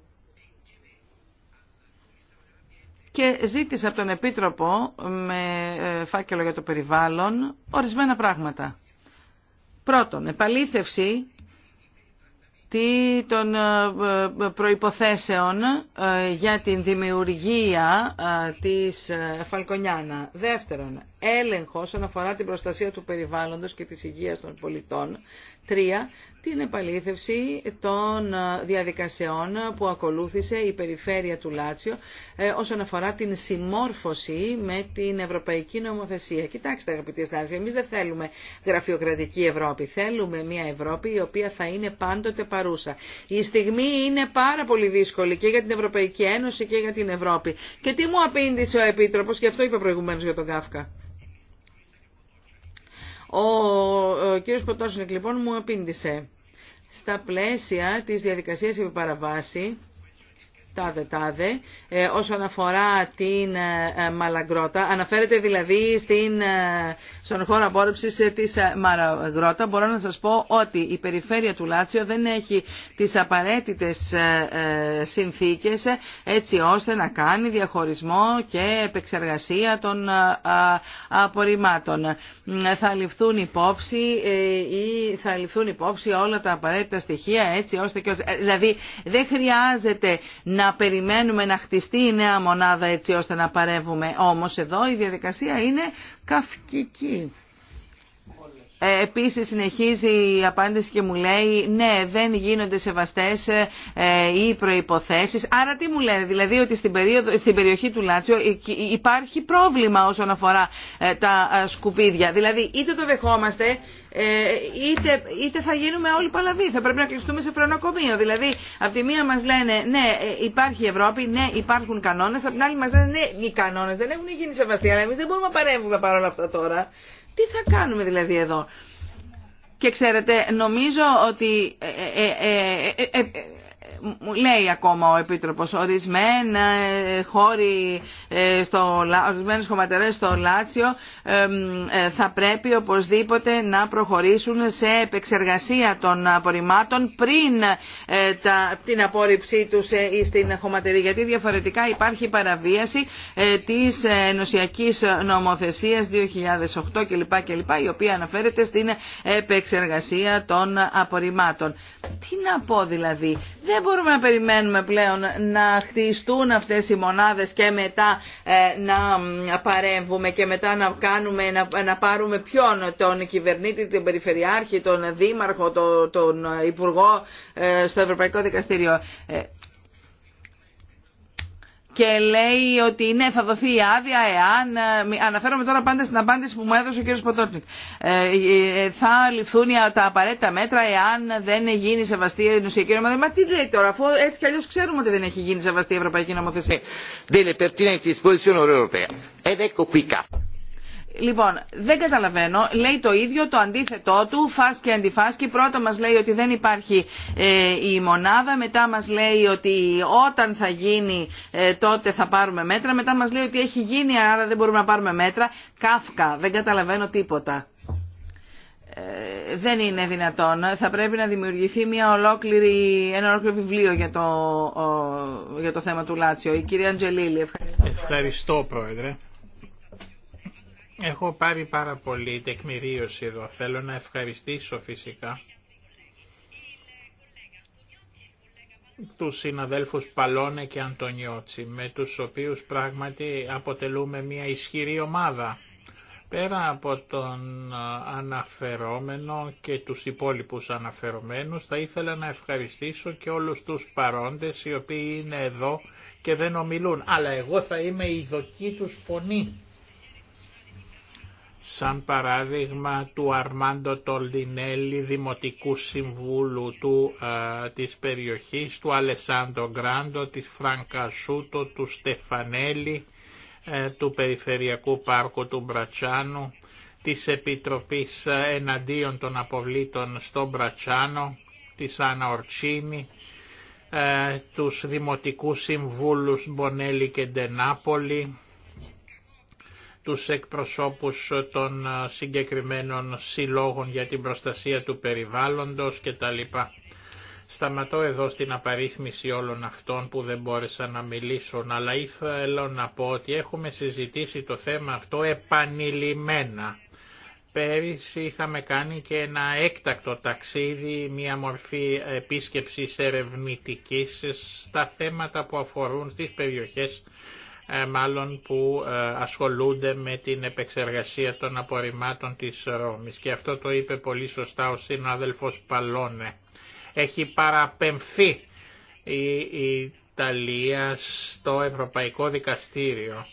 Και ζήτησα από τον Επίτροπο με ε, φάκελο για το περιβάλλον ορισμένα πράγματα. Πρώτον, επαλήθευση των ε, ε, προϋποθέσεων για την δημιουργία της Φαλκονιάνα. Δεύτερον, έλεγχο όσον αφορά την προστασία του περιβάλλοντος και της υγείας των πολιτών. Τρία, την επαλήθευση των ε, διαδικασιών που ακολούθησε η περιφέρεια του Λάτσιο ε, όσον αφορά την συμμόρφωση με την ευρωπαϊκή νομοθεσία. Κοιτάξτε αγαπητοί συνάδελφοι, εμείς δεν θέλουμε γραφειοκρατική Ευρώπη. Θέλουμε μια Ευρώπη η οποία θα είναι πάντοτε παρούσα. Η στιγμή είναι πάρα πολύ δύσκολη και για την Ευρωπαϊκή Ένωση και για την Ευρώπη. Και τι μου απήντησε ο Επίτροπος, και αυτό είπε προηγουμένως για τον Κάφκα. Ο, ο κύριος Ποτόσνικ λοιπόν μου απήντησε στα πλαίσια της διαδικασίας υπεπαράβαση τάδε τάδε ε, όσον αφορά την ε, ε, μαλαγκρότα. Αναφέρεται δηλαδή στην, στον χώρο απόρριψης της μαλαγκρότα. Μπορώ να σας πω ότι η περιφέρεια του Λάτσιο δεν έχει τις απαραίτητες συνθήκες έτσι ώστε να κάνει διαχωρισμό και επεξεργασία των απορριμμάτων. Θα ληφθούν υπόψη ή θα ληφθούν υπόψη όλα τα απαραίτητα στοιχεία έτσι ώστε και... Δηλαδή δεν χρειάζεται να να περιμένουμε να χτιστεί η νέα μονάδα έτσι ώστε να παρεύουμε. Όμως εδώ η διαδικασία είναι καυκική. Ε, επίσης συνεχίζει η απάντηση και μου λέει ναι δεν γίνονται σεβαστές ε, οι προϋποθέσεις. Άρα τι μου λένε δηλαδή ότι στην, περιοχή του Λάτσιο υπάρχει πρόβλημα όσον αφορά ε, τα σκουπίδια. Δηλαδή είτε το δεχόμαστε είτε, είτε θα γίνουμε όλοι παλαβοί. Θα πρέπει να κλειστούμε σε φρονοκομείο. Δηλαδή, από τη μία μα λένε ναι, υπάρχει Ευρώπη, ναι, υπάρχουν κανόνε. Από την άλλη μα λένε ναι, οι κανόνε δεν έχουν γίνει σεβαστοί. Αλλά εμεί δεν μπορούμε να παρέμβουμε παρόλα αυτά τώρα. Τι θα κάνουμε δηλαδή εδώ. Και ξέρετε, νομίζω ότι ε, ε, ε, λέει ακόμα ο Επίτροπος, ορισμένα ε, χώροι, ε, στο, ορισμένες χωματερές στο Λάτσιο ε, θα πρέπει οπωσδήποτε να προχωρήσουν σε επεξεργασία των απορριμμάτων πριν την απόρριψή τους στην χωματερή, γιατί διαφορετικά υπάρχει παραβίαση της ενωσιακής νομοθεσίας 2008 κλπ, κλπ η οποία αναφέρεται στην επεξεργασία των απορριμμάτων. Τι να πω δηλαδή, μπορούμε να περιμένουμε πλέον να χτιστούν αυτές οι μονάδες και μετά ε, να παρέμβουμε και μετά να, κάνουμε, να, να πάρουμε ποιον, τον κυβερνήτη, την περιφερειάρχη, τον δήμαρχο, τον, τον ε, υπουργό ε, στο Ευρωπαϊκό Δικαστήριο και λέει ότι ναι θα δοθεί η άδεια εάν, ε, αναφέρομαι τώρα πάντα στην απάντηση που μου έδωσε ο κ. Ποτόρνικ, ε, ε, ε, θα ληφθούν τα απαραίτητα μέτρα εάν δεν γίνει σεβαστή η ενωσιακή νομοθεσία. Μα τι λέει τώρα, αφού έτσι κι αλλιώ ξέρουμε ότι δεν έχει γίνει σεβαστή η ευρωπαϊκή νομοθεσία. Λοιπόν, δεν καταλαβαίνω. Λέει το ίδιο, το αντίθετό του, φάσκη αντιφάσκη. Πρώτα μας λέει ότι δεν υπάρχει ε, η μονάδα, μετά μας λέει ότι όταν θα γίνει ε, τότε θα πάρουμε μέτρα, μετά μας λέει ότι έχει γίνει άρα δεν μπορούμε να πάρουμε μέτρα. Κάφκα, δεν καταλαβαίνω τίποτα. Ε, δεν είναι δυνατόν. Θα πρέπει να δημιουργηθεί μια ένα ολόκληρο βιβλίο για το, για το θέμα του Λάτσιο. Η κυρία Αντζελίλη, ευχαριστώ. Ευχαριστώ, Πρόεδρε. Έχω πάρει πάρα πολύ τεκμηρίωση εδώ. Θέλω να ευχαριστήσω φυσικά τους συναδέλφους Παλώνε και Αντωνιώτσι, με τους οποίους πράγματι αποτελούμε μια ισχυρή ομάδα. Πέρα από τον αναφερόμενο και τους υπόλοιπους αναφερομένους, θα ήθελα να ευχαριστήσω και όλους τους παρόντες οι οποίοι είναι εδώ και δεν ομιλούν. Αλλά εγώ θα είμαι η δοκή τους φωνή σαν παράδειγμα του Αρμάντο Τολτινέλη, Δημοτικού Συμβούλου του, α, της περιοχής, του Αλεσάντο Γκράντο, της Φρανκασούτο, του Στεφανέλη, ε, του Περιφερειακού Πάρκου του Μπρατσάνου, της Επιτροπής ε, Εναντίον των Αποβλήτων στο Μπρατσάνο, της Άννα Ορτσίνη, ε, τους Δημοτικούς Συμβούλους Μπονέλη και Ντενάπολη, τους εκπροσώπους των ε, συγκεκριμένων συλλόγων για την προστασία του περιβάλλοντος κτλ. Σταματώ εδώ στην απαρίθμηση όλων αυτών που δεν μπόρεσα να μιλήσω, αλλά ήθελα να πω ότι έχουμε συζητήσει το θέμα αυτό επανειλημμένα. Πέρυσι είχαμε κάνει και ένα έκτακτο ταξίδι, μια μορφή επίσκεψης ερευνητικής στα θέματα που αφορούν στις περιοχές ε, μάλλον που ε, ασχολούνται με την επεξεργασία των απορριμμάτων της Ρώμης. Και αυτό το είπε πολύ σωστά ο συνάδελφος Παλώνε. Έχει παραπεμφθεί η Ιταλία στο Ευρωπαϊκό Δικαστήριο.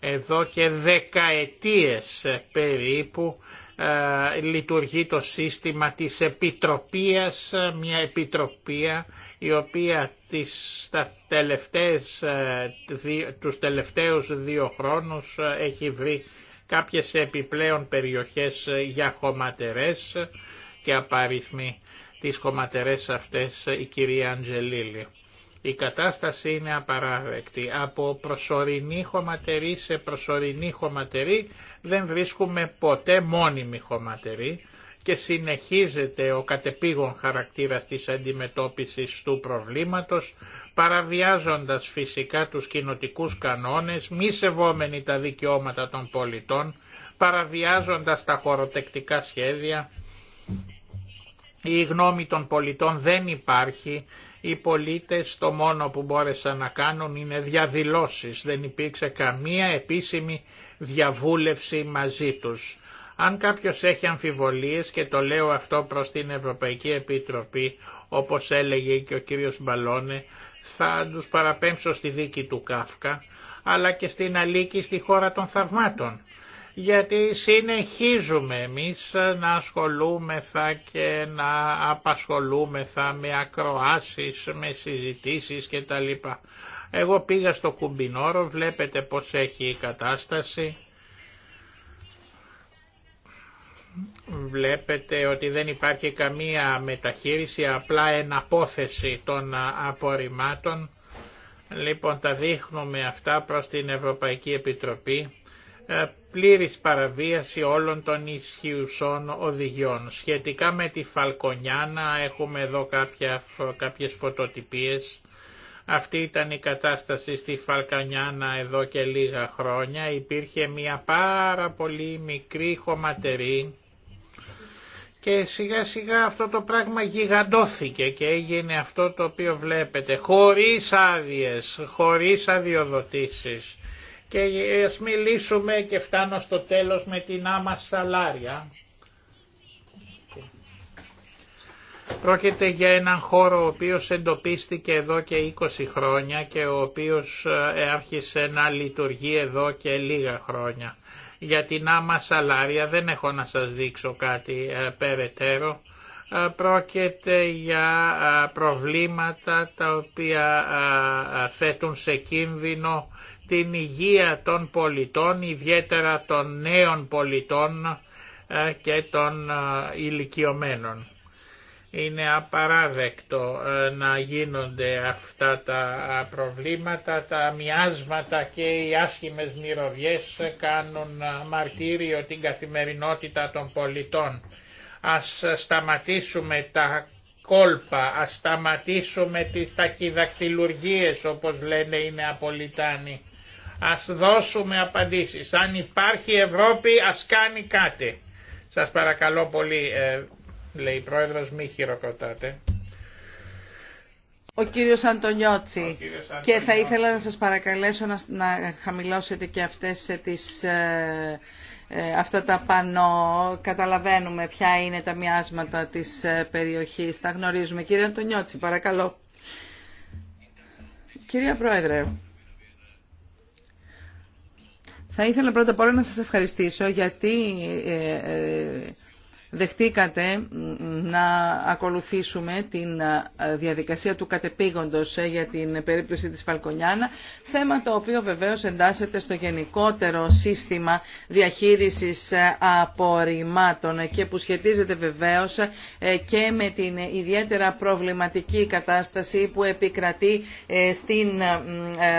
Εδώ και δεκαετίες περίπου ε, λειτουργεί το σύστημα της επιτροπίας, μια επιτροπία η οποία τις, τα τελευταίες, ε, τους τελευταίους δύο χρόνους ε, έχει βρει κάποιες επιπλέον περιοχές ε, για χωματερές και απαριθμη τις χωματερές αυτές η κυρία Αντζελίλη. Η κατάσταση είναι απαράδεκτη. Από προσωρινή χωματερή σε προσωρινή χωματερή δεν βρίσκουμε ποτέ μόνιμη χωματερή και συνεχίζεται ο κατεπήγον χαρακτήρας της αντιμετώπισης του προβλήματος, παραβιάζοντας φυσικά τους κοινοτικούς κανόνες, μη σεβόμενοι τα δικαιώματα των πολιτών, παραβιάζοντας τα χωροτεκτικά σχέδια. Η γνώμη των πολιτών δεν υπάρχει, οι πολίτες το μόνο που μπόρεσαν να κάνουν είναι διαδηλώσεις, δεν υπήρξε καμία επίσημη διαβούλευση μαζί τους. Αν κάποιος έχει αμφιβολίες και το λέω αυτό προς την Ευρωπαϊκή Επιτροπή, όπως έλεγε και ο κύριος Μπαλόνε, θα τους παραπέμψω στη δίκη του Κάφκα, αλλά και στην αλήκη στη χώρα των θαυμάτων. Γιατί συνεχίζουμε εμείς να ασχολούμεθα και να απασχολούμεθα με ακροάσεις, με συζητήσεις κτλ. Εγώ πήγα στο κουμπινόρο, βλέπετε πως έχει η κατάσταση Βλέπετε ότι δεν υπάρχει καμία μεταχείριση, απλά εναπόθεση των απορριμμάτων. Λοιπόν, τα δείχνουμε αυτά προς την Ευρωπαϊκή Επιτροπή. Ε, πλήρης παραβίαση όλων των ισχυουσών οδηγιών. Σχετικά με τη Φαλκονιάνα έχουμε εδώ κάποια, κάποιες φωτοτυπίες αυτή ήταν η κατάσταση στη Φαλκανιάνα εδώ και λίγα χρόνια. Υπήρχε μια πάρα πολύ μικρή χωματερή και σιγά σιγά αυτό το πράγμα γιγαντώθηκε και έγινε αυτό το οποίο βλέπετε. Χωρίς άδειε, χωρίς αδειοδοτήσεις. Και ας μιλήσουμε και φτάνω στο τέλος με την άμα σαλάρια. Πρόκειται για έναν χώρο ο οποίος εντοπίστηκε εδώ και 20 χρόνια και ο οποίος ε, άρχισε να λειτουργεί εδώ και λίγα χρόνια. Για την άμα σαλάρια δεν έχω να σας δείξω κάτι ε, περαιτέρω. Ε, πρόκειται για προβλήματα τα οποία θέτουν σε κίνδυνο την υγεία των πολιτών, ιδιαίτερα των νέων πολιτών και των ηλικιωμένων. Είναι απαράδεκτο ε, να γίνονται αυτά τα ε, προβλήματα, τα μοιάσματα και οι άσχημες μυρωδιές κάνουν ε, μαρτύριο την καθημερινότητα των πολιτών. Ας σταματήσουμε τα κόλπα, ας σταματήσουμε τις ταχυδακτηλουργίες όπως λένε οι Νεαπολιτάνοι. Ας δώσουμε απαντήσεις. Αν υπάρχει Ευρώπη ας κάνει κάτι. Σας παρακαλώ πολύ λέει μη χειροκροτάτε. Ο κύριος Αντωνιώτσι. Και θα ήθελα να σας παρακαλέσω να, χαμηλώσετε και αυτές ε, τις... Ε, ε, αυτά τα πανό, καταλαβαίνουμε ποια είναι τα μοιάσματα της ε, περιοχής, τα γνωρίζουμε. Κύριε Αντωνιώτσι, παρακαλώ. Κυρία Πρόεδρε, θα ήθελα πρώτα απ' όλα να σας ευχαριστήσω γιατί δεχτήκατε να ακολουθήσουμε την διαδικασία του κατεπήγοντος ε, για την περίπτωση της Φαλκονιάνα, θέμα το οποίο βεβαίως εντάσσεται στο γενικότερο σύστημα διαχείρισης ε, απορριμμάτων και που σχετίζεται βεβαίως ε, και με την ιδιαίτερα προβληματική κατάσταση που επικρατεί στην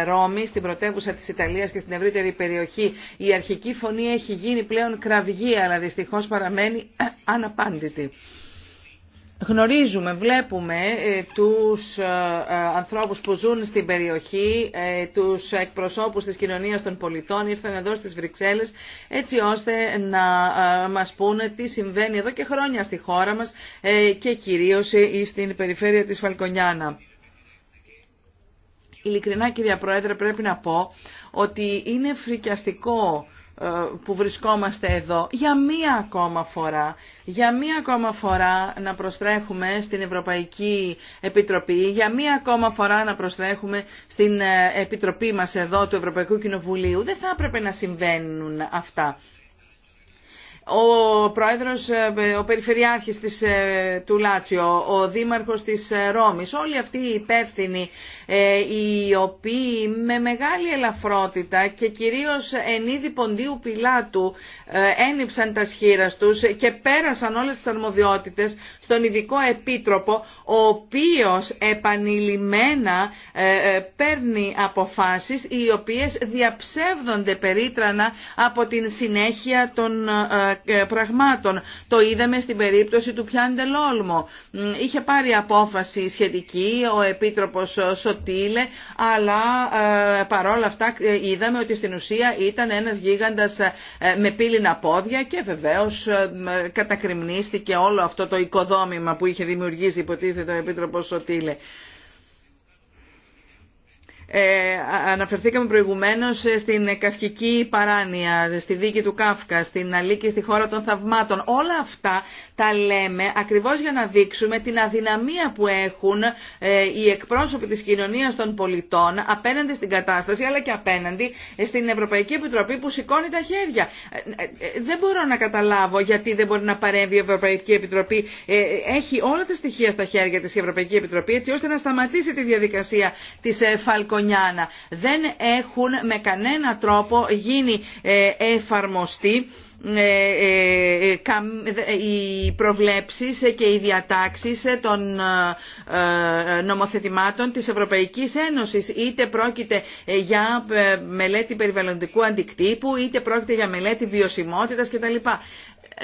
Ρώμη, στην πρωτεύουσα της Ιταλίας και στην ευρύτερη περιοχή. Η αρχική φωνή έχει γίνει πλέον κραυγή, αλλά δυστυχώς παραμένει αναπάντητη. Γνωρίζουμε, βλέπουμε ε, τους ε, ανθρώπους που ζουν στην περιοχή, ε, τους εκπροσώπους της κοινωνίας των πολιτών, ήρθαν εδώ στις Βρυξέλλες έτσι ώστε να μας πούνε τι συμβαίνει εδώ και χρόνια στη χώρα μας και κυρίως στην περιφέρεια της Φαλκονιάνα. Ειλικρινά κυρία Πρόεδρε πρέπει να πω ότι είναι φρικιαστικό που βρισκόμαστε εδώ για μία ακόμα φορά. Για μία ακόμα φορά να προστρέχουμε στην Ευρωπαϊκή Επιτροπή, για μία ακόμα φορά να προστρέχουμε στην ε, Επιτροπή μας εδώ του Ευρωπαϊκού Κοινοβουλίου. Δεν θα έπρεπε να συμβαίνουν αυτά ο πρόεδρος, ε, ο περιφερειάρχης της, ε, του Λάτσιο, ο δήμαρχος της ε, Ρώμης, όλοι αυτοί οι υπεύθυνοι οι οποίοι με μεγάλη ελαφρότητα και κυρίως εν είδη ποντίου πιλάτου ένυψαν τα σχήρας τους και πέρασαν όλες τις αρμοδιότητες τον ειδικό επίτροπο, ο οποίος επανειλημμένα ε, ε, παίρνει αποφάσεις οι οποίες διαψεύδονται περίτρανα από την συνέχεια των ε, πραγμάτων. Το είδαμε στην περίπτωση του Πιάντε Λόλμο. Είχε πάρει απόφαση σχετική ο Επίτροπος Σωτήλε, αλλά παρόλα αυτά είδαμε ότι στην ουσία ήταν ένας γίγαντας με πύληνα πόδια και βεβαίως κατακριμνίστηκε όλο αυτό το οικοδόμημα δόμημα που είχε δημιουργήσει υποτίθεται ο Επίτροπος Σωτήλε. Ε, αναφερθήκαμε προηγουμένως ε, στην καυκική παράνοια, στη δίκη του Κάφκα, στην αλήκη στη χώρα των θαυμάτων. Όλα αυτά τα λέμε ακριβώς για να δείξουμε την αδυναμία που έχουν ε, οι εκπρόσωποι της κοινωνίας των πολιτών απέναντι στην κατάσταση αλλά και απέναντι στην Ευρωπαϊκή Επιτροπή που σηκώνει τα χέρια. Δεν μπορώ να καταλάβω γιατί δεν μπορεί να παρέμβει η Ευρωπαϊκή Επιτροπή. Έχει όλα τα στοιχεία στα χέρια της η Ευρωπαϊκή Επιτροπή έτσι ώστε να σταματήσει τη διαδικασία της φαλκο δεν έχουν με κανένα τρόπο γίνει ε, εφαρμοστή ε, ε, οι προβλέψεις και οι διατάξεις των νομοθετημάτων της Ευρωπαϊκής Ένωσης. Είτε πρόκειται για μελέτη περιβαλλοντικού αντικτύπου, είτε πρόκειται για μελέτη βιωσιμότητας κτλ.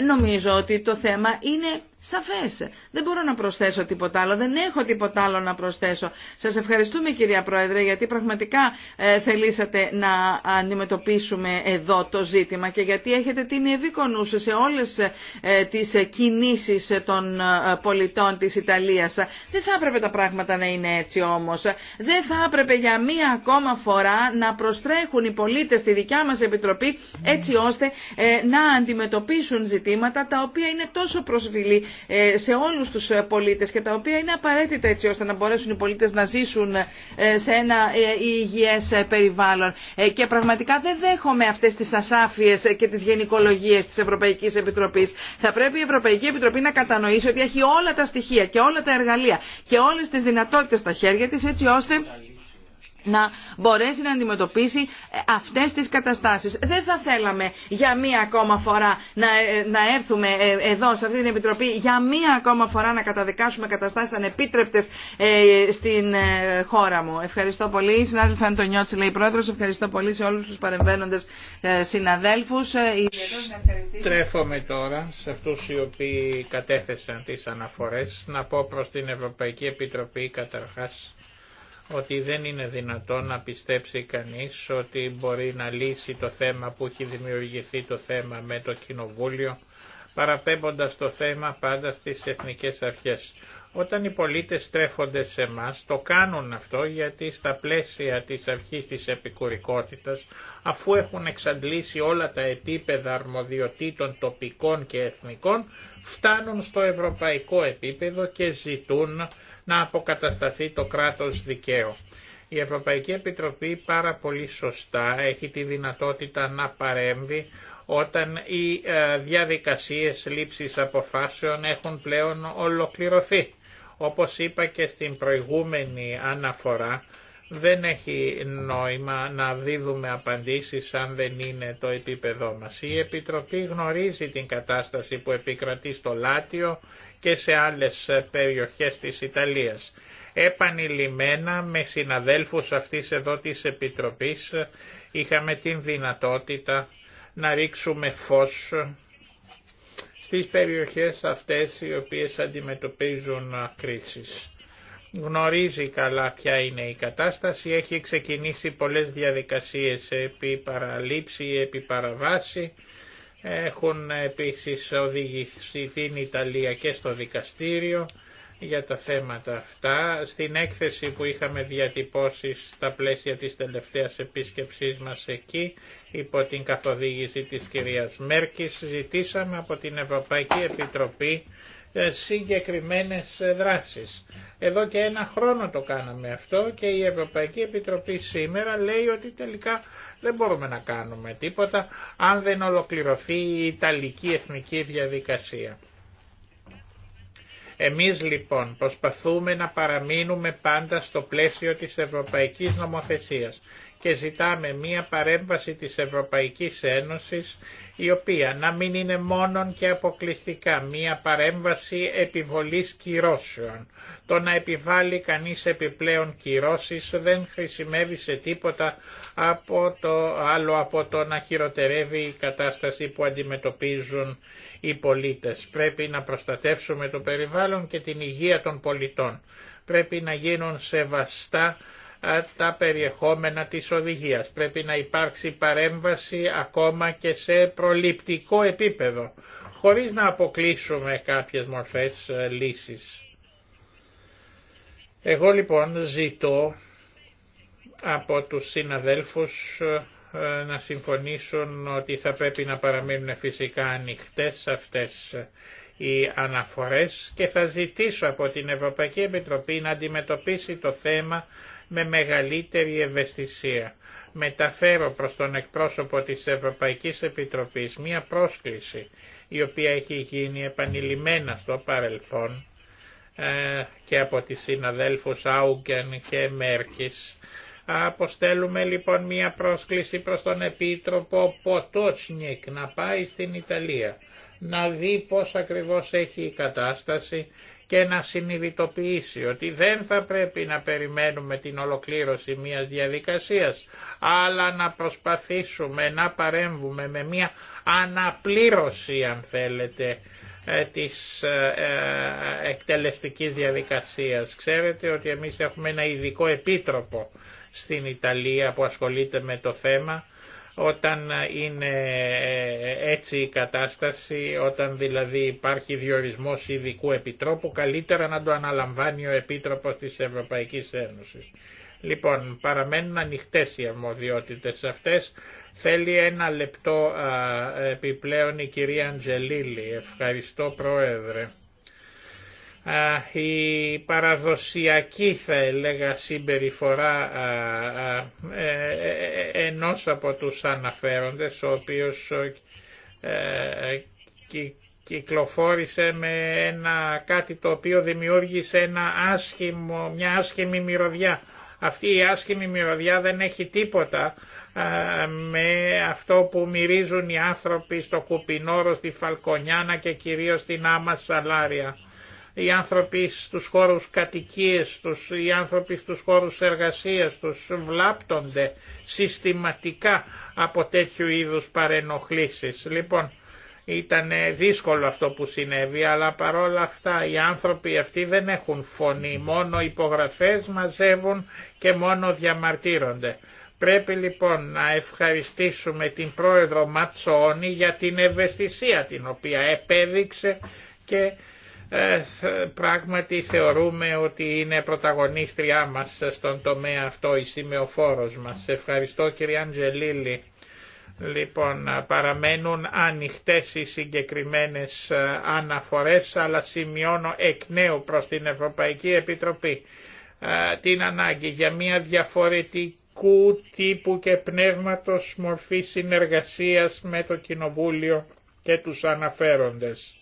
Νομίζω ότι το θέμα είναι Σαφές. Δεν μπορώ να προσθέσω τίποτα άλλο. Δεν έχω τίποτα άλλο να προσθέσω. Σας ευχαριστούμε κυρία Πρόεδρε γιατί πραγματικά ε, θελήσατε να αντιμετωπίσουμε εδώ το ζήτημα και γιατί έχετε την ευήκονούση σε όλες ε, τις κινήσεις των ε, πολιτών της Ιταλίας. Δεν θα έπρεπε τα πράγματα να είναι έτσι όμως. Δεν θα έπρεπε για μία ακόμα φορά να προστρέχουν οι πολίτες στη δικιά μας Επιτροπή έτσι ώστε να αντιμετωπίσουν ζητήματα τα οποία είναι τόσο προσφυλή ε, σε όλους τους ε, πολίτες και τα οποία είναι απαραίτητα έτσι ώστε να μπορέσουν οι πολίτες να ζήσουν ε, σε ένα υγιές περιβάλλον. Και πραγματικά δεν δέχομαι αυτές τις ασάφειες και τις γενικολογίες της Ευρωπαϊκής Επιτροπής. Θα πρέπει η Ευρωπαϊκή Επιτροπή να κατανοήσει ότι έχει όλα τα στοιχεία και όλα τα εργαλεία και όλες τις δυνατότητες στα χέρια της έτσι ώστε να μπορέσει να αντιμετωπίσει ε, αυτές τις καταστάσεις. Δεν θα θέλαμε για μία ακόμα φορά να, ε, να έρθουμε ε, εδώ σε αυτή την Επιτροπή, για μία ακόμα φορά να καταδικάσουμε καταστάσεις ανεπίτρεπτες στην χώρα μου. Ευχαριστώ πολύ. Συνάδελφα Αντωνιώτση, λέει η ευχαριστώ πολύ σε όλους τους παρεμβαίνοντες συναδέλφους. Τρέφομαι τώρα σε αυτούς οι οποίοι κατέθεσαν τις αναφορές να πω προς την Ευρωπαϊκή Επιτροπή καταρχάς ότι δεν είναι δυνατόν να πιστέψει κανείς ότι μπορεί να λύσει το θέμα που έχει δημιουργηθεί το θέμα με το Κοινοβούλιο, παραπέμποντας το θέμα πάντα στις εθνικές αρχές. Όταν οι πολίτες στρέφονται σε εμά, το κάνουν αυτό γιατί στα πλαίσια της αρχής της επικουρικότητας, αφού έχουν εξαντλήσει όλα τα επίπεδα αρμοδιοτήτων τοπικών και εθνικών, φτάνουν στο ευρωπαϊκό επίπεδο και ζητούν να αποκατασταθεί το κράτος δικαίου. Η Ευρωπαϊκή Επιτροπή πάρα πολύ σωστά έχει τη δυνατότητα να παρέμβει όταν οι ε, διαδικασίες λήψης αποφάσεων έχουν πλέον ολοκληρωθεί. Όπως είπα και στην προηγούμενη αναφορά, δεν έχει νόημα να δίδουμε απαντήσεις αν δεν είναι το επίπεδό μας. Η Επιτροπή γνωρίζει την κατάσταση που επικρατεί στο Λάτιο και σε άλλες περιοχές της Ιταλίας. Επανειλημμένα με συναδέλφους αυτής εδώ της Επιτροπής είχαμε την δυνατότητα να ρίξουμε φως στις περιοχές αυτές οι οποίες αντιμετωπίζουν κρίσεις γνωρίζει καλά ποια είναι η κατάσταση, έχει ξεκινήσει πολλές διαδικασίες επί παραλήψη, επί παραβάση, έχουν επίσης οδηγηθεί την Ιταλία και στο δικαστήριο για τα θέματα αυτά. Στην έκθεση που είχαμε διατυπώσει στα πλαίσια της τελευταίας επίσκεψής μας εκεί, υπό την καθοδήγηση της κυρίας Μέρκης, ζητήσαμε από την Ευρωπαϊκή Επιτροπή ε, συγκεκριμένες ε, δράσεις. Εδώ και ένα χρόνο το κάναμε αυτό και η Ευρωπαϊκή Επιτροπή σήμερα λέει ότι τελικά δεν μπορούμε να κάνουμε τίποτα αν δεν ολοκληρωθεί η Ιταλική Εθνική Διαδικασία. Εμείς λοιπόν προσπαθούμε να παραμείνουμε πάντα στο πλαίσιο της ευρωπαϊκής νομοθεσίας και ζητάμε μία παρέμβαση της Ευρωπαϊκής Ένωσης η οποία να μην είναι μόνον και αποκλειστικά μία παρέμβαση επιβολής κυρώσεων. Το να επιβάλλει κανείς επιπλέον κυρώσεις δεν χρησιμεύει σε τίποτα από το άλλο από το να χειροτερεύει η κατάσταση που αντιμετωπίζουν οι πολίτες. Πρέπει να προστατεύσουμε το περιβάλλον και την υγεία των πολιτών. Πρέπει να γίνουν σεβαστά τα περιεχόμενα της οδηγίας. Πρέπει να υπάρξει παρέμβαση ακόμα και σε προληπτικό επίπεδο, χωρίς να αποκλείσουμε κάποιες μορφές ε, λύσης. Εγώ λοιπόν ζητώ από τους συναδέλφους ε, ε, να συμφωνήσουν ότι θα πρέπει να παραμείνουν φυσικά ανοιχτές αυτές οι αναφορές και θα ζητήσω από την Ευρωπαϊκή Επιτροπή να αντιμετωπίσει το θέμα με μεγαλύτερη ευαισθησία. Μεταφέρω προς τον εκπρόσωπο της Ευρωπαϊκής Επιτροπής μία πρόσκληση η οποία έχει γίνει επανειλημμένα στο παρελθόν ε, και από τις συναδέλφους Άουγκεν και Μέρκης. Αποστέλουμε λοιπόν μία πρόσκληση προς τον Επίτροπο Ποτότσνικ να πάει στην Ιταλία, να δει πώς ακριβώς έχει η κατάσταση και να συνειδητοποιήσει ότι δεν θα πρέπει να περιμένουμε την ολοκλήρωση μιας διαδικασίας, αλλά να προσπαθήσουμε να παρέμβουμε με μια αναπλήρωση, αν θέλετε, ε, της ε, ε, εκτελεστικής διαδικασίας. Ξέρετε ότι εμείς έχουμε ένα ειδικό επίτροπο στην Ιταλία που ασχολείται με το θέμα όταν είναι ε, έτσι η κατάσταση, όταν δηλαδή υπάρχει διορισμός ειδικού επιτρόπου, καλύτερα να το αναλαμβάνει ο Επίτροπος της Ευρωπαϊκής Ένωσης. Λοιπόν, παραμένουν ανοιχτές οι αρμοδιότητες αυτές. Θέλει ένα λεπτό επιπλέον η κυρία Αντζελίλη. Ευχαριστώ Πρόεδρε η παραδοσιακή θα έλεγα συμπεριφορά ε, ε, ενός από τους αναφέροντες ο οποίος ε, κυκλοφόρησε με ένα κάτι το οποίο δημιούργησε ένα άσχημο, μια άσχημη μυρωδιά. Αυτή η άσχημη μυρωδιά δεν έχει τίποτα με αυτό που μυρίζουν οι άνθρωποι στο Κουπινόρο, στη Φαλκονιάνα και κυρίως στην Άμα Σαλάρια οι άνθρωποι στους χώρους κατοικίες τους, οι άνθρωποι στους χώρους εργασίας τους βλάπτονται συστηματικά από τέτοιου είδους παρενοχλήσεις. Λοιπόν, ήταν δύσκολο αυτό που συνέβη, αλλά παρόλα αυτά οι άνθρωποι αυτοί δεν έχουν φωνή, μόνο υπογραφές μαζεύουν και μόνο διαμαρτύρονται. Πρέπει λοιπόν να ευχαριστήσουμε την πρόεδρο Ματσόνη για την ευαισθησία την οποία επέδειξε και ε, πράγματι θεωρούμε ότι είναι πρωταγωνίστριά μας στον τομέα αυτό, η σημεοφόρος μας. Ευχαριστώ κύριε Αντζελίλη. Λοιπόν, παραμένουν ανοιχτές οι συγκεκριμένες ε, αναφορές, αλλά σημειώνω εκ νέου προς την Ευρωπαϊκή Επιτροπή ε, την ανάγκη για μια διαφορετικού τύπου και πνεύματος μορφή συνεργασίας με το Κοινοβούλιο και τους αναφέροντες.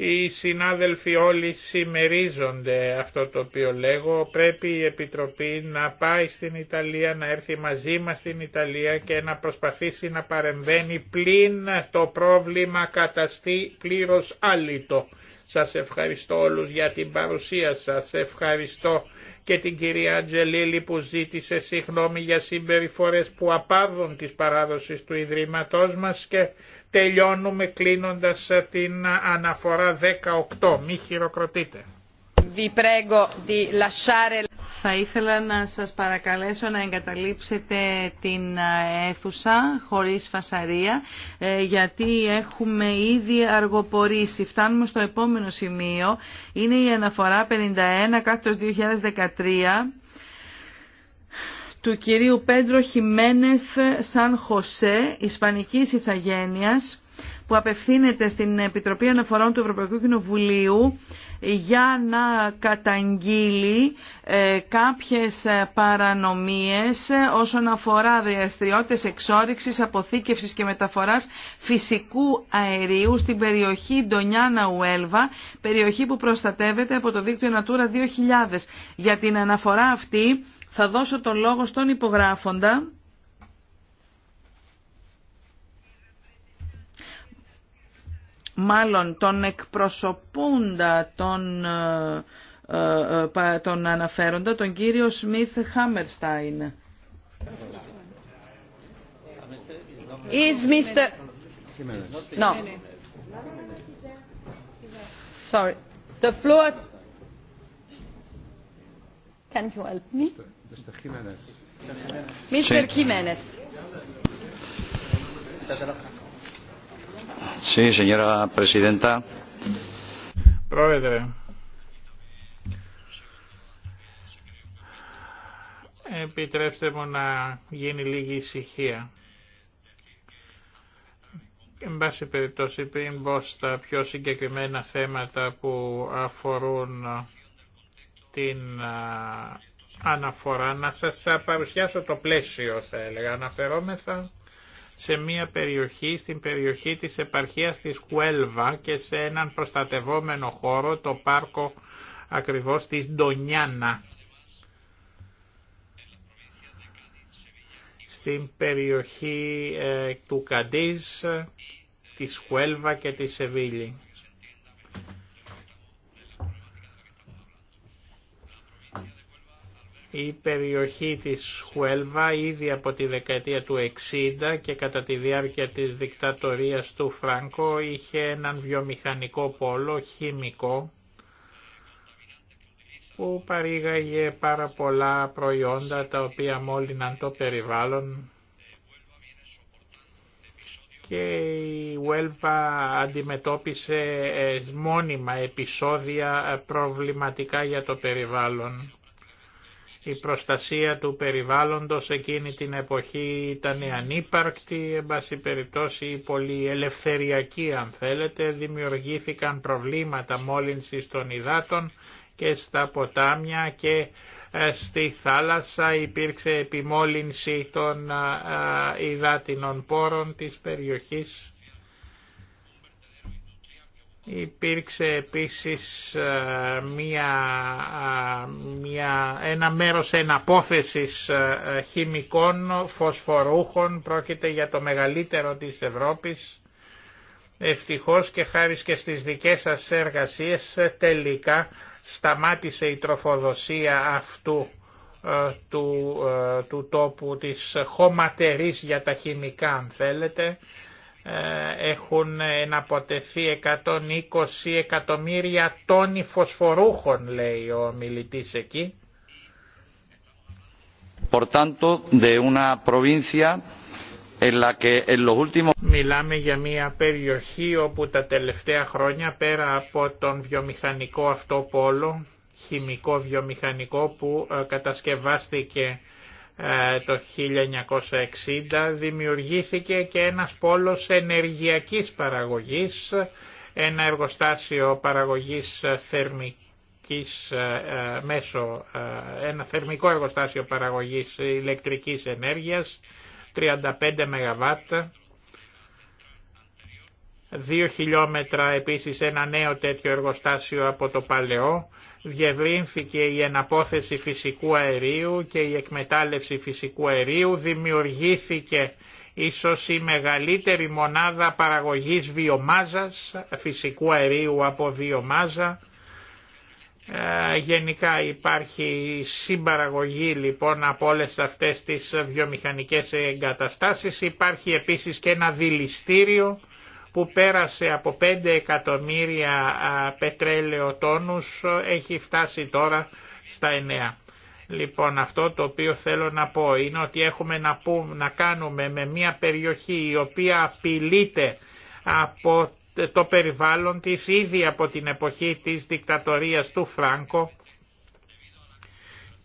Οι συνάδελφοι όλοι συμμερίζονται αυτό το οποίο λέγω. Πρέπει η Επιτροπή να πάει στην Ιταλία, να έρθει μαζί μας στην Ιταλία και να προσπαθήσει να παρεμβαίνει πλην το πρόβλημα καταστεί πλήρως άλυτο. Σας ευχαριστώ όλους για την παρουσία σας. Ευχαριστώ και την κυρία Αντζελίλη που ζήτησε συγγνώμη για συμπεριφορές που απάδουν της παράδοσης του Ιδρύματός μας και τελειώνουμε κλείνοντας την αναφορά 18. Μη χειροκροτείτε. Θα ήθελα να σας παρακαλέσω να εγκαταλείψετε την ε, αίθουσα χωρίς φασαρία, ε, γιατί έχουμε ήδη αργοπορήσει. Φτάνουμε στο επόμενο σημείο. Είναι η αναφορά 51 2013 του κυρίου Πέντρο Χιμένεθ Σαν Χωσέ, Ισπανικής Ιθαγένειας, που απευθύνεται στην Επιτροπή Αναφορών του Ευρωπαϊκού Κοινοβουλίου για να καταγγείλει ε, κάποιες παρανομίες όσον αφορά δραστηριότητες εξόριξης, αποθήκευσης και μεταφοράς φυσικού αερίου στην περιοχή Ντονιάνα Ουέλβα, περιοχή που προστατεύεται από το δίκτυο Natura 2000. Για την αναφορά αυτή θα δώσω τον λόγο στον υπογράφοντα μάλλον τον εκπροσωπούντα τον, ε, ε, ε, τον αναφέροντα, τον κύριο Σμιθ Χάμερστάιν. Is Mr. No. Sorry. The floor. Can you help me? Mr. Jimenez. Mr. Jimenez señora presidenta. Πρόεδρε, επιτρέψτε μου να γίνει λίγη ησυχία. Εν πάση περιπτώσει, πριν μπω στα πιο συγκεκριμένα θέματα που αφορούν την αναφορά, να σας παρουσιάσω το πλαίσιο, θα έλεγα. Αναφερόμεθα σε μια περιοχή, στην περιοχή της επαρχίας της Κουέλβα και σε έναν προστατευόμενο χώρο, το πάρκο ακριβώς της Ντονιάνα. Στην περιοχή ε, του Καντίζ, της Κουέλβα και της Σεβίλη. Η περιοχή της Χουέλβα ήδη από τη δεκαετία του 60 και κατά τη διάρκεια της δικτατορίας του Φρανκό είχε έναν βιομηχανικό πόλο, χημικό, που παρήγαγε πάρα πολλά προϊόντα τα οποία μόλυναν το περιβάλλον και η Χουέλβα αντιμετώπισε ε, μόνιμα επεισόδια ε, προβληματικά για το περιβάλλον η προστασία του περιβάλλοντος εκείνη την εποχή ήταν ανύπαρκτη, εν πάση περιπτώσει πολύ ελευθεριακή αν θέλετε, δημιουργήθηκαν προβλήματα μόλυνσης των υδάτων και στα ποτάμια και ε, στη θάλασσα υπήρξε επιμόλυνση των ε, ε, υδάτινων πόρων της περιοχής Υπήρξε επίσης ε, μια, ε, μια, ένα μέρος εναπόθεσης ε, χημικών φωσφορούχων, πρόκειται για το μεγαλύτερο της Ευρώπης. Ευτυχώς και χάρη και στις δικές σας εργασίες τελικά σταμάτησε η τροφοδοσία αυτού του, του τόπου της χωματερής για τα χημικά αν θέλετε ε, έχουν εναποτεθεί 120 εκατομμύρια τόνοι φωσφορούχων, λέει ο μιλητής εκεί. Por tanto, de una Μιλάμε για μια περιοχή όπου τα τελευταία χρόνια πέρα από τον βιομηχανικό αυτό πόλο, χημικό βιομηχανικό που ε, κατασκευάστηκε ε, το 1960 δημιουργήθηκε και ένας πόλος ενεργειακής παραγωγής, ένα εργοστάσιο παραγωγής θερμικής, ε, ε, μέσω, ένα θερμικό εργοστάσιο παραγωγής ηλεκτρικής ενέργειας, 35 ΜΒ, 2 χιλιόμετρα επίσης ένα νέο τέτοιο εργοστάσιο από το παλαιό διευρύνθηκε η εναπόθεση φυσικού αερίου και η εκμετάλλευση φυσικού αερίου, δημιουργήθηκε ίσως η μεγαλύτερη μονάδα παραγωγής βιομάζας, φυσικού αερίου από βιομάζα. Ε, γενικά υπάρχει συμπαραγωγή λοιπόν από όλες αυτές τις βιομηχανικές εγκαταστάσεις. Υπάρχει επίσης και ένα δηληστήριο που πέρασε από 5 εκατομμύρια πετρέλαιο τόνους έχει φτάσει τώρα στα 9. Λοιπόν αυτό το οποίο θέλω να πω είναι ότι έχουμε να, να κάνουμε με μια περιοχή η οποία απειλείται από το περιβάλλον της ήδη από την εποχή της δικτατορίας του Φράνκο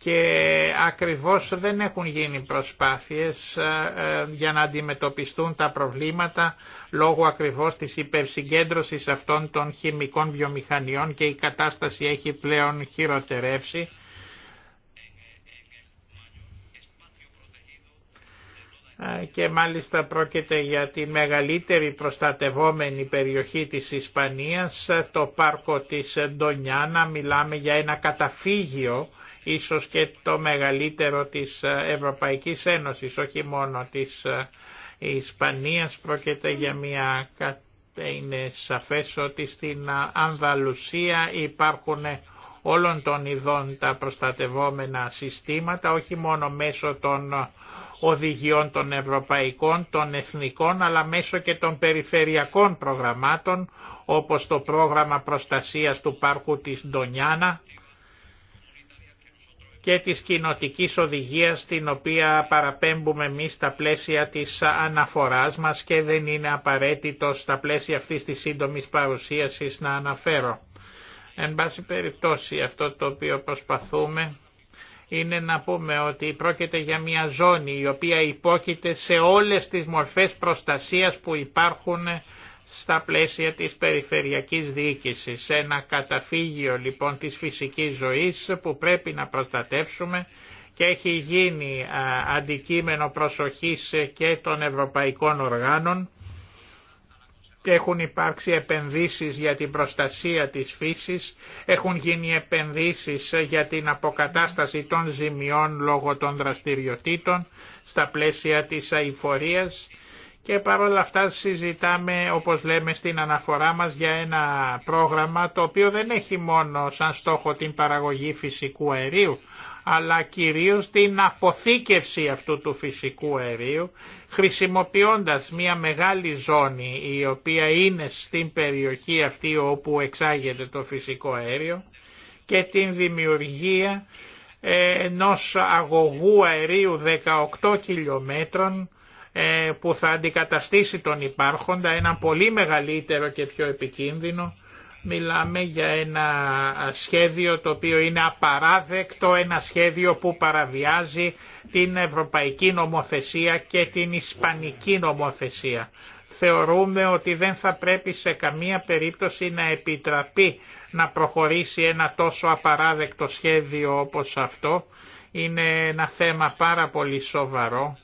και ακριβώς δεν έχουν γίνει προσπάθειες ε, ε, για να αντιμετωπιστούν τα προβλήματα λόγω ακριβώς της υπερσυγκέντρωσης αυτών των χημικών βιομηχανιών και η κατάσταση έχει πλέον χειροτερεύσει. Ε, και μάλιστα πρόκειται για τη μεγαλύτερη προστατευόμενη περιοχή της Ισπανίας, το πάρκο της Ντονιάνα, μιλάμε για ένα καταφύγιο ίσως και το μεγαλύτερο της ε, Ευρωπαϊκής Ένωσης, όχι μόνο της ε, Ισπανίας. Πρόκειται για μια ε, είναι σαφές ότι στην Ανδαλουσία υπάρχουν όλων των ειδών τα προστατευόμενα συστήματα, όχι μόνο μέσω των οδηγιών των ευρωπαϊκών, των εθνικών, αλλά μέσω και των περιφερειακών προγραμμάτων, όπως το πρόγραμμα προστασίας του πάρκου της Ντονιάνα, και της κοινοτικής οδηγίας την οποία παραπέμπουμε εμεί στα πλαίσια της αναφοράς μας και δεν είναι απαραίτητο στα πλαίσια αυτής της σύντομης παρουσίασης να αναφέρω. Εν πάση περιπτώσει αυτό το οποίο προσπαθούμε είναι να πούμε ότι πρόκειται για μια ζώνη η οποία υπόκειται σε όλες τις μορφές προστασίας που υπάρχουν στα πλαίσια της περιφερειακής διοίκησης. Ένα καταφύγιο λοιπόν της φυσικής ζωής που πρέπει να προστατεύσουμε και έχει γίνει αντικείμενο προσοχής και των ευρωπαϊκών οργάνων και έχουν υπάρξει επενδύσεις για την προστασία της φύσης, έχουν γίνει επενδύσεις για την αποκατάσταση των ζημιών λόγω των δραστηριοτήτων στα πλαίσια της αηφορίας και παρόλα αυτά συζητάμε όπως λέμε στην αναφορά μας για ένα πρόγραμμα το οποίο δεν έχει μόνο σαν στόχο την παραγωγή φυσικού αερίου αλλά κυρίως την αποθήκευση αυτού του φυσικού αερίου χρησιμοποιώντας μια μεγάλη ζώνη η οποία είναι στην περιοχή αυτή όπου εξάγεται το φυσικό αέριο και την δημιουργία ε, ενός αγωγού αερίου 18 χιλιόμετρων ε, που θα αντικαταστήσει τον υπάρχοντα, ένα πολύ μεγαλύτερο και πιο επικίνδυνο. Μιλάμε για ένα σχέδιο το οποίο είναι απαράδεκτο, ένα σχέδιο που παραβιάζει την ευρωπαϊκή νομοθεσία και την ισπανική νομοθεσία. Θεωρούμε ότι δεν θα πρέπει σε καμία περίπτωση να επιτραπεί να προχωρήσει ένα τόσο απαράδεκτο σχέδιο όπως αυτό. Είναι ένα θέμα πάρα πολύ σοβαρό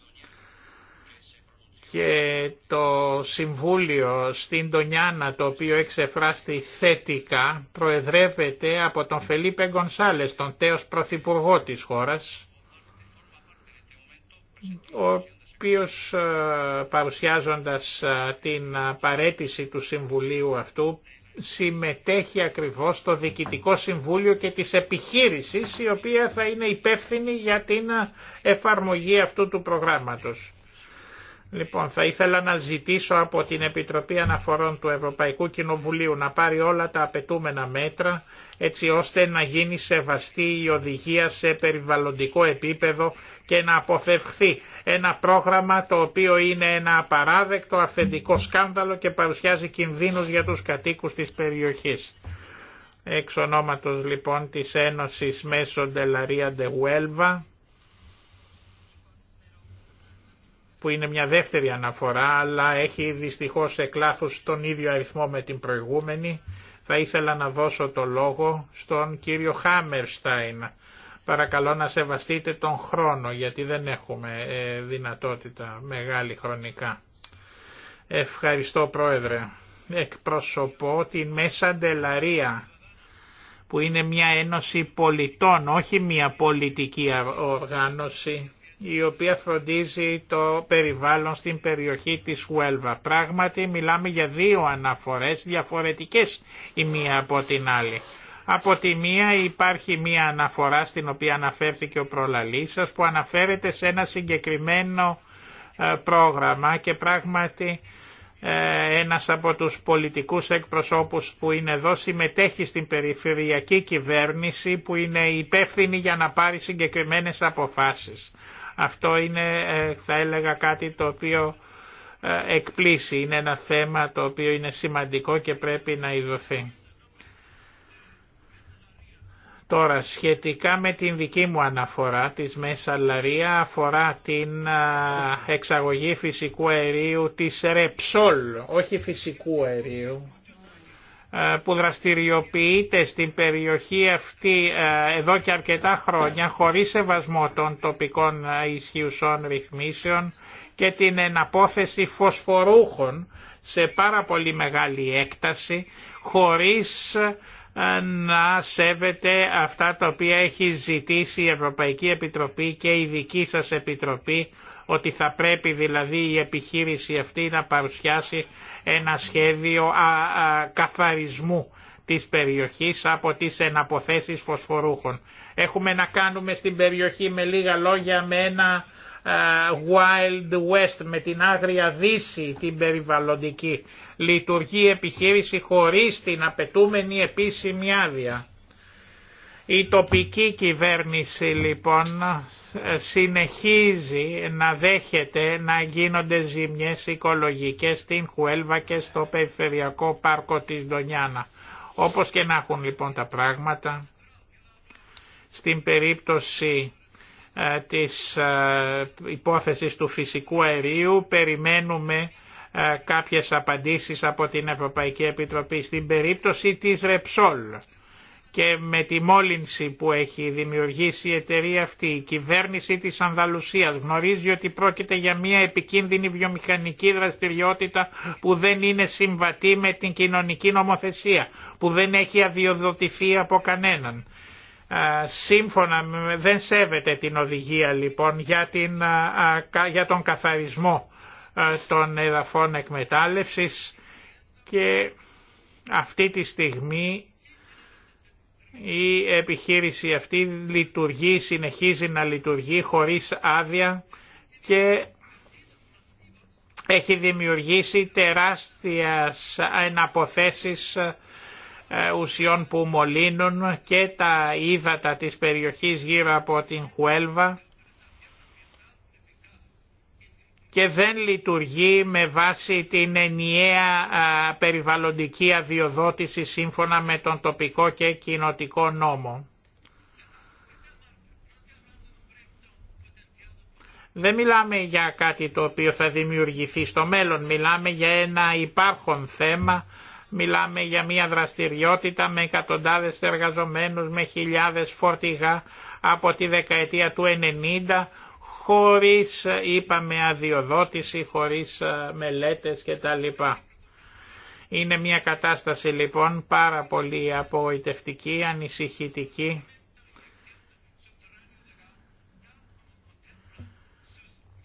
και το Συμβούλιο στην Τονιάνα το οποίο εξεφράστη θετικά προεδρεύεται από τον Φελίπε Γκονσάλες, τον τέος πρωθυπουργό της χώρας, ο οποίος ε, παρουσιάζοντας ε, την παρέτηση του Συμβουλίου αυτού συμμετέχει ακριβώς στο Διοικητικό Συμβούλιο και της επιχείρησης η οποία θα είναι υπεύθυνη για την ε, εφαρμογή αυτού του προγράμματος. Λοιπόν, θα ήθελα να ζητήσω από την Επιτροπή Αναφορών του Ευρωπαϊκού Κοινοβουλίου να πάρει όλα τα απαιτούμενα μέτρα έτσι ώστε να γίνει σεβαστή η οδηγία σε περιβαλλοντικό επίπεδο και να αποφευχθεί ένα πρόγραμμα το οποίο είναι ένα απαράδεκτο αυθεντικό σκάνδαλο και παρουσιάζει κινδύνους για τους κατοίκους της περιοχής. Εξ ονόματος λοιπόν της Ένωσης Μέσο Ντελαρία Ντεγουέλβα που είναι μια δεύτερη αναφορά αλλά έχει δυστυχώς εκλάθους τον ίδιο αριθμό με την προηγούμενη. Θα ήθελα να δώσω το λόγο στον κύριο Χάμερστάιν. Παρακαλώ να σεβαστείτε τον χρόνο γιατί δεν έχουμε ε, δυνατότητα μεγάλη χρονικά. Ευχαριστώ πρόεδρε. Εκπροσωπώ την Μέσα Ντελαρία που είναι μια ένωση πολιτών, όχι μια πολιτική οργάνωση η οποία φροντίζει το περιβάλλον στην περιοχή της Βουέλβα. Πράγματι μιλάμε για δύο αναφορές διαφορετικές η μία από την άλλη. Από τη μία υπάρχει μία αναφορά στην οποία αναφέρθηκε ο Προλαλήσας που αναφέρεται σε ένα συγκεκριμένο ε, πρόγραμμα και πράγματι ε, ένας από τους πολιτικούς εκπροσώπους που είναι εδώ συμμετέχει στην περιφερειακή κυβέρνηση που είναι υπεύθυνη για να πάρει συγκεκριμένες αποφάσεις. Αυτό είναι ε, θα έλεγα κάτι το οποίο ε, εκπλήσει, είναι ένα θέμα το οποίο είναι σημαντικό και πρέπει να ειδωθεί. Τώρα σχετικά με την δική μου αναφορά της Μέσα Λαρία αφορά την εξαγωγή φυσικού αερίου της Ρεψόλ, όχι φυσικού αερίου, ε, που δραστηριοποιείται στην περιοχή αυτή ε, εδώ και αρκετά χρόνια χωρίς σεβασμό των τοπικών ε, ισχυουσών ρυθμίσεων και την εναπόθεση φωσφορούχων σε πάρα πολύ μεγάλη έκταση χωρίς να σέβεται αυτά τα οποία έχει ζητήσει η Ευρωπαϊκή Επιτροπή και η δική σας Επιτροπή ότι θα πρέπει δηλαδή η επιχείρηση αυτή να παρουσιάσει ένα σχέδιο καθαρισμού της περιοχής από τις εναποθέσεις φωσφορούχων. Έχουμε να κάνουμε στην περιοχή με λίγα λόγια με ένα Wild West, με την άγρια δύση την περιβαλλοντική. Λειτουργεί επιχείρηση χωρίς την απαιτούμενη επίσημη άδεια. Η τοπική κυβέρνηση λοιπόν συνεχίζει να δέχεται να γίνονται ζημιές οικολογικές στην Χουέλβα και στο Περιφερειακό Πάρκο της Ντονιάνα. Όπως και να έχουν λοιπόν τα πράγματα, στην περίπτωση ε, της ε, υπόθεσης του φυσικού αερίου περιμένουμε ε, κάποιες απαντήσεις από την Ευρωπαϊκή Επιτροπή. Στην περίπτωση της Ρεψόλ και με τη μόλυνση που έχει δημιουργήσει η εταιρεία αυτή, η κυβέρνηση της Ανδαλουσίας γνωρίζει ότι πρόκειται για μια επικίνδυνη βιομηχανική δραστηριότητα που δεν είναι συμβατή με την κοινωνική νομοθεσία, που δεν έχει αδειοδοτηθεί από κανέναν. Σύμφωνα, δεν σέβεται την οδηγία λοιπόν για, την, τον καθαρισμό των εδαφών εκμετάλλευσης και αυτή τη στιγμή η επιχείρηση αυτή λειτουργεί, συνεχίζει να λειτουργεί χωρίς άδεια και έχει δημιουργήσει τεράστιες εναποθέσεις ε, ουσιών που μολύνουν και τα ύδατα της περιοχής γύρω από την Χουέλβα και δεν λειτουργεί με βάση την ενιαία περιβαλλοντική αδειοδότηση σύμφωνα με τον τοπικό και κοινοτικό νόμο. Δεν μιλάμε για κάτι το οποίο θα δημιουργηθεί στο μέλλον, μιλάμε για ένα υπάρχον θέμα, μιλάμε για μια δραστηριότητα με εκατοντάδες εργαζομένους, με χιλιάδες φορτηγά από τη δεκαετία του 90, χωρίς, είπαμε, αδειοδότηση, χωρίς ε, μελέτες και κτλ. Είναι μια κατάσταση λοιπόν πάρα πολύ απογοητευτική, ανησυχητική.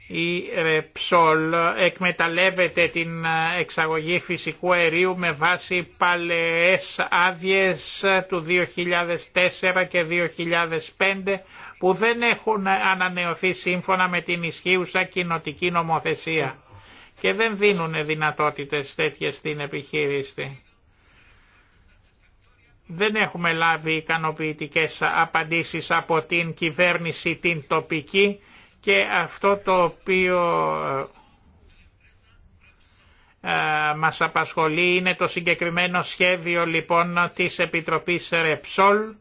η Ρεψόλ εκμεταλλεύεται την ε, εξαγωγή φυσικού αερίου με βάση παλαιές άδειες του 2004 και 2005 που δεν έχουν ανανεωθεί σύμφωνα με την ισχύουσα κοινοτική νομοθεσία και δεν δίνουν δυνατότητες τέτοιες στην επιχείρηση. Δεν έχουμε λάβει ικανοποιητικές απαντήσεις από την κυβέρνηση την τοπική και αυτό το οποίο ε, μας απασχολεί είναι το συγκεκριμένο σχέδιο λοιπόν της Επιτροπής Ρεψόλ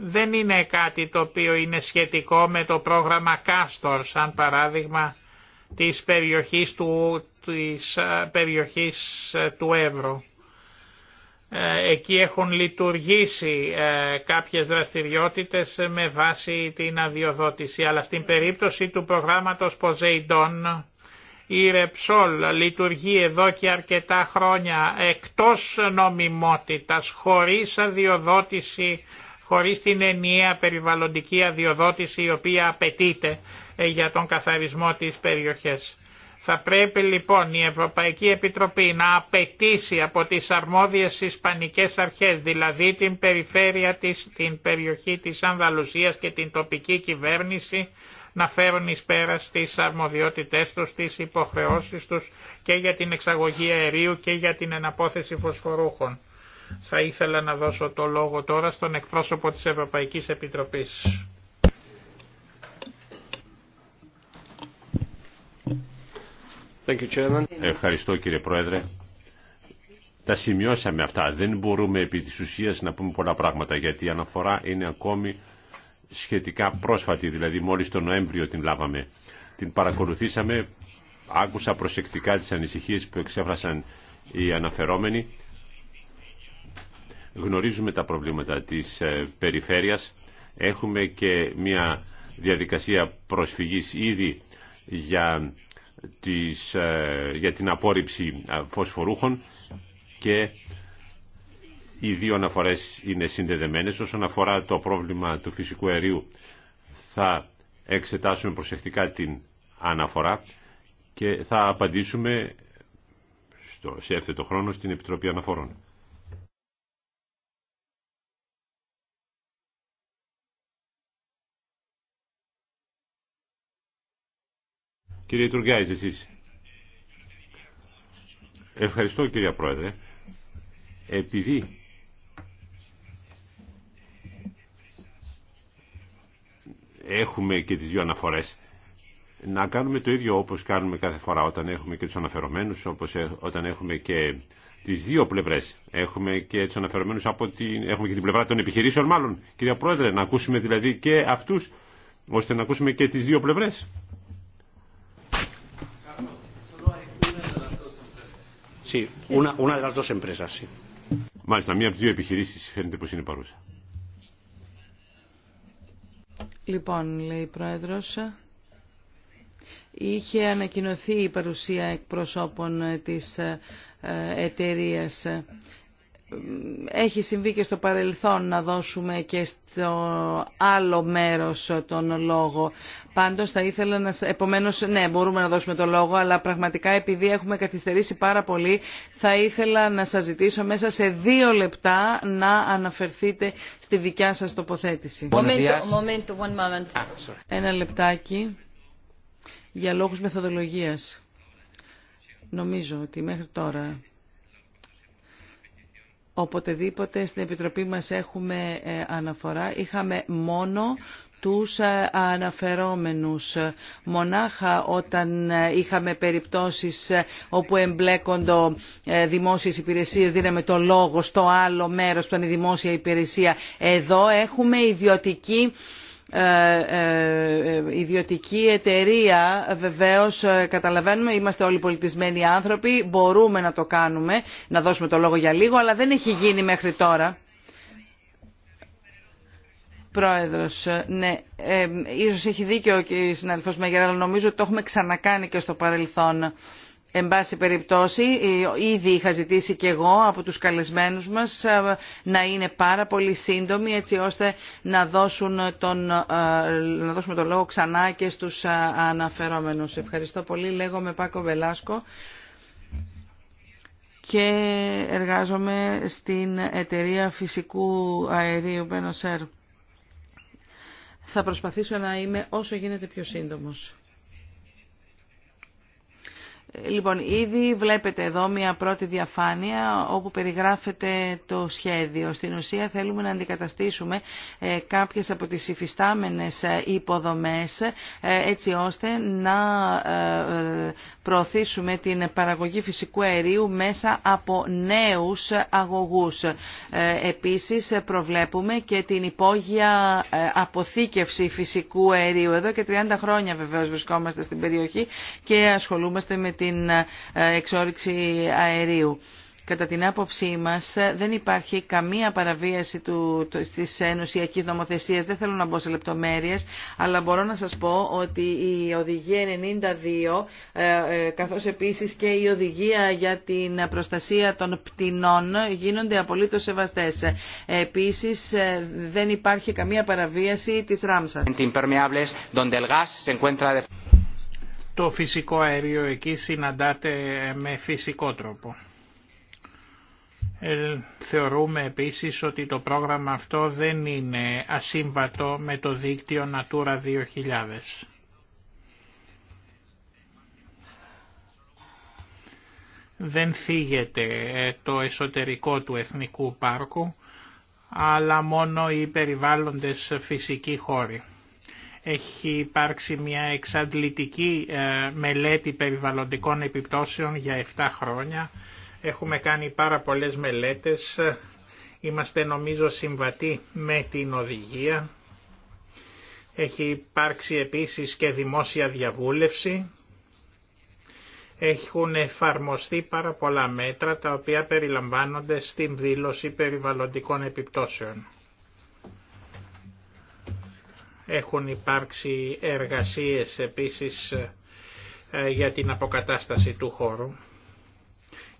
δεν είναι κάτι το οποίο είναι σχετικό με το πρόγραμμα Κάστορ, σαν παράδειγμα της περιοχής του, της ε, περιοχής ε, του Εύρω. Ε, εκεί έχουν λειτουργήσει κάποιες δραστηριότητες με βάση την αδειοδότηση, αλλά στην περίπτωση του προγράμματος Ποζεϊντών η Ρεψόλ λειτουργεί εδώ και αρκετά χρόνια εκτός νομιμότητας, χωρίς αδειοδότηση χωρίς την ενιαία περιβαλλοντική αδειοδότηση η οποία απαιτείται ε, για τον καθαρισμό της περιοχής. Θα πρέπει λοιπόν η Ευρωπαϊκή Επιτροπή να απαιτήσει από τις αρμόδιες ισπανικές αρχές, δηλαδή την περιφέρεια της, την περιοχή της Ανδαλουσίας και την τοπική κυβέρνηση, να φέρουν εις πέρα στις αρμοδιότητές τους, στις υποχρεώσεις τους και για την εξαγωγή αερίου και για την εναπόθεση φωσφορούχων. Θα ήθελα να δώσω το λόγο τώρα στον εκπρόσωπο της Ευρωπαϊκής Επιτροπής. Ευχαριστώ κύριε Πρόεδρε. Τα σημειώσαμε αυτά. Δεν μπορούμε επί της ουσίας να πούμε πολλά πράγματα γιατί η αναφορά είναι ακόμη σχετικά πρόσφατη, δηλαδή μόλις τον Νοέμβριο την λάβαμε. Την παρακολουθήσαμε, άκουσα προσεκτικά τις ανησυχίες που εξέφρασαν οι αναφερόμενοι γνωρίζουμε τα προβλήματα της ε, περιφέρειας. Έχουμε και μια διαδικασία προσφυγής ήδη για, ε, για την απόρριψη ε, φωσφορούχων και οι δύο αναφορές είναι συνδεδεμένες. Όσον αφορά το πρόβλημα του φυσικού αερίου θα εξετάσουμε προσεκτικά την αναφορά και θα απαντήσουμε στο, σε έφθετο χρόνο στην Επιτροπή Αναφορών. Κύριε Τουργκάης, εσείς. Ευχαριστώ κύριε Πρόεδρε. Επειδή έχουμε και τις δύο αναφορές, να κάνουμε το ίδιο όπως κάνουμε κάθε φορά όταν έχουμε και τους αναφερομένους, όπως ε, όταν έχουμε και τις δύο πλευρές. Έχουμε και τους αναφερομένους από την, έχουμε και την πλευρά των επιχειρήσεων μάλλον. Κύριε Πρόεδρε, να ακούσουμε δηλαδή και αυτούς, ώστε να ακούσουμε και τις δύο πλευρές. Sí, una, una de las dos empresas, sí. Μάλιστα, μία από τις δύο επιχειρήσεις φαίνεται πως είναι παρούσα. Λοιπόν, λέει η Πρόεδρος, είχε ανακοινωθεί η παρουσία εκπροσώπων της ε, εταιρείας έχει συμβεί και στο παρελθόν να δώσουμε και στο άλλο μέρος τον λόγο. Πάντως θα ήθελα να... Επομένως, ναι, μπορούμε να δώσουμε τον λόγο, αλλά πραγματικά επειδή έχουμε καθυστερήσει πάρα πολύ, θα ήθελα να σας ζητήσω μέσα σε δύο λεπτά να αναφερθείτε στη δικιά σας τοποθέτηση. one moment. Ah, Ένα λεπτάκι για λόγους μεθοδολογίας. Νομίζω ότι μέχρι τώρα οποτεδήποτε στην Επιτροπή μας έχουμε ε, αναφορά, είχαμε μόνο τους ε, αναφερόμενους. Μονάχα όταν ε, είχαμε περιπτώσεις όπου εμπλέκοντο δημόσιες υπηρεσίες, δίναμε το λόγο στο άλλο μέρος που ήταν η δημόσια υπηρεσία. Εδώ έχουμε ιδιωτική ε, ε, ε, ιδιωτική εταιρεία βεβαίως καταλαβαίνουμε είμαστε όλοι πολιτισμένοι άνθρωποι μπορούμε να το κάνουμε να δώσουμε το λόγο για λίγο αλλά δεν έχει γίνει μέχρι τώρα Πρόεδρος, ναι, ε, ίσως έχει δίκιο ο συναδελφός Μεγέρα, αλλά νομίζω ότι το έχουμε ξανακάνει και στο παρελθόν. Εν πάση περιπτώσει, ε, ήδη είχα ζητήσει και εγώ από τους καλεσμένους μας ε, να είναι πάρα πολύ σύντομοι έτσι ώστε να, δώσουν τον, ε, να δώσουμε τον λόγο ξανά και στους αναφερόμενους. Ευχαριστώ πολύ. Λέγομαι Πάκο Βελάσκο και εργάζομαι στην εταιρεία φυσικού αερίου Μπένοσέρ. Θα προσπαθήσω να είμαι όσο γίνεται πιο σύντομος. Λοιπόν, ήδη βλέπετε εδώ μια πρώτη διαφάνεια όπου περιγράφεται το σχέδιο. Στην ουσία θέλουμε να αντικαταστήσουμε ε, κάποιες από τις υφιστάμενες ε, υποδομές ε, έτσι ώστε να προωθήσουμε την παραγωγή φυσικού αερίου μέσα από νέους αγωγούς. Επίσης προβλέπουμε και την υπόγεια αποθήκευση φυσικού αερίου. Εδώ και 30 χρόνια βεβαίως βρισκόμαστε στην περιοχή και ασχολούμαστε με την ε, εξόριξη αερίου. Κατά την άποψή μας ε, δεν υπάρχει καμία παραβίαση του, του, της ενωσιακής νομοθεσίας. Δεν θέλω να μπω σε λεπτομέρειες, αλλά μπορώ να σας πω ότι η Οδηγία 92, ε, καθώς επίσης και η Οδηγία για την προστασία των πτηνών, γίνονται απολύτως σεβαστές. Επίσης δεν υπάρχει καμία παραβίαση της Ράμσα το φυσικό αέριο εκεί συναντάται με φυσικό τρόπο. Ε, θεωρούμε επίσης ότι το πρόγραμμα αυτό δεν είναι ασύμβατο με το δίκτυο Natura 2000. Δεν θίγεται ε, το εσωτερικό του Εθνικού Πάρκου, αλλά μόνο οι περιβάλλοντες φυσικοί χώροι έχει υπάρξει μια εξαντλητική ε, μελέτη περιβαλλοντικών επιπτώσεων για 7 χρόνια. Έχουμε κάνει πάρα πολλές μελέτες, είμαστε νομίζω συμβατοί με την οδηγία. Έχει υπάρξει επίσης και δημόσια διαβούλευση. Έχουν εφαρμοστεί πάρα πολλά μέτρα τα οποία περιλαμβάνονται στην δήλωση περιβαλλοντικών επιπτώσεων. Έχουν υπάρξει εργασίες επίσης ε, για την αποκατάσταση του χώρου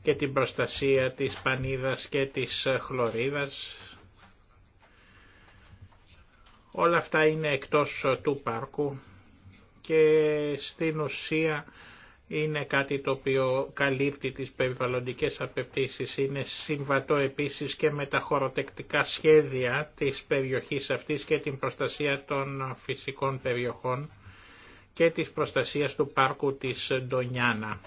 και την προστασία της πανίδας και της ε, χλωρίδας. Όλα αυτά είναι εκτός ε, του πάρκου και στην ουσία είναι κάτι το οποίο καλύπτει τις περιβαλλοντικές απαιτήσεις. Είναι συμβατό επίσης και με τα χωροτεκτικά σχέδια της περιοχής αυτής και την προστασία των φυσικών περιοχών και της προστασίας του πάρκου της Ντονιάνα.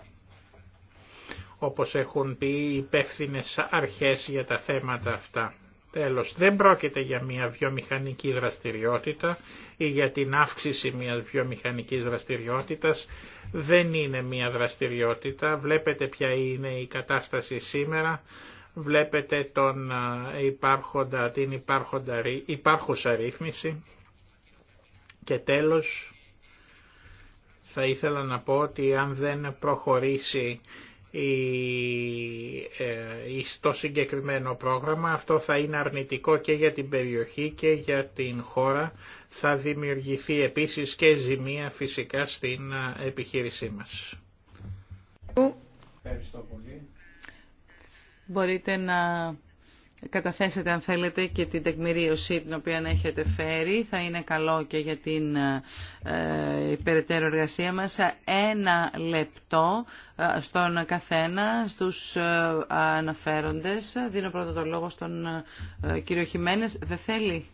Όπως έχουν πει οι υπεύθυνε αρχές για τα θέματα αυτά. Τέλος, δεν πρόκειται για μια βιομηχανική δραστηριότητα ή για την αύξηση μιας βιομηχανικής δραστηριότητας. Δεν είναι μια δραστηριότητα. Βλέπετε ποια είναι η κατάσταση σήμερα. Βλέπετε τον υπάρχοντα, την υπάρχοντα, υπάρχουσα ρύθμιση. Και τέλος, θα ήθελα να πω ότι αν δεν προχωρήσει ε, στο συγκεκριμένο πρόγραμμα. Αυτό θα είναι αρνητικό και για την περιοχή και για την χώρα. Θα δημιουργηθεί επίσης και ζημία φυσικά στην ε, επιχείρησή μας. Μπορείτε να καταθέσετε αν θέλετε και την τεκμηρίωση την οποία έχετε φέρει. Θα είναι καλό και για την ε, εργασία μας. Ένα λεπτό ε, στον καθένα, στους ε, αναφέροντες. Δίνω πρώτα το λόγο στον ε, κύριο Χιμένες. Δεν θέλει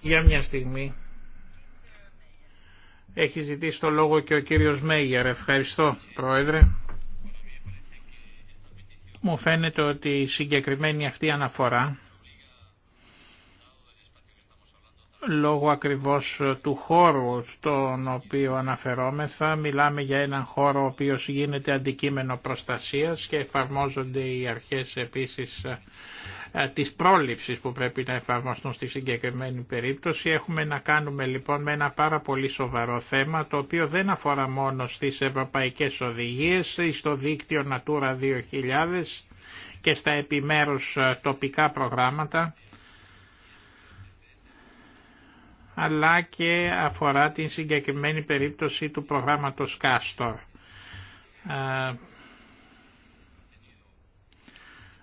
Για μια στιγμή. Έχει ζητήσει το λόγο και ο κύριος Μέγερ. Ευχαριστώ, Πρόεδρε. Μου φαίνεται ότι η συγκεκριμένη αυτή αναφορά λόγω ακριβώς του χώρου στον οποίο αναφερόμεθα, μιλάμε για έναν χώρο ο οποίος γίνεται αντικείμενο προστασίας και εφαρμόζονται οι αρχές επίσης ε, της πρόληψης που πρέπει να εφαρμοστούν στη συγκεκριμένη περίπτωση. Έχουμε να κάνουμε λοιπόν με ένα πάρα πολύ σοβαρό θέμα το οποίο δεν αφορά μόνο στις ευρωπαϊκές οδηγίες, στο δίκτυο Natura 2000 και στα επιμέρους ε, τοπικά προγράμματα αλλά και αφορά την συγκεκριμένη περίπτωση του προγράμματος Κάστορ. Ε,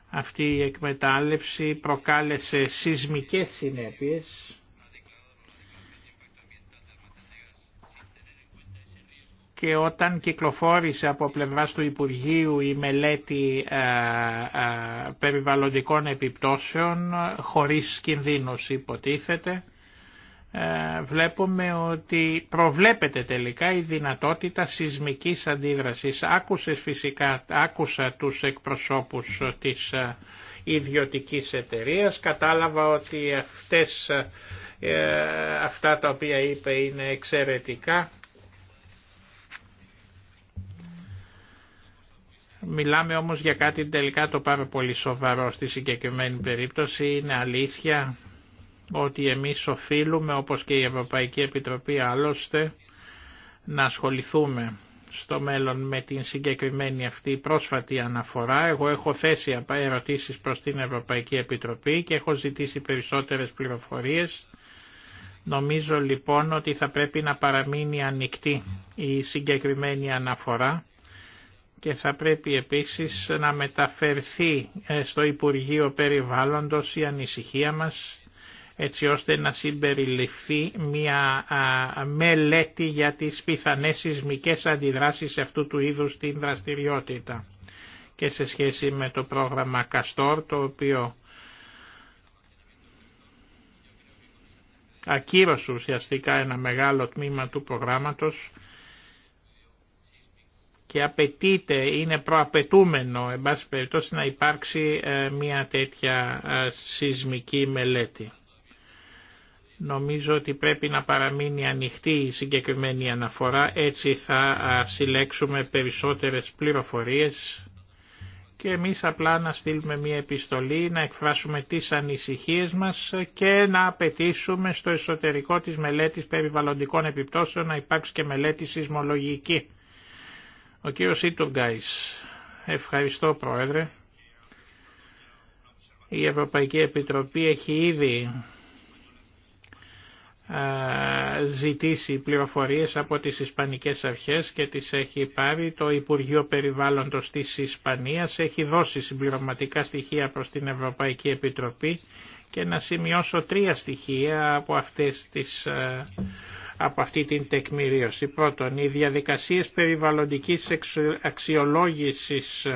αυτή η εκμετάλλευση προκάλεσε σεισμικές συνέπειες και όταν κυκλοφόρησε από πλευράς του Υπουργείου η μελέτη ε, ε, περιβαλλοντικών επιπτώσεων χωρίς κινδύνους υποτίθεται ε, βλέπουμε ότι προβλέπεται τελικά η δυνατότητα σεισμικής αντίδρασης. Άκουσες φυσικά, άκουσα τους εκπροσώπους της ε, ιδιωτικής εταιρείας, κατάλαβα ότι αυτές, ε, αυτά τα οποία είπε είναι εξαιρετικά. Μιλάμε όμως για κάτι τελικά το πάρα πολύ σοβαρό στη συγκεκριμένη περίπτωση, είναι αλήθεια ότι εμείς οφείλουμε, όπως και η Ευρωπαϊκή Επιτροπή άλλωστε, να ασχοληθούμε στο μέλλον με την συγκεκριμένη αυτή πρόσφατη αναφορά. Εγώ έχω θέσει ερωτήσεις προς την Ευρωπαϊκή Επιτροπή και έχω ζητήσει περισσότερες πληροφορίες. Νομίζω λοιπόν ότι θα πρέπει να παραμείνει ανοιχτή η συγκεκριμένη αναφορά και θα πρέπει επίσης να μεταφερθεί ε, στο Υπουργείο Περιβάλλοντος η ανησυχία μας έτσι ώστε να συμπεριληφθεί μια μελέτη για τις πιθανές σεισμικές αντιδράσεις αυτού του είδους στην δραστηριότητα και σε σχέση με το πρόγραμμα Καστόρ το οποίο ακύρωσε ουσιαστικά ένα μεγάλο τμήμα του προγράμματος και απαιτείται, είναι προαπαιτούμενο, εν περιπτώσει, να υπάρξει ε, μια τέτοια ε, σεισμική μελέτη. Νομίζω ότι πρέπει να παραμείνει ανοιχτή η συγκεκριμένη αναφορά, έτσι θα συλλέξουμε περισσότερες πληροφορίες και εμείς απλά να στείλουμε μια επιστολή, να εκφράσουμε τις ανησυχίες μας και να απαιτήσουμε στο εσωτερικό της μελέτης περιβαλλοντικών επιπτώσεων να υπάρξει και μελέτη σεισμολογική. Ο κύριο Ιτουργκάης. Ευχαριστώ Πρόεδρε. Η Ευρωπαϊκή Επιτροπή έχει ήδη ζητήσει πληροφορίες από τις Ισπανικές Αρχές και τις έχει πάρει. Το Υπουργείο Περιβάλλοντος της Ισπανίας έχει δώσει συμπληρωματικά στοιχεία προς την Ευρωπαϊκή Επιτροπή και να σημειώσω τρία στοιχεία από, αυτές τις, από αυτή την τεκμηρίωση. Πρώτον, οι διαδικασίες περιβαλλοντικής αξιολόγησης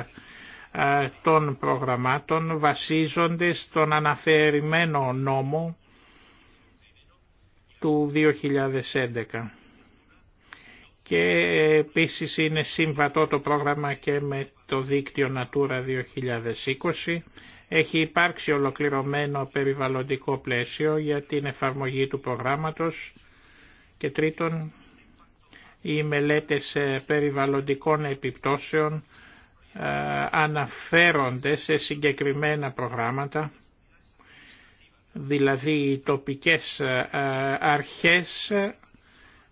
των προγραμμάτων βασίζονται στον αναφερειμένο νόμο του 2011. Και επίσης είναι συμβατό το πρόγραμμα και με το δίκτυο Natura 2020. Έχει υπάρξει ολοκληρωμένο περιβαλλοντικό πλαίσιο για την εφαρμογή του προγράμματος. Και τρίτον, οι μελέτες ε, περιβαλλοντικών επιπτώσεων ε, αναφέρονται σε συγκεκριμένα προγράμματα δηλαδή οι τοπικές ε, ε, αρχές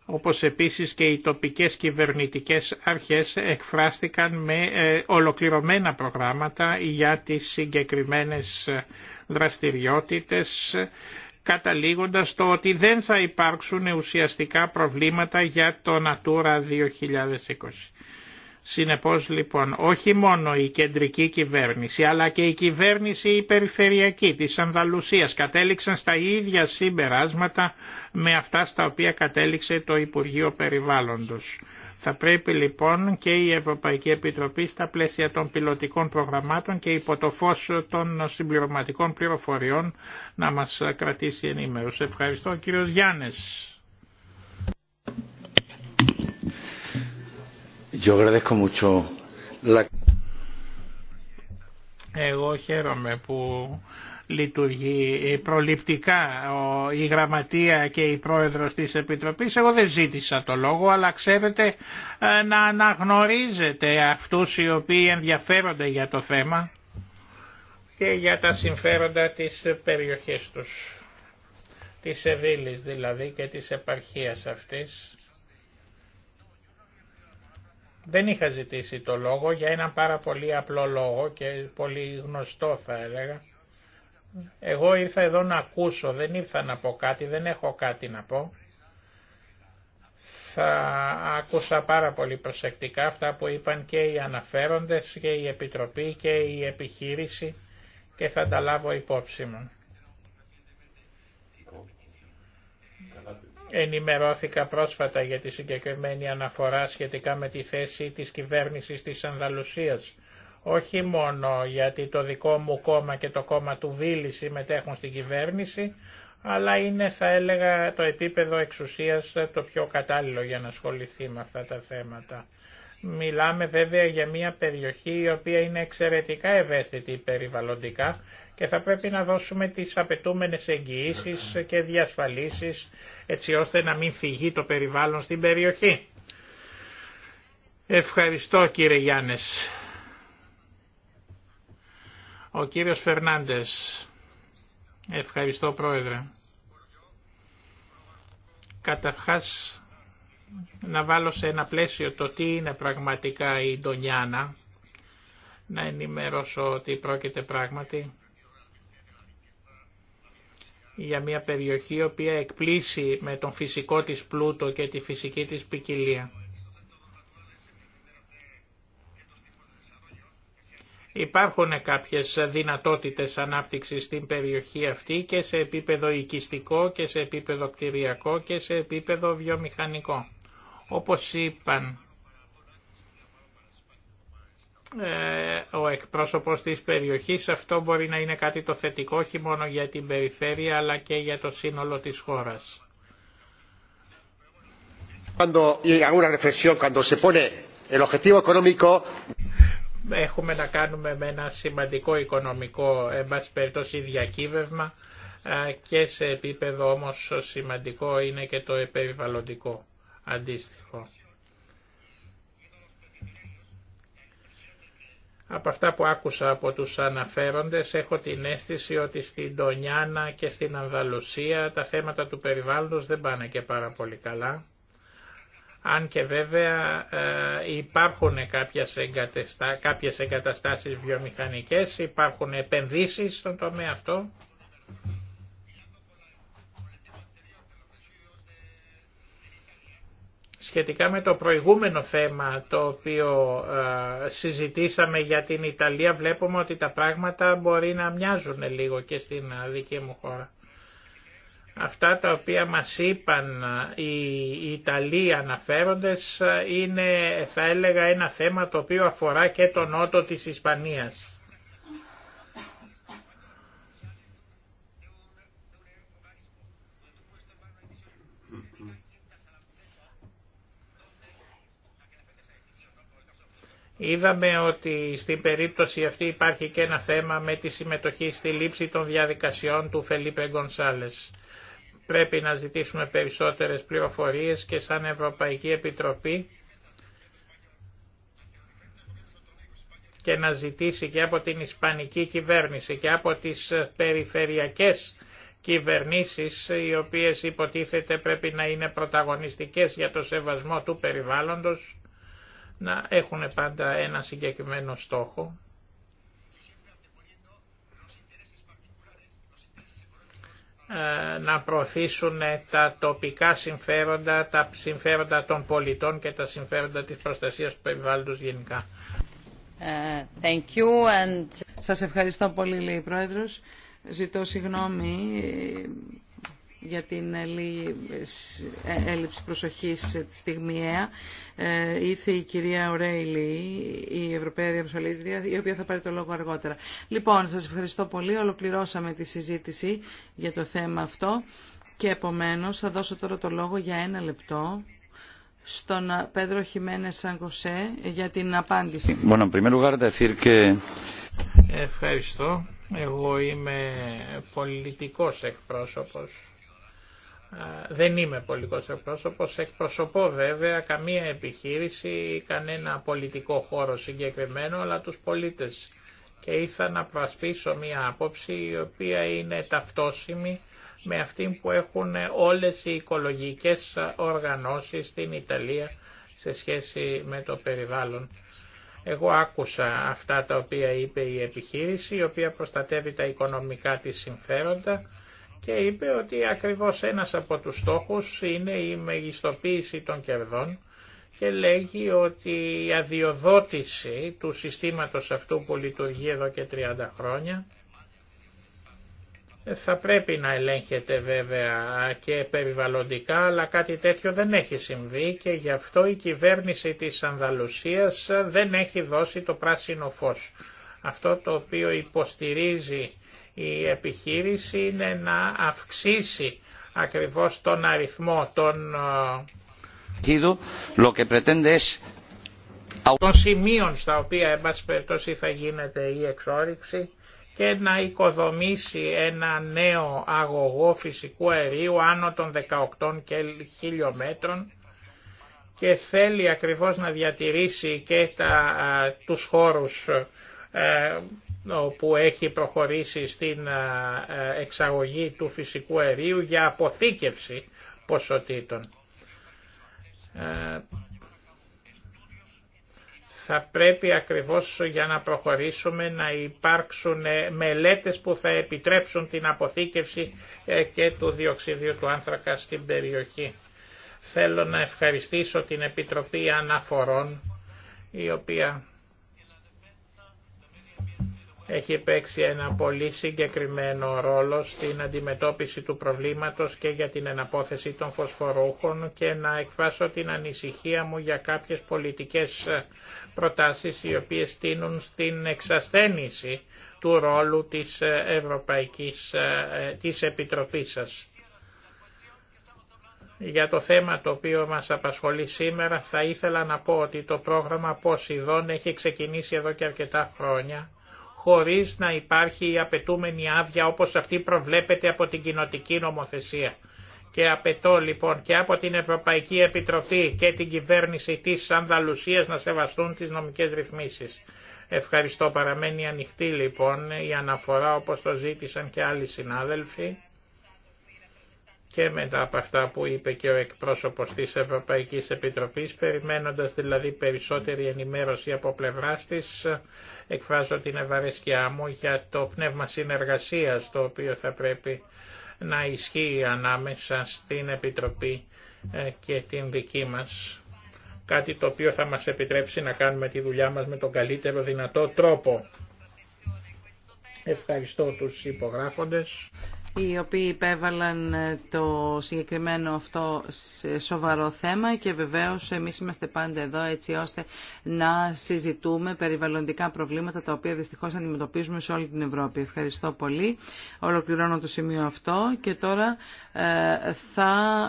όπως επίσης και οι τοπικές κυβερνητικές αρχές εκφράστηκαν με ε, ολοκληρωμένα προγράμματα για τις συγκεκριμένες δραστηριότητες καταλήγοντας το ότι δεν θα υπάρξουν ουσιαστικά προβλήματα για το Natura 2020. Συνεπώς λοιπόν όχι μόνο η κεντρική κυβέρνηση αλλά και η κυβέρνηση η περιφερειακή της Ανδαλουσίας κατέληξαν στα ίδια συμπεράσματα με αυτά στα οποία κατέληξε το Υπουργείο Περιβάλλοντος. Θα πρέπει λοιπόν και η Ευρωπαϊκή Επιτροπή στα πλαίσια των πιλωτικών προγραμμάτων και υπό το φως των συμπληρωματικών πληροφοριών να μας κρατήσει ενήμερους. Ευχαριστώ κύριος Γιάννης. Εγώ χαίρομαι που λειτουργεί ε, προληπτικά η γραμματεία και η πρόεδρος της Επιτροπής. Εγώ δεν ζήτησα το λόγο, αλλά ξέρετε ε, να αναγνωρίζετε αυτούς οι οποίοι ενδιαφέρονται για το θέμα και για τα συμφέροντα της περιοχής τους, της Εβίλης δηλαδή και της επαρχίας αυτής. Δεν είχα ζητήσει το λόγο για έναν πάρα πολύ απλό λόγο και πολύ γνωστό θα έλεγα. Εγώ ήρθα εδώ να ακούσω, δεν ήρθα να πω κάτι, δεν έχω κάτι να πω. Θα άκουσα πάρα πολύ προσεκτικά αυτά που είπαν και οι αναφέροντες και η Επιτροπή και η επιχείρηση και θα τα λάβω υπόψη μου. Ενημερώθηκα πρόσφατα για τη συγκεκριμένη αναφορά σχετικά με τη θέση της κυβέρνησης της Ανδαλουσίας. Όχι μόνο γιατί το δικό μου κόμμα και το κόμμα του Βίλη συμμετέχουν στην κυβέρνηση, αλλά είναι θα έλεγα το επίπεδο εξουσίας το πιο κατάλληλο για να ασχοληθεί με αυτά τα θέματα. Μιλάμε βέβαια για μια περιοχή η οποία είναι εξαιρετικά ευαίσθητη περιβαλλοντικά και θα πρέπει να δώσουμε τις απαιτούμενες εγγυήσει και διασφαλίσεις έτσι ώστε να μην φυγεί το περιβάλλον στην περιοχή. Ευχαριστώ κύριε Γιάννης. Ο κύριος Φερνάντες. Ευχαριστώ πρόεδρε. Καταρχάς να βάλω σε ένα πλαίσιο το τι είναι πραγματικά η Ντονιάνα, να ενημερώσω ότι πρόκειται πράγματι για μια περιοχή η οποία εκπλήσει με τον φυσικό της πλούτο και τη φυσική της ποικιλία. Υπάρχουν κάποιες δυνατότητες ανάπτυξης στην περιοχή αυτή και σε επίπεδο οικιστικό και σε επίπεδο κτηριακό και σε επίπεδο βιομηχανικό. Όπως είπαν ε, ο εκπρόσωπος της περιοχής, αυτό μπορεί να είναι κάτι το θετικό όχι μόνο για την περιφέρεια αλλά και για το σύνολο της χώρας. Έχουμε να κάνουμε με ένα σημαντικό οικονομικό περιπτώσει διακύβευμα ε, και σε επίπεδο όμως σημαντικό είναι και το περιβαλλοντικό αντίστοιχο. Από αυτά που άκουσα από τους αναφέροντες έχω την αίσθηση ότι στην Τονιάνα και στην Ανδαλουσία τα θέματα του περιβάλλοντος δεν πάνε και πάρα πολύ καλά. Αν και βέβαια ε, υπάρχουν κάποιες, εγκαταστά, κάποιες εγκαταστάσεις βιομηχανικές, υπάρχουν επενδύσεις στον τομέα αυτό σχετικά με το προηγούμενο θέμα το οποίο ε, συζητήσαμε για την Ιταλία βλέπουμε ότι τα πράγματα μπορεί να μοιάζουν λίγο και στην ε, δική μου χώρα. Αυτά τα οποία μας είπαν ε, οι Ιταλοί αναφέροντες είναι θα έλεγα ένα θέμα το οποίο αφορά και τον νότο της Ισπανίας. Είδαμε ότι στην περίπτωση αυτή υπάρχει και ένα θέμα με τη συμμετοχή στη λήψη των διαδικασιών του Φελίπε Γκονσάλες. Πρέπει να ζητήσουμε περισσότερες πληροφορίες και σαν Ευρωπαϊκή Επιτροπή και να ζητήσει και από την Ισπανική κυβέρνηση και από τις περιφερειακές κυβερνήσεις οι οποίες υποτίθεται πρέπει να είναι πρωταγωνιστικές για το σεβασμό του περιβάλλοντος να έχουν πάντα ένα συγκεκριμένο στόχο ε, να προωθήσουν τα τοπικά συμφέροντα, τα συμφέροντα των πολιτών και τα συμφέροντα της προστασίας του περιβάλλοντος γενικά. Ε, thank you and... Σας ευχαριστώ πολύ, λέει η Πρόεδρος. Ζητώ συγγνώμη για την ε, έλλειψη προσοχής στιγμιαία ε, ήρθε η κυρία Ορέιλι, η Ευρωπαία Διαμεσολήτρια, η οποία θα πάρει το λόγο αργότερα. Λοιπόν, σας ευχαριστώ πολύ. Ολοκληρώσαμε τη συζήτηση για το θέμα αυτό και επομένως θα δώσω τώρα το λόγο για ένα λεπτό στον Πέδρο Χιμένε Σαγκοσέ για την απάντηση. Ευχαριστώ. Εγώ είμαι πολιτικός εκπρόσωπος δεν είμαι πολιτικός εκπρόσωπος, εκπροσωπώ βέβαια καμία επιχείρηση ή κανένα πολιτικό χώρο συγκεκριμένο, αλλά τους πολίτες. Και ήθελα να προσπίσω μια άποψη η οποία είναι ταυτόσιμη με αυτή που έχουν όλες οι οικολογικές οργανώσεις στην Ιταλία σε σχέση με το περιβάλλον. Εγώ άκουσα αυτά τα οποία είπε η επιχείρηση, η οποία προστατεύει τα οικονομικά της συμφέροντα, και είπε ότι ακριβώς ένας από τους στόχους είναι η μεγιστοποίηση των κερδών και λέγει ότι η αδειοδότηση του συστήματος αυτού που λειτουργεί εδώ και 30 χρόνια θα πρέπει να ελέγχεται βέβαια και περιβαλλοντικά, αλλά κάτι τέτοιο δεν έχει συμβεί και γι' αυτό η κυβέρνηση της Ανδαλουσίας δεν έχει δώσει το πράσινο φως. Αυτό το οποίο υποστηρίζει η επιχείρηση είναι να αυξήσει ακριβώς τον αριθμό των, ε, των σημείων στα οποία εν θα γίνεται η εξόριξη και να οικοδομήσει ένα νέο αγωγό φυσικού αερίου άνω των 18 και χιλιόμετρων και θέλει ακριβώς να διατηρήσει και τα, τους χώρους ε, που έχει προχωρήσει στην ε, εξαγωγή του φυσικού αερίου για αποθήκευση ποσοτήτων. Ε, θα πρέπει ακριβώς για να προχωρήσουμε να υπάρξουν μελέτες που θα επιτρέψουν την αποθήκευση και του διοξιδίου του άνθρακα στην περιοχή. Θέλω να ευχαριστήσω την Επιτροπή Αναφορών η οποία έχει παίξει ένα πολύ συγκεκριμένο ρόλο στην αντιμετώπιση του προβλήματος και για την εναπόθεση των φωσφορούχων και να εκφράσω την ανησυχία μου για κάποιες πολιτικές προτάσεις οι οποίες τίνουν στην εξασθένιση του ρόλου της Ευρωπαϊκής της Επιτροπής σας. Για το θέμα το οποίο μας απασχολεί σήμερα θα ήθελα να πω ότι το πρόγραμμα Ποσειδών έχει ξεκινήσει εδώ και αρκετά χρόνια χωρίς να υπάρχει η απαιτούμενη άδεια όπως αυτή προβλέπεται από την κοινοτική νομοθεσία. Και απαιτώ λοιπόν και από την Ευρωπαϊκή Επιτροπή και την κυβέρνηση της Ανδαλουσίας να σεβαστούν τις νομικές ρυθμίσεις. Ευχαριστώ. Παραμένει ανοιχτή λοιπόν η αναφορά όπως το ζήτησαν και άλλοι συνάδελφοι και μετά από αυτά που είπε και ο εκπρόσωπος της Ευρωπαϊκής Επιτροπής, περιμένοντας δηλαδή περισσότερη ενημέρωση από πλευράς της, εκφράζω την ευαρέσκειά μου για το πνεύμα συνεργασίας το οποίο θα πρέπει να ισχύει ανάμεσα στην Επιτροπή ε, και την δική μας. Κάτι το οποίο θα μας επιτρέψει να κάνουμε τη δουλειά μας με τον καλύτερο δυνατό τρόπο. Ευχαριστώ τους υπογράφοντες οι οποίοι υπέβαλαν ε, το συγκεκριμένο αυτό σοβαρό θέμα και βεβαίως εμείς είμαστε πάντα εδώ έτσι ώστε να συζητούμε περιβαλλοντικά προβλήματα τα οποία δυστυχώς αντιμετωπίζουμε σε όλη την Ευρώπη. Ευχαριστώ πολύ. Ολοκληρώνω το σημείο αυτό και τώρα ε, θα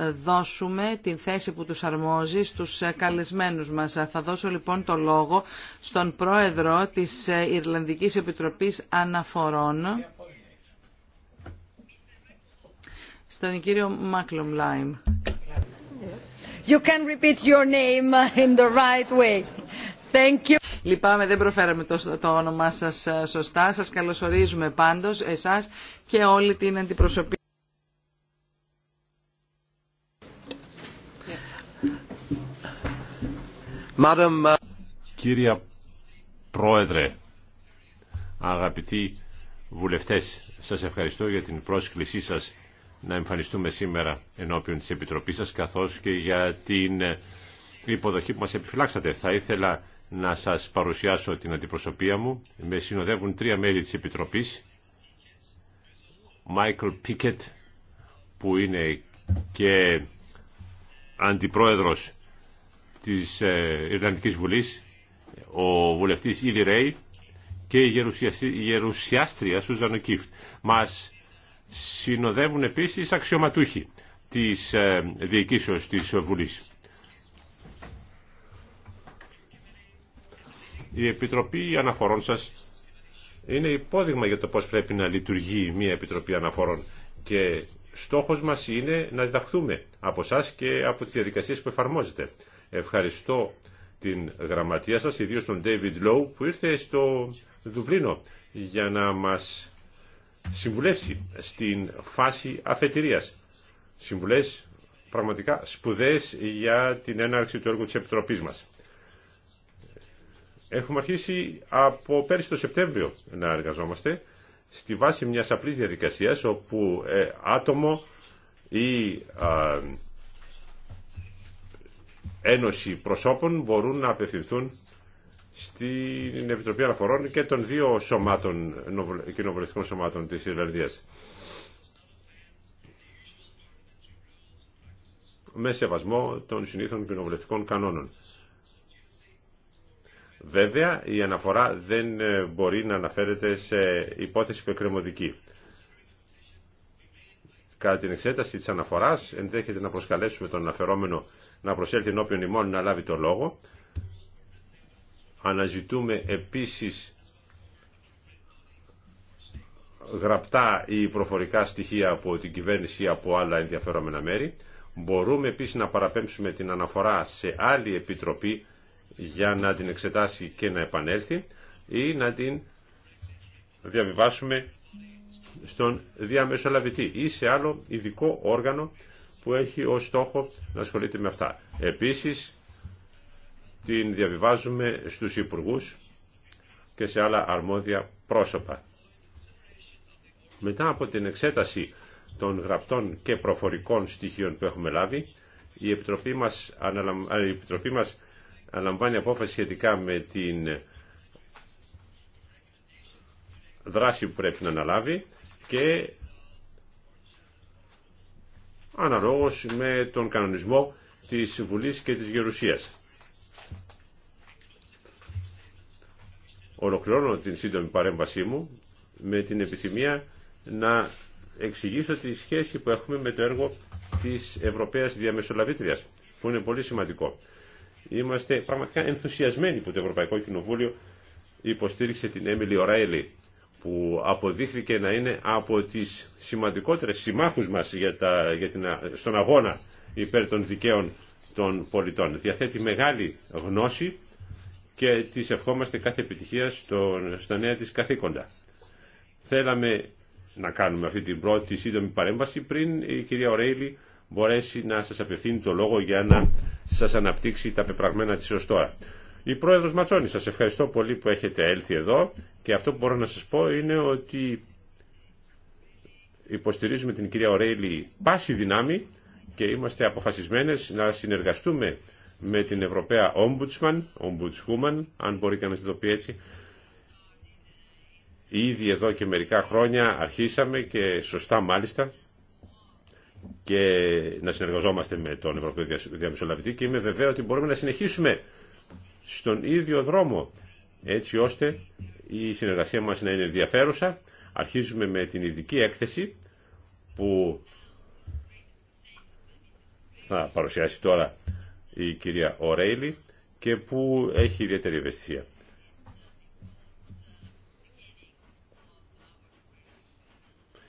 ε, δώσουμε την θέση που τους αρμόζει στους καλεσμένους μας. Θα δώσω λοιπόν το λόγο στον πρόεδρο της Ιρλανδικής Επιτροπής Αναφορών στον κύριο Μάκλομ Λάιμ. You can repeat your name in the right way. Thank you. Λυπάμαι, δεν προφέραμε το, το όνομά σας ε, σωστά. Σας καλωσορίζουμε πάντως, εσάς και όλη την αντιπροσωπή. Ε, Κύριε Πρόεδρε, αγαπητοί βουλευτές, σας ευχαριστώ για την πρόσκλησή σας να εμφανιστούμε σήμερα ενώπιον της Επιτροπής σας καθώς και για την υποδοχή που μας επιφυλάξατε. Θα ήθελα να σας παρουσιάσω την αντιπροσωπεία μου. Με συνοδεύουν τρία μέλη της Επιτροπής. Μάικλ Πίκετ που είναι και αντιπρόεδρος της ε, Ιρλανδικής Βουλής, ο βουλευτής Ήλι Ρέι και η γερουσιάστρια Σούζαν Νοκίφτ. Μας συνοδεύουν επίσης αξιωματούχοι της ε, διοικήσεως της Βουλής. Η Επιτροπή Αναφορών σας είναι υπόδειγμα για το πώς πρέπει να λειτουργεί μια Επιτροπή Αναφορών και στόχος μας είναι να διδαχθούμε από εσά και από τις διαδικασίες που εφαρμόζετε. Ευχαριστώ την γραμματεία σας, ιδίως τον David Lowe που ήρθε στο Δουβλίνο για να μας συμβουλεύσει στην φάση αφετηρίας. Συμβουλές πραγματικά σπουδαίες για την έναρξη του έργου της Επιτροπής μας. Έχουμε αρχίσει από πέρσι το Σεπτέμβριο να εργαζόμαστε στη βάση μιας απλής διαδικασίας όπου ε, άτομο ή ένωση προσώπων μπορούν να απευθυνθούν στην Επιτροπή Αναφορών και των δύο σωμάτων, κοινοβουλευτικών σωμάτων της Ιρλανδίας. με σεβασμό των συνήθων κοινοβουλευτικών κανόνων. Βέβαια, η αναφορά δεν ε, μπορεί να αναφέρεται σε υπόθεση πεκρεμωδική. Κατά την εξέταση της αναφοράς ενδέχεται να προσκαλέσουμε τον αναφερόμενο να προσέλθει ενώπιον ημών να λάβει το λόγο Αναζητούμε επίσης γραπτά ή προφορικά στοιχεία από την κυβέρνηση ή από άλλα ενδιαφερόμενα μέρη. Μπορούμε επίσης να παραπέμψουμε την αναφορά σε άλλη επιτροπή για να την εξετάσει και να επανέλθει ή να την διαβιβάσουμε στον διαμεσολαβητή ή σε άλλο ειδικό όργανο που έχει ως στόχο να ασχολείται με αυτά. Επίσης την διαβιβάζουμε στους υπουργούς και σε άλλα αρμόδια πρόσωπα. Μετά από την εξέταση των γραπτών και προφορικών στοιχείων που έχουμε λάβει, η Επιτροπή μας, ε, η Επιτροπή αναλαμβάνει απόφαση σχετικά με την δράση που πρέπει να αναλάβει και αναλόγως με τον κανονισμό της Βουλής και της Γερουσίας. Ολοκληρώνω την σύντομη παρέμβασή μου με την επιθυμία να εξηγήσω τη σχέση που έχουμε με το έργο της Ευρωπαίας Διαμεσολαβήτριας, που είναι πολύ σημαντικό. Είμαστε πραγματικά ενθουσιασμένοι που το Ευρωπαϊκό Κοινοβούλιο υποστήριξε την Έμιλι Ωραίλη, που αποδείχθηκε να είναι από τις σημαντικότερες συμμάχους μας για τα, για την, στον αγώνα υπέρ των δικαίων των πολιτών. Διαθέτει μεγάλη γνώση και της ευχόμαστε κάθε επιτυχία στο, στα νέα της καθήκοντα. Θέλαμε να κάνουμε αυτή την πρώτη σύντομη παρέμβαση πριν η κυρία Ορέιλη μπορέσει να σας απευθύνει το λόγο για να σας αναπτύξει τα πεπραγμένα της ως τώρα. Η πρόεδρος Ματσόνη, σας ευχαριστώ πολύ που έχετε έλθει εδώ και αυτό που μπορώ να σας πω είναι ότι υποστηρίζουμε την κυρία Ορέιλη πάση δυνάμει και είμαστε αποφασισμένες να συνεργαστούμε με την Ευρωπαία Ombudsman, Ombudswoman, αν μπορεί κανείς να το πει έτσι. Ήδη εδώ και μερικά χρόνια αρχίσαμε και σωστά μάλιστα και να συνεργαζόμαστε με τον Ευρωπαϊκό Διαμεσολαβητή και είμαι βεβαίω ότι μπορούμε να συνεχίσουμε στον ίδιο δρόμο έτσι ώστε η συνεργασία μας να είναι ενδιαφέρουσα. Αρχίζουμε με την ειδική έκθεση που θα παρουσιάσει τώρα η κυρία Ορέιλι και που έχει ιδιαίτερη ευαισθησία.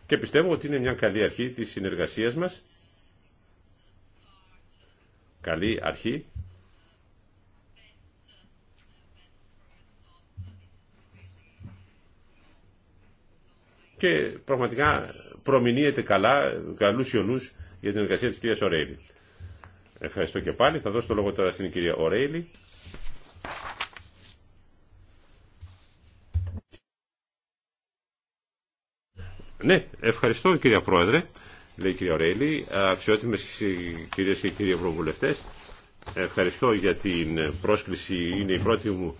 Και πιστεύω ότι είναι μια καλή αρχή της συνεργασίας μας. Καλή αρχή. Και πραγματικά προμηνύεται καλά, καλούς ιονούς για την εργασία της κυρίας Ορέιλη. Ευχαριστώ και πάλι. Θα δώσω το λόγο τώρα στην κυρία Ορέιλη. Ναι, ευχαριστώ κυρία Πρόεδρε, λέει η κυρία Ορέιλη, αξιότιμες κυρίες και κύριοι Ευρωβουλευτές. Ευχαριστώ για την πρόσκληση, είναι η πρώτη μου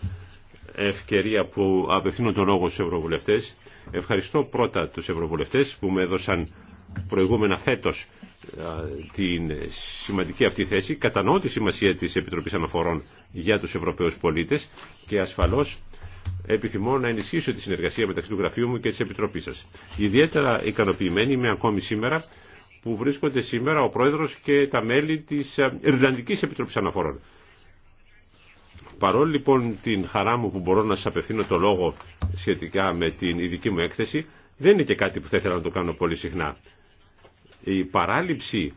ευκαιρία που απευθύνω το λόγο στους Ευρωβουλευτές. Ευχαριστώ πρώτα τους Ευρωβουλευτές που με έδωσαν προηγούμενα φέτος την σημαντική αυτή θέση. Κατανοώ τη σημασία της Επιτροπής Αναφορών για τους Ευρωπαίους πολίτες και ασφαλώς επιθυμώ να ενισχύσω τη συνεργασία μεταξύ του γραφείου μου και της Επιτροπής σας. Ιδιαίτερα ικανοποιημένοι είμαι ακόμη σήμερα που βρίσκονται σήμερα ο Πρόεδρος και τα μέλη της Ιρλανδικής Επιτροπής Αναφορών. Παρόλο λοιπόν την χαρά μου που μπορώ να σας απευθύνω το λόγο σχετικά με την ειδική μου έκθεση, δεν είναι και κάτι που θα ήθελα να το κάνω πολύ συχνά η παράληψη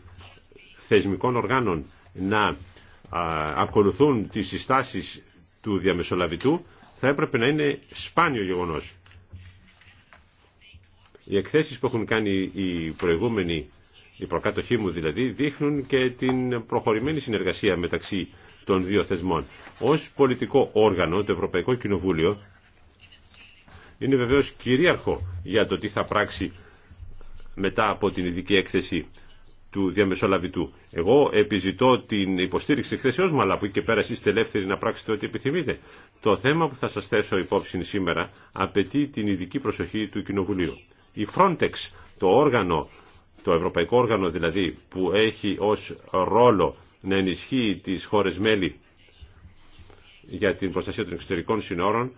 θεσμικών οργάνων να ακολουθούν τις συστάσεις του διαμεσολαβητού θα έπρεπε να είναι σπάνιο γεγονός. Οι εκθέσεις που έχουν κάνει οι προηγούμενοι, οι προκάτοχοί μου δηλαδή, δείχνουν και την προχωρημένη συνεργασία μεταξύ των δύο θεσμών. Ως πολιτικό όργανο, το Ευρωπαϊκό Κοινοβούλιο, είναι βεβαίως κυρίαρχο για το τι θα πράξει μετά από την ειδική έκθεση του διαμεσολαβητού. Εγώ επιζητώ την υποστήριξη εκθέσεώ μου, αλλά από εκεί και πέρα είστε ελεύθεροι να πράξετε ό,τι επιθυμείτε. Το θέμα που θα σα θέσω υπόψη σήμερα απαιτεί την ειδική προσοχή του Κοινοβουλίου. Η Frontex, το όργανο, το ευρωπαϊκό όργανο δηλαδή, που έχει ως ρόλο να ενισχύει τι χώρε μέλη για την προστασία των εξωτερικών συνόρων,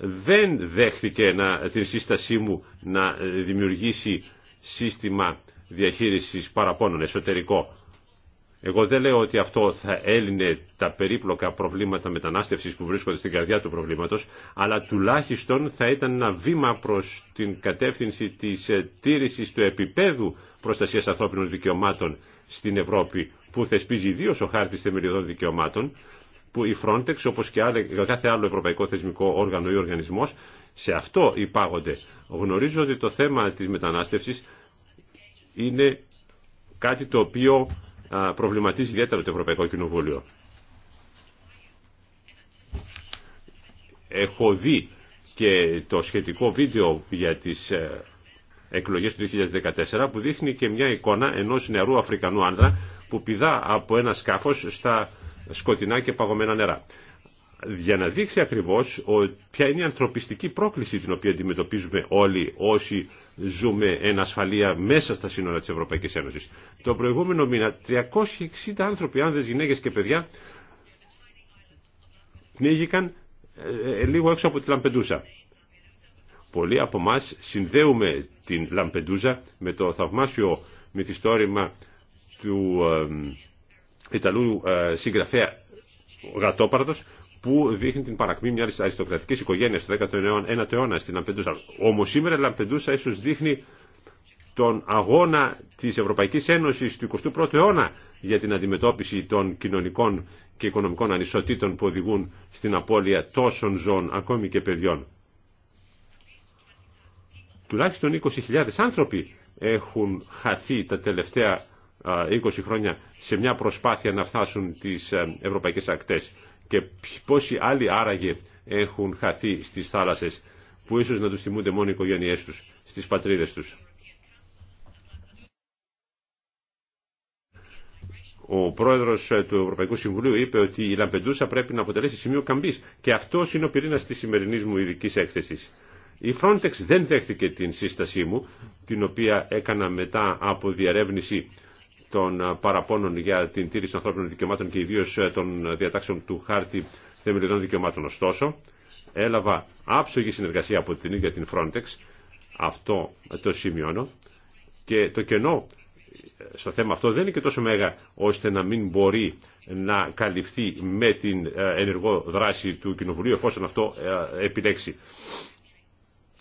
δεν δέχθηκε να, την σύστασή μου να ε, δημιουργήσει σύστημα διαχείρισης παραπώνων εσωτερικό. Εγώ δεν λέω ότι αυτό θα έλυνε τα περίπλοκα προβλήματα μετανάστευσης που βρίσκονται στην καρδιά του προβλήματος, αλλά τουλάχιστον θα ήταν ένα βήμα προς την κατεύθυνση της ε, τήρησης του επίπεδου προστασίας ανθρώπινων δικαιωμάτων στην Ευρώπη που θεσπίζει ιδίω ο χάρτης θεμελιωδών δικαιωμάτων που η Frontex όπως και κάθε άλλο ευρωπαϊκό θεσμικό όργανο ή οργανισμός σε αυτό υπάγονται. Γνωρίζω ότι το θέμα της μετανάστευσης είναι κάτι το οποίο προβληματίζει ιδιαίτερα το Ευρωπαϊκό Κοινοβούλιο. Έχω δει και το σχετικό βίντεο για τις ε, εκλογές του 2014 που δείχνει και μια εικόνα ενός νεαρού Αφρικανού άντρα που πηδά από ένα σκάφος στα σκοτεινά και παγωμένα νερά. Για να δείξει ακριβώς ποια είναι η ανθρωπιστική πρόκληση την οποία αντιμετωπίζουμε όλοι όσοι ζούμε εν ασφαλεία μέσα στα σύνορα της Ευρωπαϊκής Ένωσης. Το προηγούμενο μήνα 360 άνθρωποι, άνδρες, γυναίκες και παιδιά πνίγηκαν ε, ε, λίγο έξω από τη Λαμπεντούσα. Πολλοί από εμά συνδέουμε την Λαμπεντούσα με το θαυμάσιο μυθιστόρημα του ε, Ιταλού ε, συγγραφέα γατόπαρδο, που δείχνει την παρακμή μια αριστοκρατική οικογένεια του 19ου αιώνα στην Λαμπεντούσα. Όμω σήμερα η Λαμπεντούσα ίσω δείχνει τον αγώνα τη Ευρωπαϊκή Ένωση του 21ου αιώνα για την αντιμετώπιση των κοινωνικών και οικονομικών ανισοτήτων που οδηγούν στην απώλεια τόσων ζώων, ακόμη και παιδιών. Τουλάχιστον 20.000 άνθρωποι έχουν χαθεί τα τελευταία 20 ε, χρόνια σε μια προσπάθεια να φτάσουν τις ε, ευρωπαϊκές ακτές και πόσοι άλλοι άραγε έχουν χαθεί στις θάλασσες που ίσως να τους θυμούνται μόνο οι οικογένειές τους στις πατρίδες τους. Ο πρόεδρος ε, του Ευρωπαϊκού Συμβουλίου είπε ότι η Λαμπεντούσα πρέπει να αποτελέσει σημείο καμπής και αυτό είναι ο πυρήνας της σημερινής μου ειδική έκθεσης. Η Frontex δεν δέχτηκε την σύστασή μου, την οποία έκανα μετά από διαρεύνηση των ε, παραπώνων για την τήρηση των ανθρώπινων δικαιωμάτων και ιδίω ε, των διατάξεων του χάρτη θεμελιωδών δικαιωμάτων. Ωστόσο, έλαβα άψογη συνεργασία από την ίδια την Frontex, αυτό το σημειώνω, και το κενό ε, στο θέμα αυτό δεν είναι και τόσο μέγα ώστε να μην μπορεί να καλυφθεί με την ενεργό δράση του Κοινοβουλίου εφόσον αυτό επιλέξει.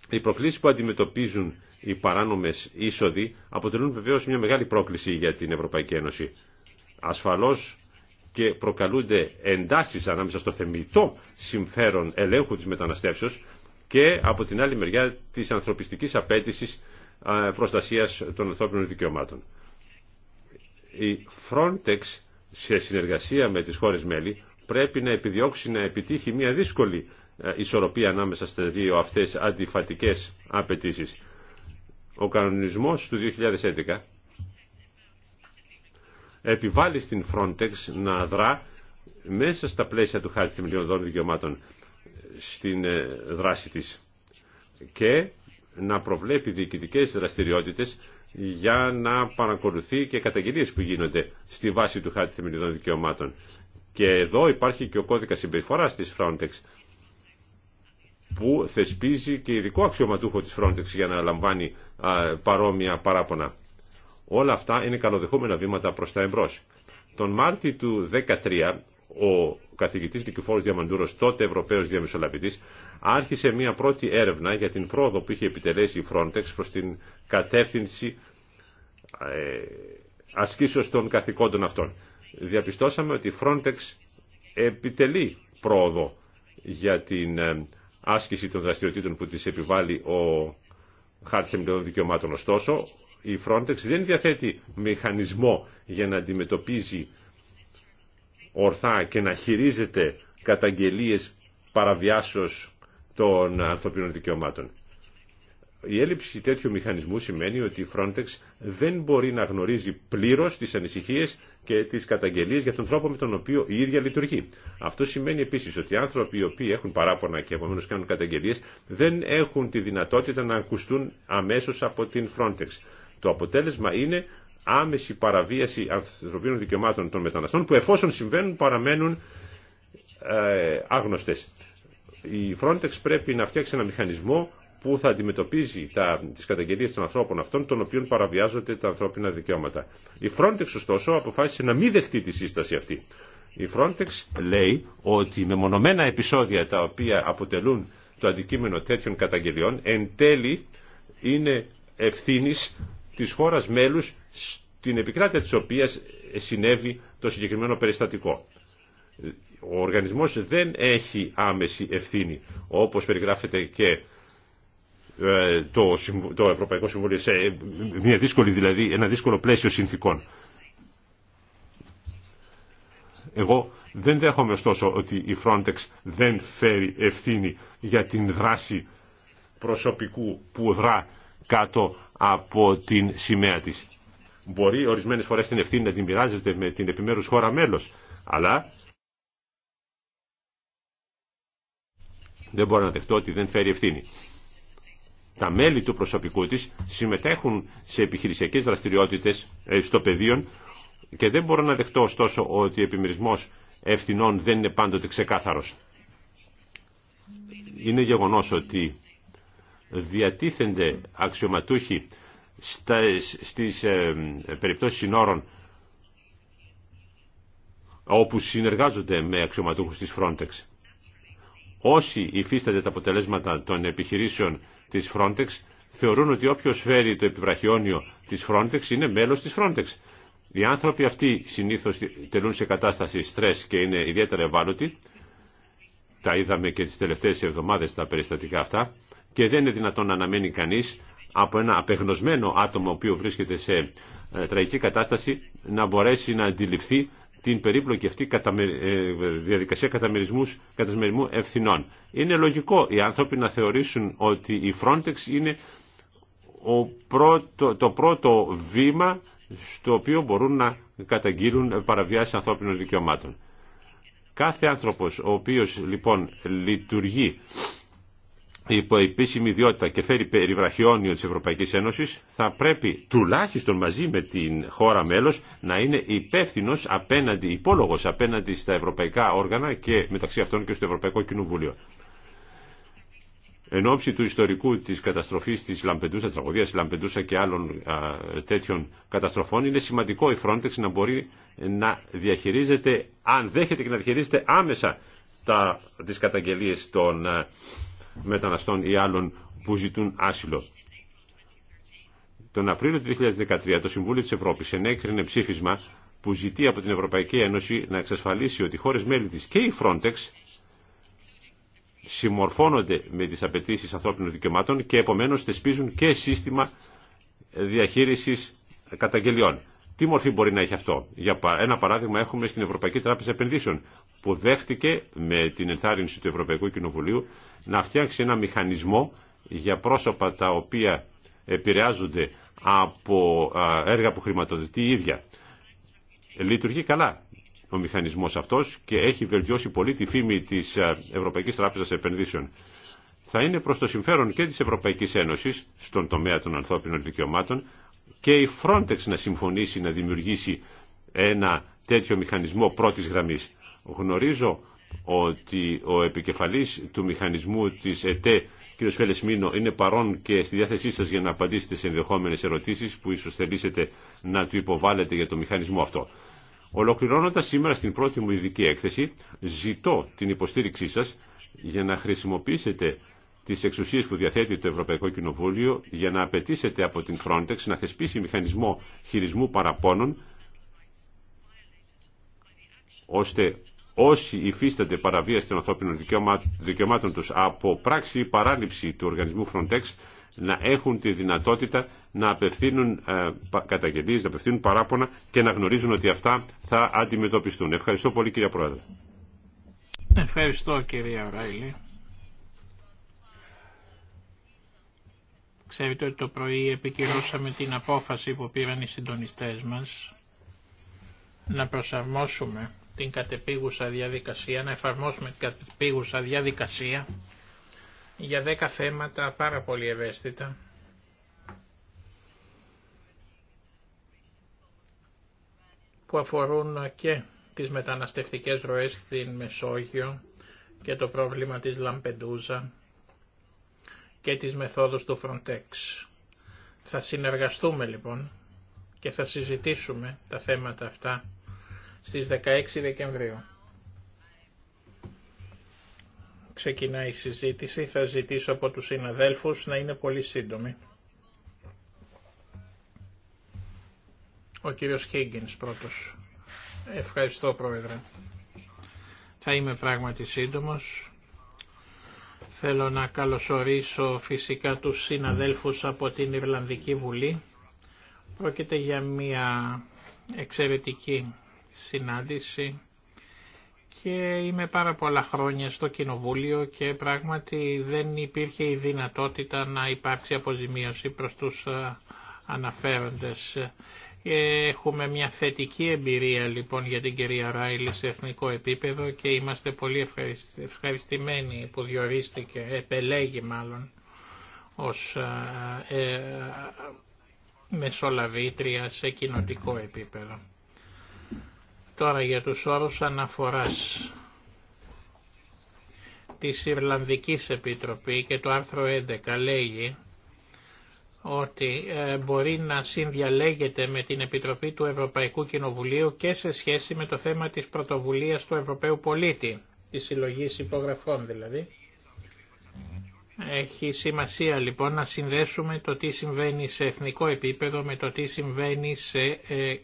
Οι προκλήσεις που αντιμετωπίζουν οι παράνομες είσοδοι αποτελούν βεβαίω μια μεγάλη πρόκληση για την Ευρωπαϊκή Ένωση. Ασφαλώς και προκαλούνται εντάσει ανάμεσα στο θεμητό συμφέρον ελέγχου της μεταναστεύσεως και από την άλλη μεριά της ανθρωπιστική απέτηση προστασίας των ανθρώπινων δικαιωμάτων. Η Frontex σε συνεργασία με τις χώρες μέλη πρέπει να επιδιώξει να επιτύχει μια δύσκολη ισορροπία ανάμεσα στα δύο αυτές αντιφατικές απαιτήσεις. Ο κανονισμός του 2011 επιβάλλει στην Frontex να δρά μέσα στα πλαίσια του χάρτη θεμελιωδών δικαιωμάτων στην ε, δράση της και να προβλέπει διοικητικές δραστηριότητες για να παρακολουθεί και καταγγελίες που γίνονται στη βάση του χάρτη θεμελιωδών δικαιωμάτων. Και εδώ υπάρχει και ο κώδικας συμπεριφοράς της Frontex που θεσπίζει και ειδικό αξιωματούχο της Frontex για να λαμβάνει παρόμοια παράπονα. Όλα αυτά είναι καλοδεχόμενα βήματα προς τα εμπρός. Τον Μάρτιο του 2013 ο καθηγητής Νικηφόρος Διαμαντούρος, τότε Ευρωπαίος Διαμεσολαβητής, άρχισε μια πρώτη έρευνα για την πρόοδο που είχε επιτελέσει η Frontex προς την κατεύθυνση ε, ασκήσεως των καθηκόντων αυτών. Διαπιστώσαμε ότι η Frontex επιτελεί πρόοδο για την ε, άσκηση των δραστηριοτήτων που τις επιβάλλει ο χάρτη θεμελιωδών δικαιωμάτων. Ωστόσο, η Frontex δεν διαθέτει μηχανισμό για να αντιμετωπίζει ορθά και να χειρίζεται καταγγελίες παραβιάσεως των ανθρωπίνων δικαιωμάτων. Η έλλειψη τέτοιου μηχανισμού σημαίνει ότι η Frontex δεν μπορεί να γνωρίζει πλήρως τις ανησυχίες και τις καταγγελίες για τον τρόπο με τον οποίο η ίδια λειτουργεί. Αυτό σημαίνει επίσης ότι οι άνθρωποι οι οποίοι έχουν παράπονα και επομένω κάνουν καταγγελίες δεν έχουν τη δυνατότητα να ακουστούν αμέσως από την Frontex. Το αποτέλεσμα είναι άμεση παραβίαση ανθρωπίνων δικαιωμάτων των μεταναστών που εφόσον συμβαίνουν παραμένουν ε, άγνωστες. Η Frontex πρέπει να φτιάξει ένα μηχανισμό που θα αντιμετωπίζει τα, τις καταγγελίες των ανθρώπων αυτών των οποίων παραβιάζονται τα ανθρώπινα δικαιώματα. Η Frontex ωστόσο αποφάσισε να μην δεχτεί τη σύσταση αυτή. Η Frontex λέει ότι με μονομένα επεισόδια τα οποία αποτελούν το αντικείμενο τέτοιων καταγγελιών εν τέλει είναι ευθύνη της χώρας μέλους στην επικράτεια της οποίας συνέβη το συγκεκριμένο περιστατικό. Ο οργανισμός δεν έχει άμεση ευθύνη όπως περιγράφεται και ε, το, το Ευρωπαϊκό Συμβούλιο σε ε, μια δύσκολη δηλαδή, ένα δύσκολο πλαίσιο συνθήκων. Εγώ δεν δέχομαι ωστόσο ότι η Frontex δεν φέρει ευθύνη για την δράση προσωπικού που δρά κάτω από την σημαία της. Μπορεί ορισμένες φορές την ευθύνη να την μοιράζεται με την επιμέρους χώρα μέλος, αλλά δεν μπορώ να δεχτώ ότι δεν φέρει ευθύνη τα μέλη του προσωπικού της συμμετέχουν σε επιχειρησιακές δραστηριότητες ε, στο πεδίο και δεν μπορώ να δεχτώ ωστόσο ότι ο επιμερισμός ευθυνών δεν είναι πάντοτε ξεκάθαρος. Είναι γεγονός ότι διατίθενται αξιωματούχοι στις ε, περιπτώσεις συνόρων όπου συνεργάζονται με αξιωματούχους της Frontex. Όσοι υφίστανται τα αποτελέσματα των επιχειρήσεων της Frontex θεωρούν ότι όποιος φέρει το επιβραχιόνιο της Frontex είναι μέλος της Frontex. Οι άνθρωποι αυτοί συνήθως τελούν σε κατάσταση στρες και είναι ιδιαίτερα ευάλωτοι. Τα είδαμε και τις τελευταίες εβδομάδες τα περιστατικά αυτά και δεν είναι δυνατόν να αναμένει κανείς από ένα απεγνωσμένο άτομο ο οποίο βρίσκεται σε ε, τραγική κατάσταση να μπορέσει να αντιληφθεί την περίπλοκη αυτή ε, διαδικασία καταμερισμού ευθυνών. Είναι λογικό οι άνθρωποι να θεωρήσουν ότι η Frontex είναι ο πρώτο, το πρώτο βήμα στο οποίο μπορούν να καταγγείλουν παραβιάσεις ανθρώπινων δικαιωμάτων. Κάθε άνθρωπος ο οποίος λοιπόν λειτουργεί υπό επίσημη ιδιότητα και φέρει περιβραχιόνιο της Ευρωπαϊκής Ένωσης θα πρέπει τουλάχιστον μαζί με την χώρα μέλος να είναι υπεύθυνο απέναντι, υπόλογος απέναντι στα ευρωπαϊκά όργανα και μεταξύ αυτών και στο Ευρωπαϊκό Κοινοβούλιο. Εν όψη του ιστορικού της καταστροφής της Λαμπεντούσα, της τραγωδίας της Λαμπεντούσα και άλλων α, τέτοιων καταστροφών είναι σημαντικό η Frontex να μπορεί να διαχειρίζεται, αν δέχεται και να διαχειρίζεται άμεσα τα, καταγγελίε των μεταναστών ή άλλων που ζητούν άσυλο. Τον Απρίλιο του 2013 το Συμβούλιο της Ευρώπης ενέκρινε ψήφισμα που ζητεί από την Ευρωπαϊκή Ένωση να εξασφαλίσει ότι οι χώρες μέλη της και η Frontex συμμορφώνονται με τις απαιτήσεις ανθρώπινων δικαιωμάτων και επομένως θεσπίζουν και σύστημα διαχείρισης καταγγελιών. Τι μορφή μπορεί να έχει αυτό. Για ένα παράδειγμα έχουμε στην Ευρωπαϊκή Τράπεζα Επενδύσεων που δέχτηκε με την ενθάρρυνση του Ευρωπαϊκού Κοινοβουλίου να φτιάξει ένα μηχανισμό για πρόσωπα τα οποία επηρεάζονται από έργα που χρηματοδοτεί η ίδια. Λειτουργεί καλά ο μηχανισμός αυτός και έχει βελτιώσει πολύ τη φήμη της Ευρωπαϊκής Τράπεζας Επενδύσεων. Θα είναι προς το συμφέρον και της Ευρωπαϊκής Ένωσης στον τομέα των ανθρώπινων δικαιωμάτων και η Frontex να συμφωνήσει να δημιουργήσει ένα τέτοιο μηχανισμό πρώτης γραμμής. Γνωρίζω ότι ο επικεφαλής του μηχανισμού της ΕΤΕ, κ. Φέλες Μίνο, είναι παρόν και στη διάθεσή σας για να απαντήσετε σε ενδεχόμενες ερωτήσεις που ίσως θελήσετε να του υποβάλλετε για το μηχανισμό αυτό. Ολοκληρώνοντας σήμερα στην πρώτη μου ειδική έκθεση, ζητώ την υποστήριξή σας για να χρησιμοποιήσετε τις εξουσίες που διαθέτει το Ευρωπαϊκό Κοινοβούλιο για να απαιτήσετε από την Frontex να θεσπίσει μηχανισμό χειρισμού παραπώνων ώστε όσοι υφίστανται παραβίαση των ανθρώπινων δικαιωμάτων τους από πράξη ή παράληψη του οργανισμού Frontex να έχουν τη δυνατότητα να απευθύνουν ε, καταγγελίες, να απευθύνουν παράπονα και να γνωρίζουν ότι αυτά θα αντιμετωπιστούν. Ευχαριστώ πολύ κύριε Πρόεδρε. Ευχαριστώ κυρία Ράιλι. Ξέρετε ότι το πρωί επικυρώσαμε την απόφαση που πήραν οι συντονιστές μας να προσαρμόσουμε την κατεπίγουσα διαδικασία, να εφαρμόσουμε την κατεπίγουσα διαδικασία για δέκα θέματα πάρα πολύ ευαίσθητα. που αφορούν και τις μεταναστευτικές ροές στην Μεσόγειο και το πρόβλημα της Λαμπεντούζα και τις μεθόδους του Frontex. Θα συνεργαστούμε λοιπόν και θα συζητήσουμε τα θέματα αυτά στις 16 Δεκεμβρίου. Ξεκινάει η συζήτηση, θα ζητήσω από τους συναδέλφους να είναι πολύ σύντομοι. Ο κύριος Χίγγινς, πρώτος. Ευχαριστώ Πρόεδρε. Θα είμαι πράγματι σύντομος. Θέλω να καλωσορίσω φυσικά τους συναδέλφους από την Ιρλανδική Βουλή. Πρόκειται για μια εξαιρετική συνάντηση και είμαι πάρα πολλά χρόνια στο Κοινοβούλιο και πράγματι δεν υπήρχε η δυνατότητα να υπάρξει αποζημίωση προς τους ε, αναφέροντες. Ε, έχουμε μια θετική εμπειρία λοιπόν για την κυρία Ράιλι σε εθνικό επίπεδο και είμαστε πολύ ευχαριστημένοι που διορίστηκε, επελέγει μάλλον, ως ε, ε, μεσολαβήτρια σε κοινοτικό επίπεδο. Τώρα για τους όρους αναφοράς της Ιρλανδικής Επιτροπή και το άρθρο 11 λέγει ότι ε, μπορεί να συνδιαλέγεται με την Επιτροπή του Ευρωπαϊκού Κοινοβουλίου και σε σχέση με το θέμα της πρωτοβουλίας του Ευρωπαίου Πολίτη, της συλλογής υπογραφών δηλαδή. Έχει σημασία λοιπόν να συνδέσουμε το τι συμβαίνει σε εθνικό επίπεδο με το τι συμβαίνει σε ε, ε,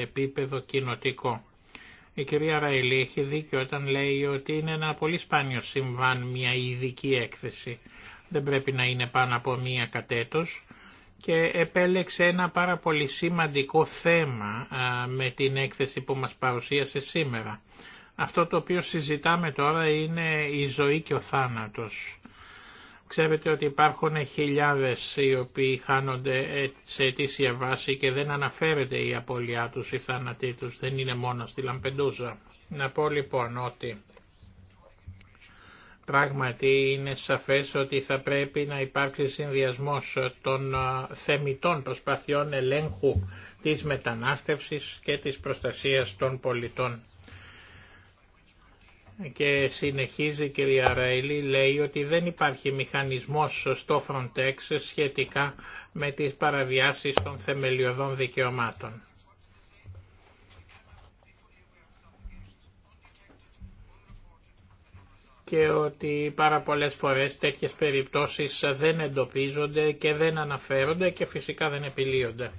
επίπεδο κοινοτικό. Η κυρία Ραϊλή έχει δίκιο όταν λέει ότι είναι ένα πολύ σπάνιο συμβάν μια ειδική έκθεση. Δεν πρέπει να είναι πάνω από μία κατέτος και επέλεξε ένα πάρα πολύ σημαντικό θέμα με την έκθεση που μας παρουσίασε σήμερα. Αυτό το οποίο συζητάμε τώρα είναι η ζωή και ο θάνατος. Ξέρετε ότι υπάρχουν χιλιάδες οι οποίοι χάνονται σε αιτήσια βάση και δεν αναφέρεται η απώλειά τους, η θάνατή τους, δεν είναι μόνο στη Λαμπεντούζα. Να πω λοιπόν ότι πράγματι είναι σαφές ότι θα πρέπει να υπάρξει συνδυασμός των ε, θεμητών προσπαθειών ελέγχου της μετανάστευσης και της προστασίας των πολιτών και συνεχίζει η κυρία Ρέιλι λέει ότι δεν υπάρχει μηχανισμός στο Frontex σχετικά με τις παραβιάσεις των θεμελιωδών δικαιωμάτων. και ότι πάρα πολλές φορές τέτοιες περιπτώσεις δεν εντοπίζονται και δεν αναφέρονται και φυσικά δεν επιλύονται.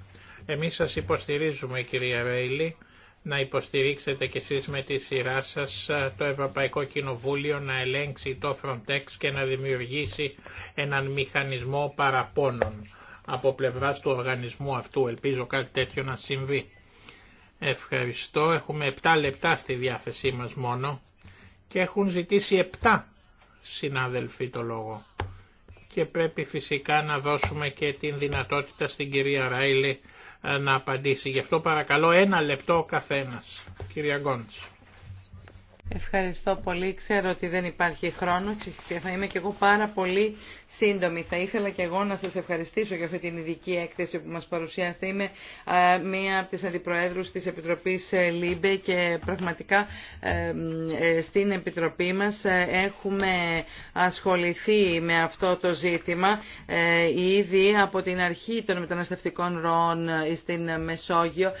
Εμείς σας υποστηρίζουμε κυρία Ρέιλι να υποστηρίξετε κι εσείς με τη σειρά σας ε, το Ευρωπαϊκό Κοινοβούλιο να ελέγξει το Frontex και να δημιουργήσει έναν μηχανισμό παραπώνων από πλευράς του οργανισμού αυτού. Ελπίζω κάτι τέτοιο να συμβεί. Ευχαριστώ. Έχουμε 7 λεπτά στη διάθεσή μας μόνο και έχουν ζητήσει 7 συνάδελφοι το λόγο. Και πρέπει φυσικά να δώσουμε και την δυνατότητα στην κυρία Ράιλι ε, να απαντήσει. Γι' αυτό παρακαλώ ένα λεπτό ο καθένας. Κυρία Γκόντς. Ευχαριστώ πολύ. Ξέρω ότι δεν υπάρχει χρόνο και θα είμαι και εγώ πάρα πολύ σύντομη. Θα ήθελα και εγώ να σας ευχαριστήσω για αυτή την ειδική έκθεση που μας παρουσιάσετε. Είμαι ε, μία από τις αντιπροέδρους της Επιτροπής ε, ΛΥΜΠΕ και πραγματικά ε, στην Επιτροπή μας έχουμε ασχοληθεί με αυτό το ζήτημα ήδη από την αρχή των μεταναστευτικών ροών στην Μεσόγειο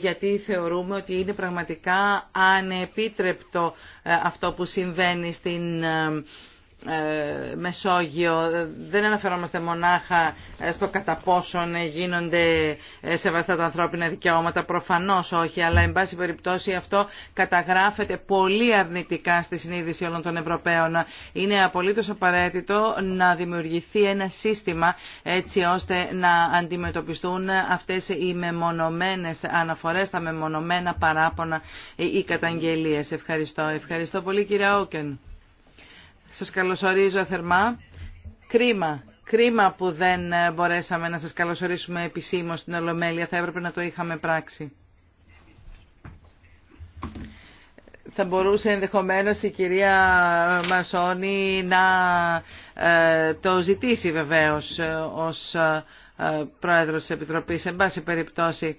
γιατί θεωρούμε ότι είναι πραγματικά ανεπίτρεπτο αυτό που συμβαίνει στην ε, Μεσόγειο. Δεν αναφερόμαστε μονάχα ε, στο κατά πόσον γίνονται ε, σεβαστά τα ανθρώπινα δικαιώματα. Προφανώς όχι, αλλά εν πάση περιπτώσει αυτό καταγράφεται πολύ αρνητικά στη συνείδηση όλων των Ευρωπαίων. Είναι απολύτως απαραίτητο να δημιουργηθεί ένα σύστημα έτσι ώστε να αντιμετωπιστούν αυτές οι μεμονωμένες αναφορές, τα μεμονωμένα παράπονα ή καταγγελίες. Ευχαριστώ. Ευχαριστώ πολύ κύριε Όκεν. Σας καλωσορίζω θερμά. Κρίμα, κρίμα που δεν ε, μπορέσαμε να σας καλωσορίσουμε επισήμως στην Ολομέλεια. Θα έπρεπε να το είχαμε πράξει. θα μπορούσε ενδεχομένως η κυρία Μασόνη να ε, το ζητήσει βεβαίως ε, ως πρόεδρος της Επιτροπής. Εν περιπτώσει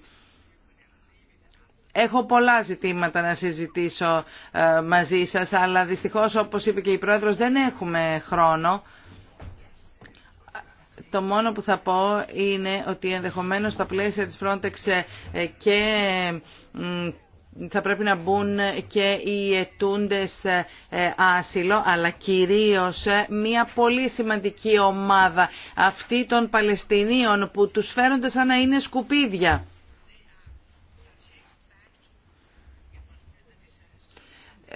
Έχω πολλά ζητήματα να συζητήσω ε, μαζί σας, αλλά δυστυχώς όπως είπε και η Πρόεδρος δεν έχουμε χρόνο. Το μόνο που θα πω είναι ότι ενδεχομένως τα πλαίσια της Frontex ε, και θα πρέπει να μπουν και οι ετούντες ε, άσυλο, αλλά κυρίως μια πολύ σημαντική ομάδα αυτή των Παλαιστινίων που τους φέρονται σαν να είναι σκουπίδια.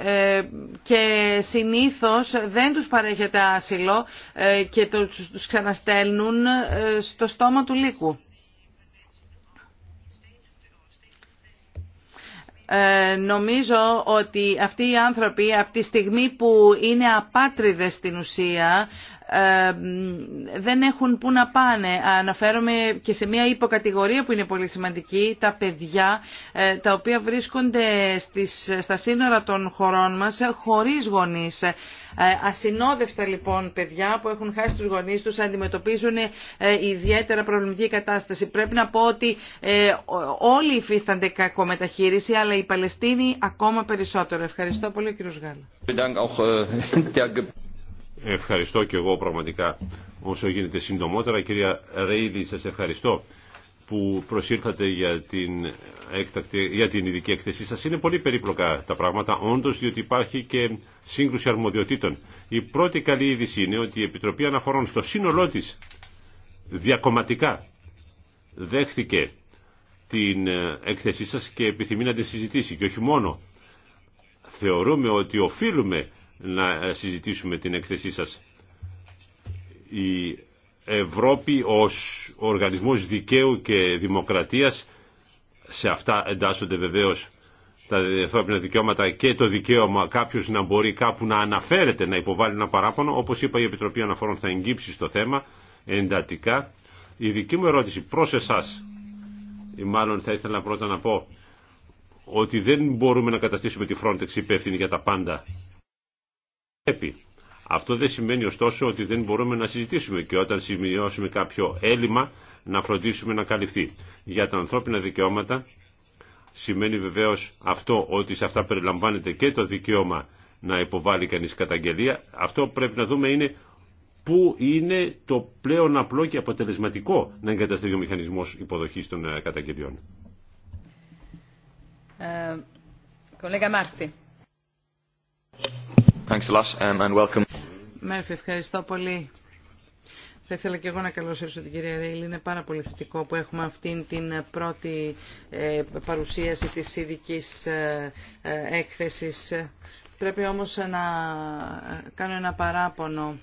Ε, και συνήθως δεν τους παρέχεται άσυλο ε, και τους ξαναστέλνουν ε, στο στόμα του λύκου. Νομίζω ότι αυτοί οι άνθρωποι από τη στιγμή που είναι απάτριδες στην ουσία δεν έχουν που να πάνε. Αναφέρομαι και σε μια υποκατηγορία που είναι πολύ σημαντική, τα παιδιά ε, τα οποία βρίσκονται στις, στα σύνορα των χωρών μας ε, χωρίς γονείς. Ε, ασυνόδευτα λοιπόν παιδιά που έχουν χάσει τους γονείς τους αντιμετωπίζουν ιδιαίτερα προβληματική κατάσταση. Πρέπει να πω ότι όλοι υφίστανται κακομεταχείριση αλλά οι Παλαιστίνοι ακόμα περισσότερο. Ευχαριστώ πολύ κύριο Γάλλο. Ευχαριστώ και εγώ πραγματικά όσο γίνεται συντομότερα. Κυρία Ρέιλι, σας ευχαριστώ που προσήλθατε για την, για την ειδική έκθεσή σας. Είναι πολύ περίπλοκα τα πράγματα, όντως διότι υπάρχει και σύγκρουση αρμοδιοτήτων. Η πρώτη καλή είδηση είναι ότι η Επιτροπή Αναφορών στο σύνολό της διακομματικά δέχθηκε την έκθεσή σας και επιθυμεί να τη συζητήσει. Και όχι μόνο. Θεωρούμε ότι οφείλουμε να ε, συζητήσουμε την έκθεσή σας. Η Ευρώπη ως οργανισμός δικαίου και δημοκρατίας, σε αυτά εντάσσονται βεβαίως τα ανθρώπινα δικαιώματα και το δικαίωμα κάποιος να μπορεί κάπου να αναφέρεται, να υποβάλει ένα παράπονο. Όπως είπα η Επιτροπή Αναφορών θα εγγύψει στο θέμα εντατικά. Η δική μου ερώτηση προς εσάς, ή μάλλον θα ήθελα πρώτα να πω, ότι δεν μπορούμε να καταστήσουμε τη Frontex υπεύθυνη για τα πάντα πρέπει. Αυτό δεν σημαίνει ωστόσο ότι δεν μπορούμε να συζητήσουμε και όταν σημειώσουμε κάποιο έλλειμμα να φροντίσουμε να καλυφθεί. Για τα ανθρώπινα δικαιώματα σημαίνει βεβαίως αυτό ότι σε αυτά περιλαμβάνεται και το δικαίωμα να υποβάλει κανείς καταγγελία. Αυτό που πρέπει να δούμε είναι πού είναι το πλέον απλό και αποτελεσματικό να εγκαταστεί ο μηχανισμός υποδοχής των ε, καταγγελιών. Ε, Um, Μέρφυ, ευχαριστώ πολύ. Θα ήθελα και εγώ να καλωσορίσω την κυρία Ρέιλ. Είναι πάρα πολύ θετικό που έχουμε αυτήν την πρώτη ε, παρουσίαση της ειδική ε, ε, έκθεσης. Πρέπει όμως να κάνω ένα παράπονο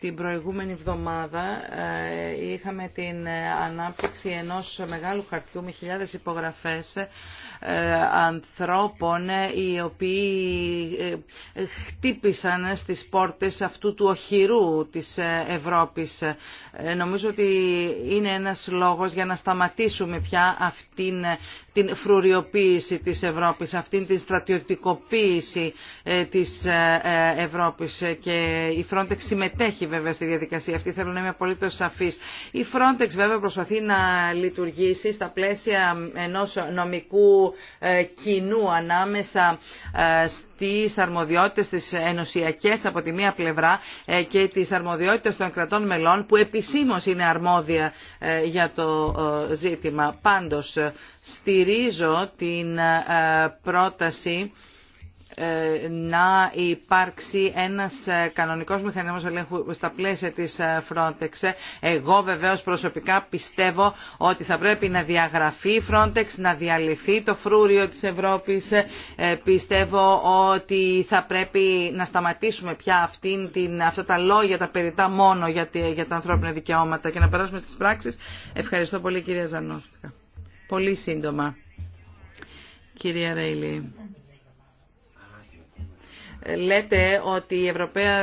την προηγούμενη εβδομάδα ε, είχαμε την ε, ανάπτυξη ενός μεγάλου χαρτιού με χιλιάδες υπογραφές ε, ανθρώπων οι οποίοι χτύπησαν στις πόρτες αυτού του οχυρού της Ευρώπης. Νομίζω ότι είναι ένας λόγος για να σταματήσουμε πια αυτήν την φρουριοποίηση της Ευρώπης, αυτήν την στρατιωτικοποίηση ε, της ε, ε, Ευρώπης και η Frontex συμμετέχει βέβαια στη διαδικασία αυτή, θέλω να είμαι απολύτως σαφής. Η Frontex βέβαια προσπαθεί να λειτουργήσει στα πλαίσια ενός νομικού κοινού ανάμεσα τις αρμοδιότητες τι ενωσιακές από τη μία πλευρά ε, και τις αρμοδιότητες των κρατών μελών που επισήμω είναι αρμόδια ε, για το ε, ζήτημα. Πάντω στηρίζω την πρόταση ε, να υπάρξει ένας ε, κανονικός μηχανισμός ελέγχου στα πλαίσια της ε, Frontex. Εγώ βεβαίως προσωπικά πιστεύω ότι θα πρέπει να διαγραφεί η Frontex, να διαλυθεί το φρούριο της Ευρώπης. Πιστεύω ότι θα πρέπει να σταματήσουμε πια αυτήν, την, αυτά τα λόγια, τα περιτά μόνο για, για τα ανθρώπινα δικαιώματα και να περάσουμε στις πράξεις. Ευχαριστώ πολύ κυρία Ζανώστικα. Πολύ σύντομα. Κυρία Ρέιλι. Λέτε ότι η Ευρωπαία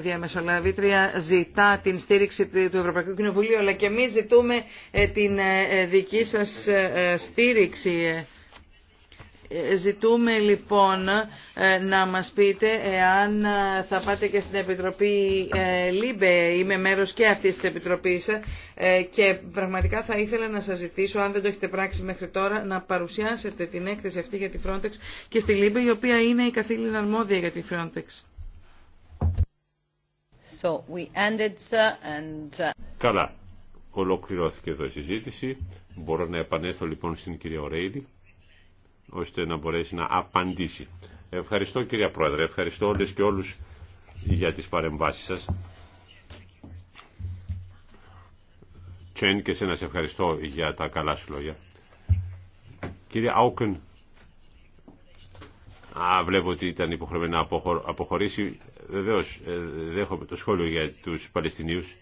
Διαμεσολαβήτρια ζητά την στήριξη του Ευρωπαϊκού Κοινοβουλίου, αλλά και εμείς ζητούμε ε, την ε, δική σας ε, στήριξη. Ζητούμε λοιπόν ε, να μας πείτε εάν ε, θα πάτε και στην Επιτροπή ε, ΛΥΜΠΕ, είμαι μέρος και αυτής της Επιτροπής και πραγματικά θα ήθελα να σας ζητήσω, αν δεν το έχετε πράξει μέχρι τώρα, να παρουσιάσετε την έκθεση αυτή για τη Frontex και στη ΛΥΜΠΕ, η οποία είναι η καθήλυνα αρμόδια για τη Frontex. Uh, Καλά. Ολοκληρώθηκε εδώ η συζήτηση. Μπορώ να επανέλθω λοιπόν στην κυρία Ορέιλη ώστε να μπορέσει να απαντήσει. Ευχαριστώ κυρία Πρόεδρε, ευχαριστώ όλες και όλους για τις παρεμβάσεις σας. Τσέν και σε σε ευχαριστώ για τα καλά σου λόγια. Κύριε Άουκεν, α, βλέπω ότι ήταν υποχρεωμένο να αποχωρήσει. Βεβαίως ε, δέχομαι το σχόλιο για τους Παλαιστινίους.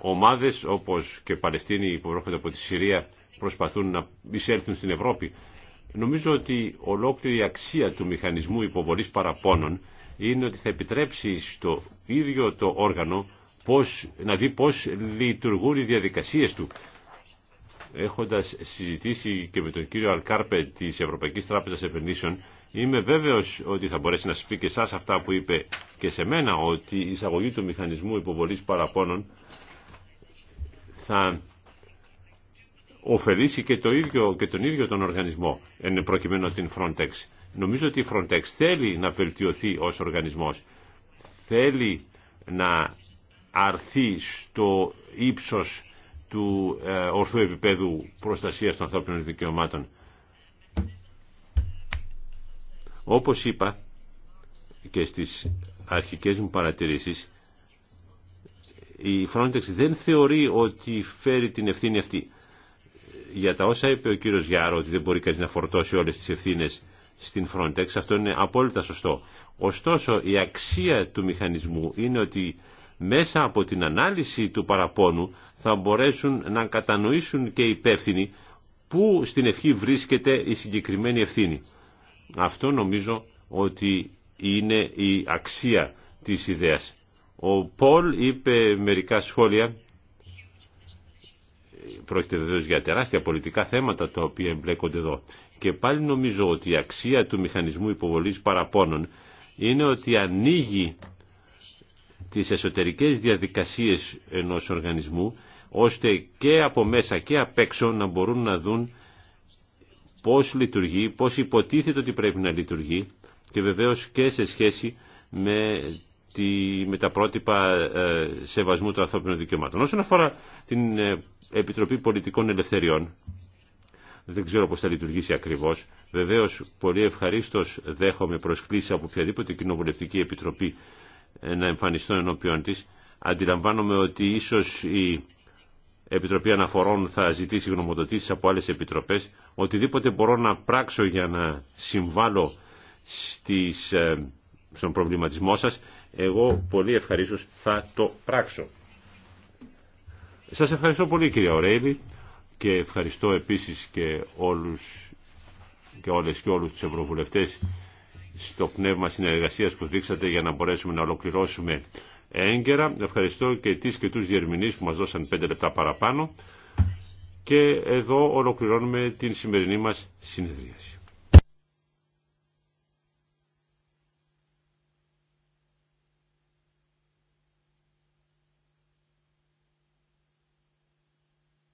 Ομάδες όπως και Παλαιστίνοι που προέρχονται από τη Συρία προσπαθούν να εισέλθουν στην Ευρώπη. Νομίζω ότι ολόκληρη η αξία του μηχανισμού υποβολής παραπώνων είναι ότι θα επιτρέψει στο ίδιο το όργανο πώς, να δει πώς λειτουργούν οι διαδικασίες του. Έχοντας συζητήσει και με τον κύριο Αλκάρπε της Ευρωπαϊκής Τράπεζας Επενδύσεων, είμαι βέβαιος ότι θα μπορέσει να σας πει και εσάς αυτά που είπε και σε μένα, ότι η εισαγωγή του μηχανισμού υποβολής παραπώνων θα ωφελήσει και, το ίδιο, και τον ίδιο τον οργανισμό, εν προκειμένου την Frontex. Νομίζω ότι η Frontex θέλει να βελτιωθεί ως οργανισμός. Θέλει να αρθεί στο ύψος του ε, ορθού επίπεδου προστασίας των ανθρώπινων δικαιωμάτων. Όπως είπα και στις αρχικές μου παρατηρήσεις, η Frontex δεν θεωρεί ότι φέρει την ευθύνη αυτή για τα όσα είπε ο κύριος Γιάρο ότι δεν μπορεί κανείς να φορτώσει όλες τις ευθύνες στην Frontex, αυτό είναι απόλυτα σωστό. Ωστόσο η αξία του μηχανισμού είναι ότι μέσα από την ανάλυση του παραπόνου θα μπορέσουν να κατανοήσουν και οι υπεύθυνοι πού στην ευχή βρίσκεται η συγκεκριμένη ευθύνη. Αυτό νομίζω ότι είναι η αξία της ιδέας. Ο Πολ είπε μερικά σχόλια πρόκειται βεβαίω για τεράστια πολιτικά θέματα τα οποία εμπλέκονται εδώ. Και πάλι νομίζω ότι η αξία του μηχανισμού υποβολής παραπώνων είναι ότι ανοίγει τις εσωτερικές διαδικασίες ενός οργανισμού ώστε και από μέσα και απ' έξω να μπορούν να δουν πώ λειτουργεί, πώς υποτίθεται ότι πρέπει να λειτουργεί και βεβαίω και σε σχέση με με τα πρότυπα ε, σεβασμού των ανθρώπινων δικαιωμάτων. Όσον αφορά την ε, Επιτροπή Πολιτικών Ελευθεριών, δεν ξέρω πώς θα λειτουργήσει ακριβώς. Βεβαίως, πολύ ευχαρίστως δέχομαι προσκλήσεις από οποιαδήποτε κοινοβουλευτική επιτροπή ε, να εμφανιστώ ενώπιον της. Αντιλαμβάνομαι ότι ίσως η Επιτροπή Αναφορών θα ζητήσει γνωμοδοτήσεις από άλλες επιτροπές. Οτιδήποτε μπορώ να πράξω για να συμβάλλω στις, στον προβληματισμό σας εγώ πολύ ευχαρίστω θα το πράξω. Σας ευχαριστώ πολύ κυρία Ωρέλη και ευχαριστώ επίσης και όλους και όλες και όλους τους ευρωβουλευτές στο πνεύμα συνεργασίας που δείξατε για να μπορέσουμε να ολοκληρώσουμε έγκαιρα. Ευχαριστώ και τις και τους διερμηνείς που μας δώσαν πέντε λεπτά παραπάνω και εδώ ολοκληρώνουμε την σημερινή μας συνεδρίαση.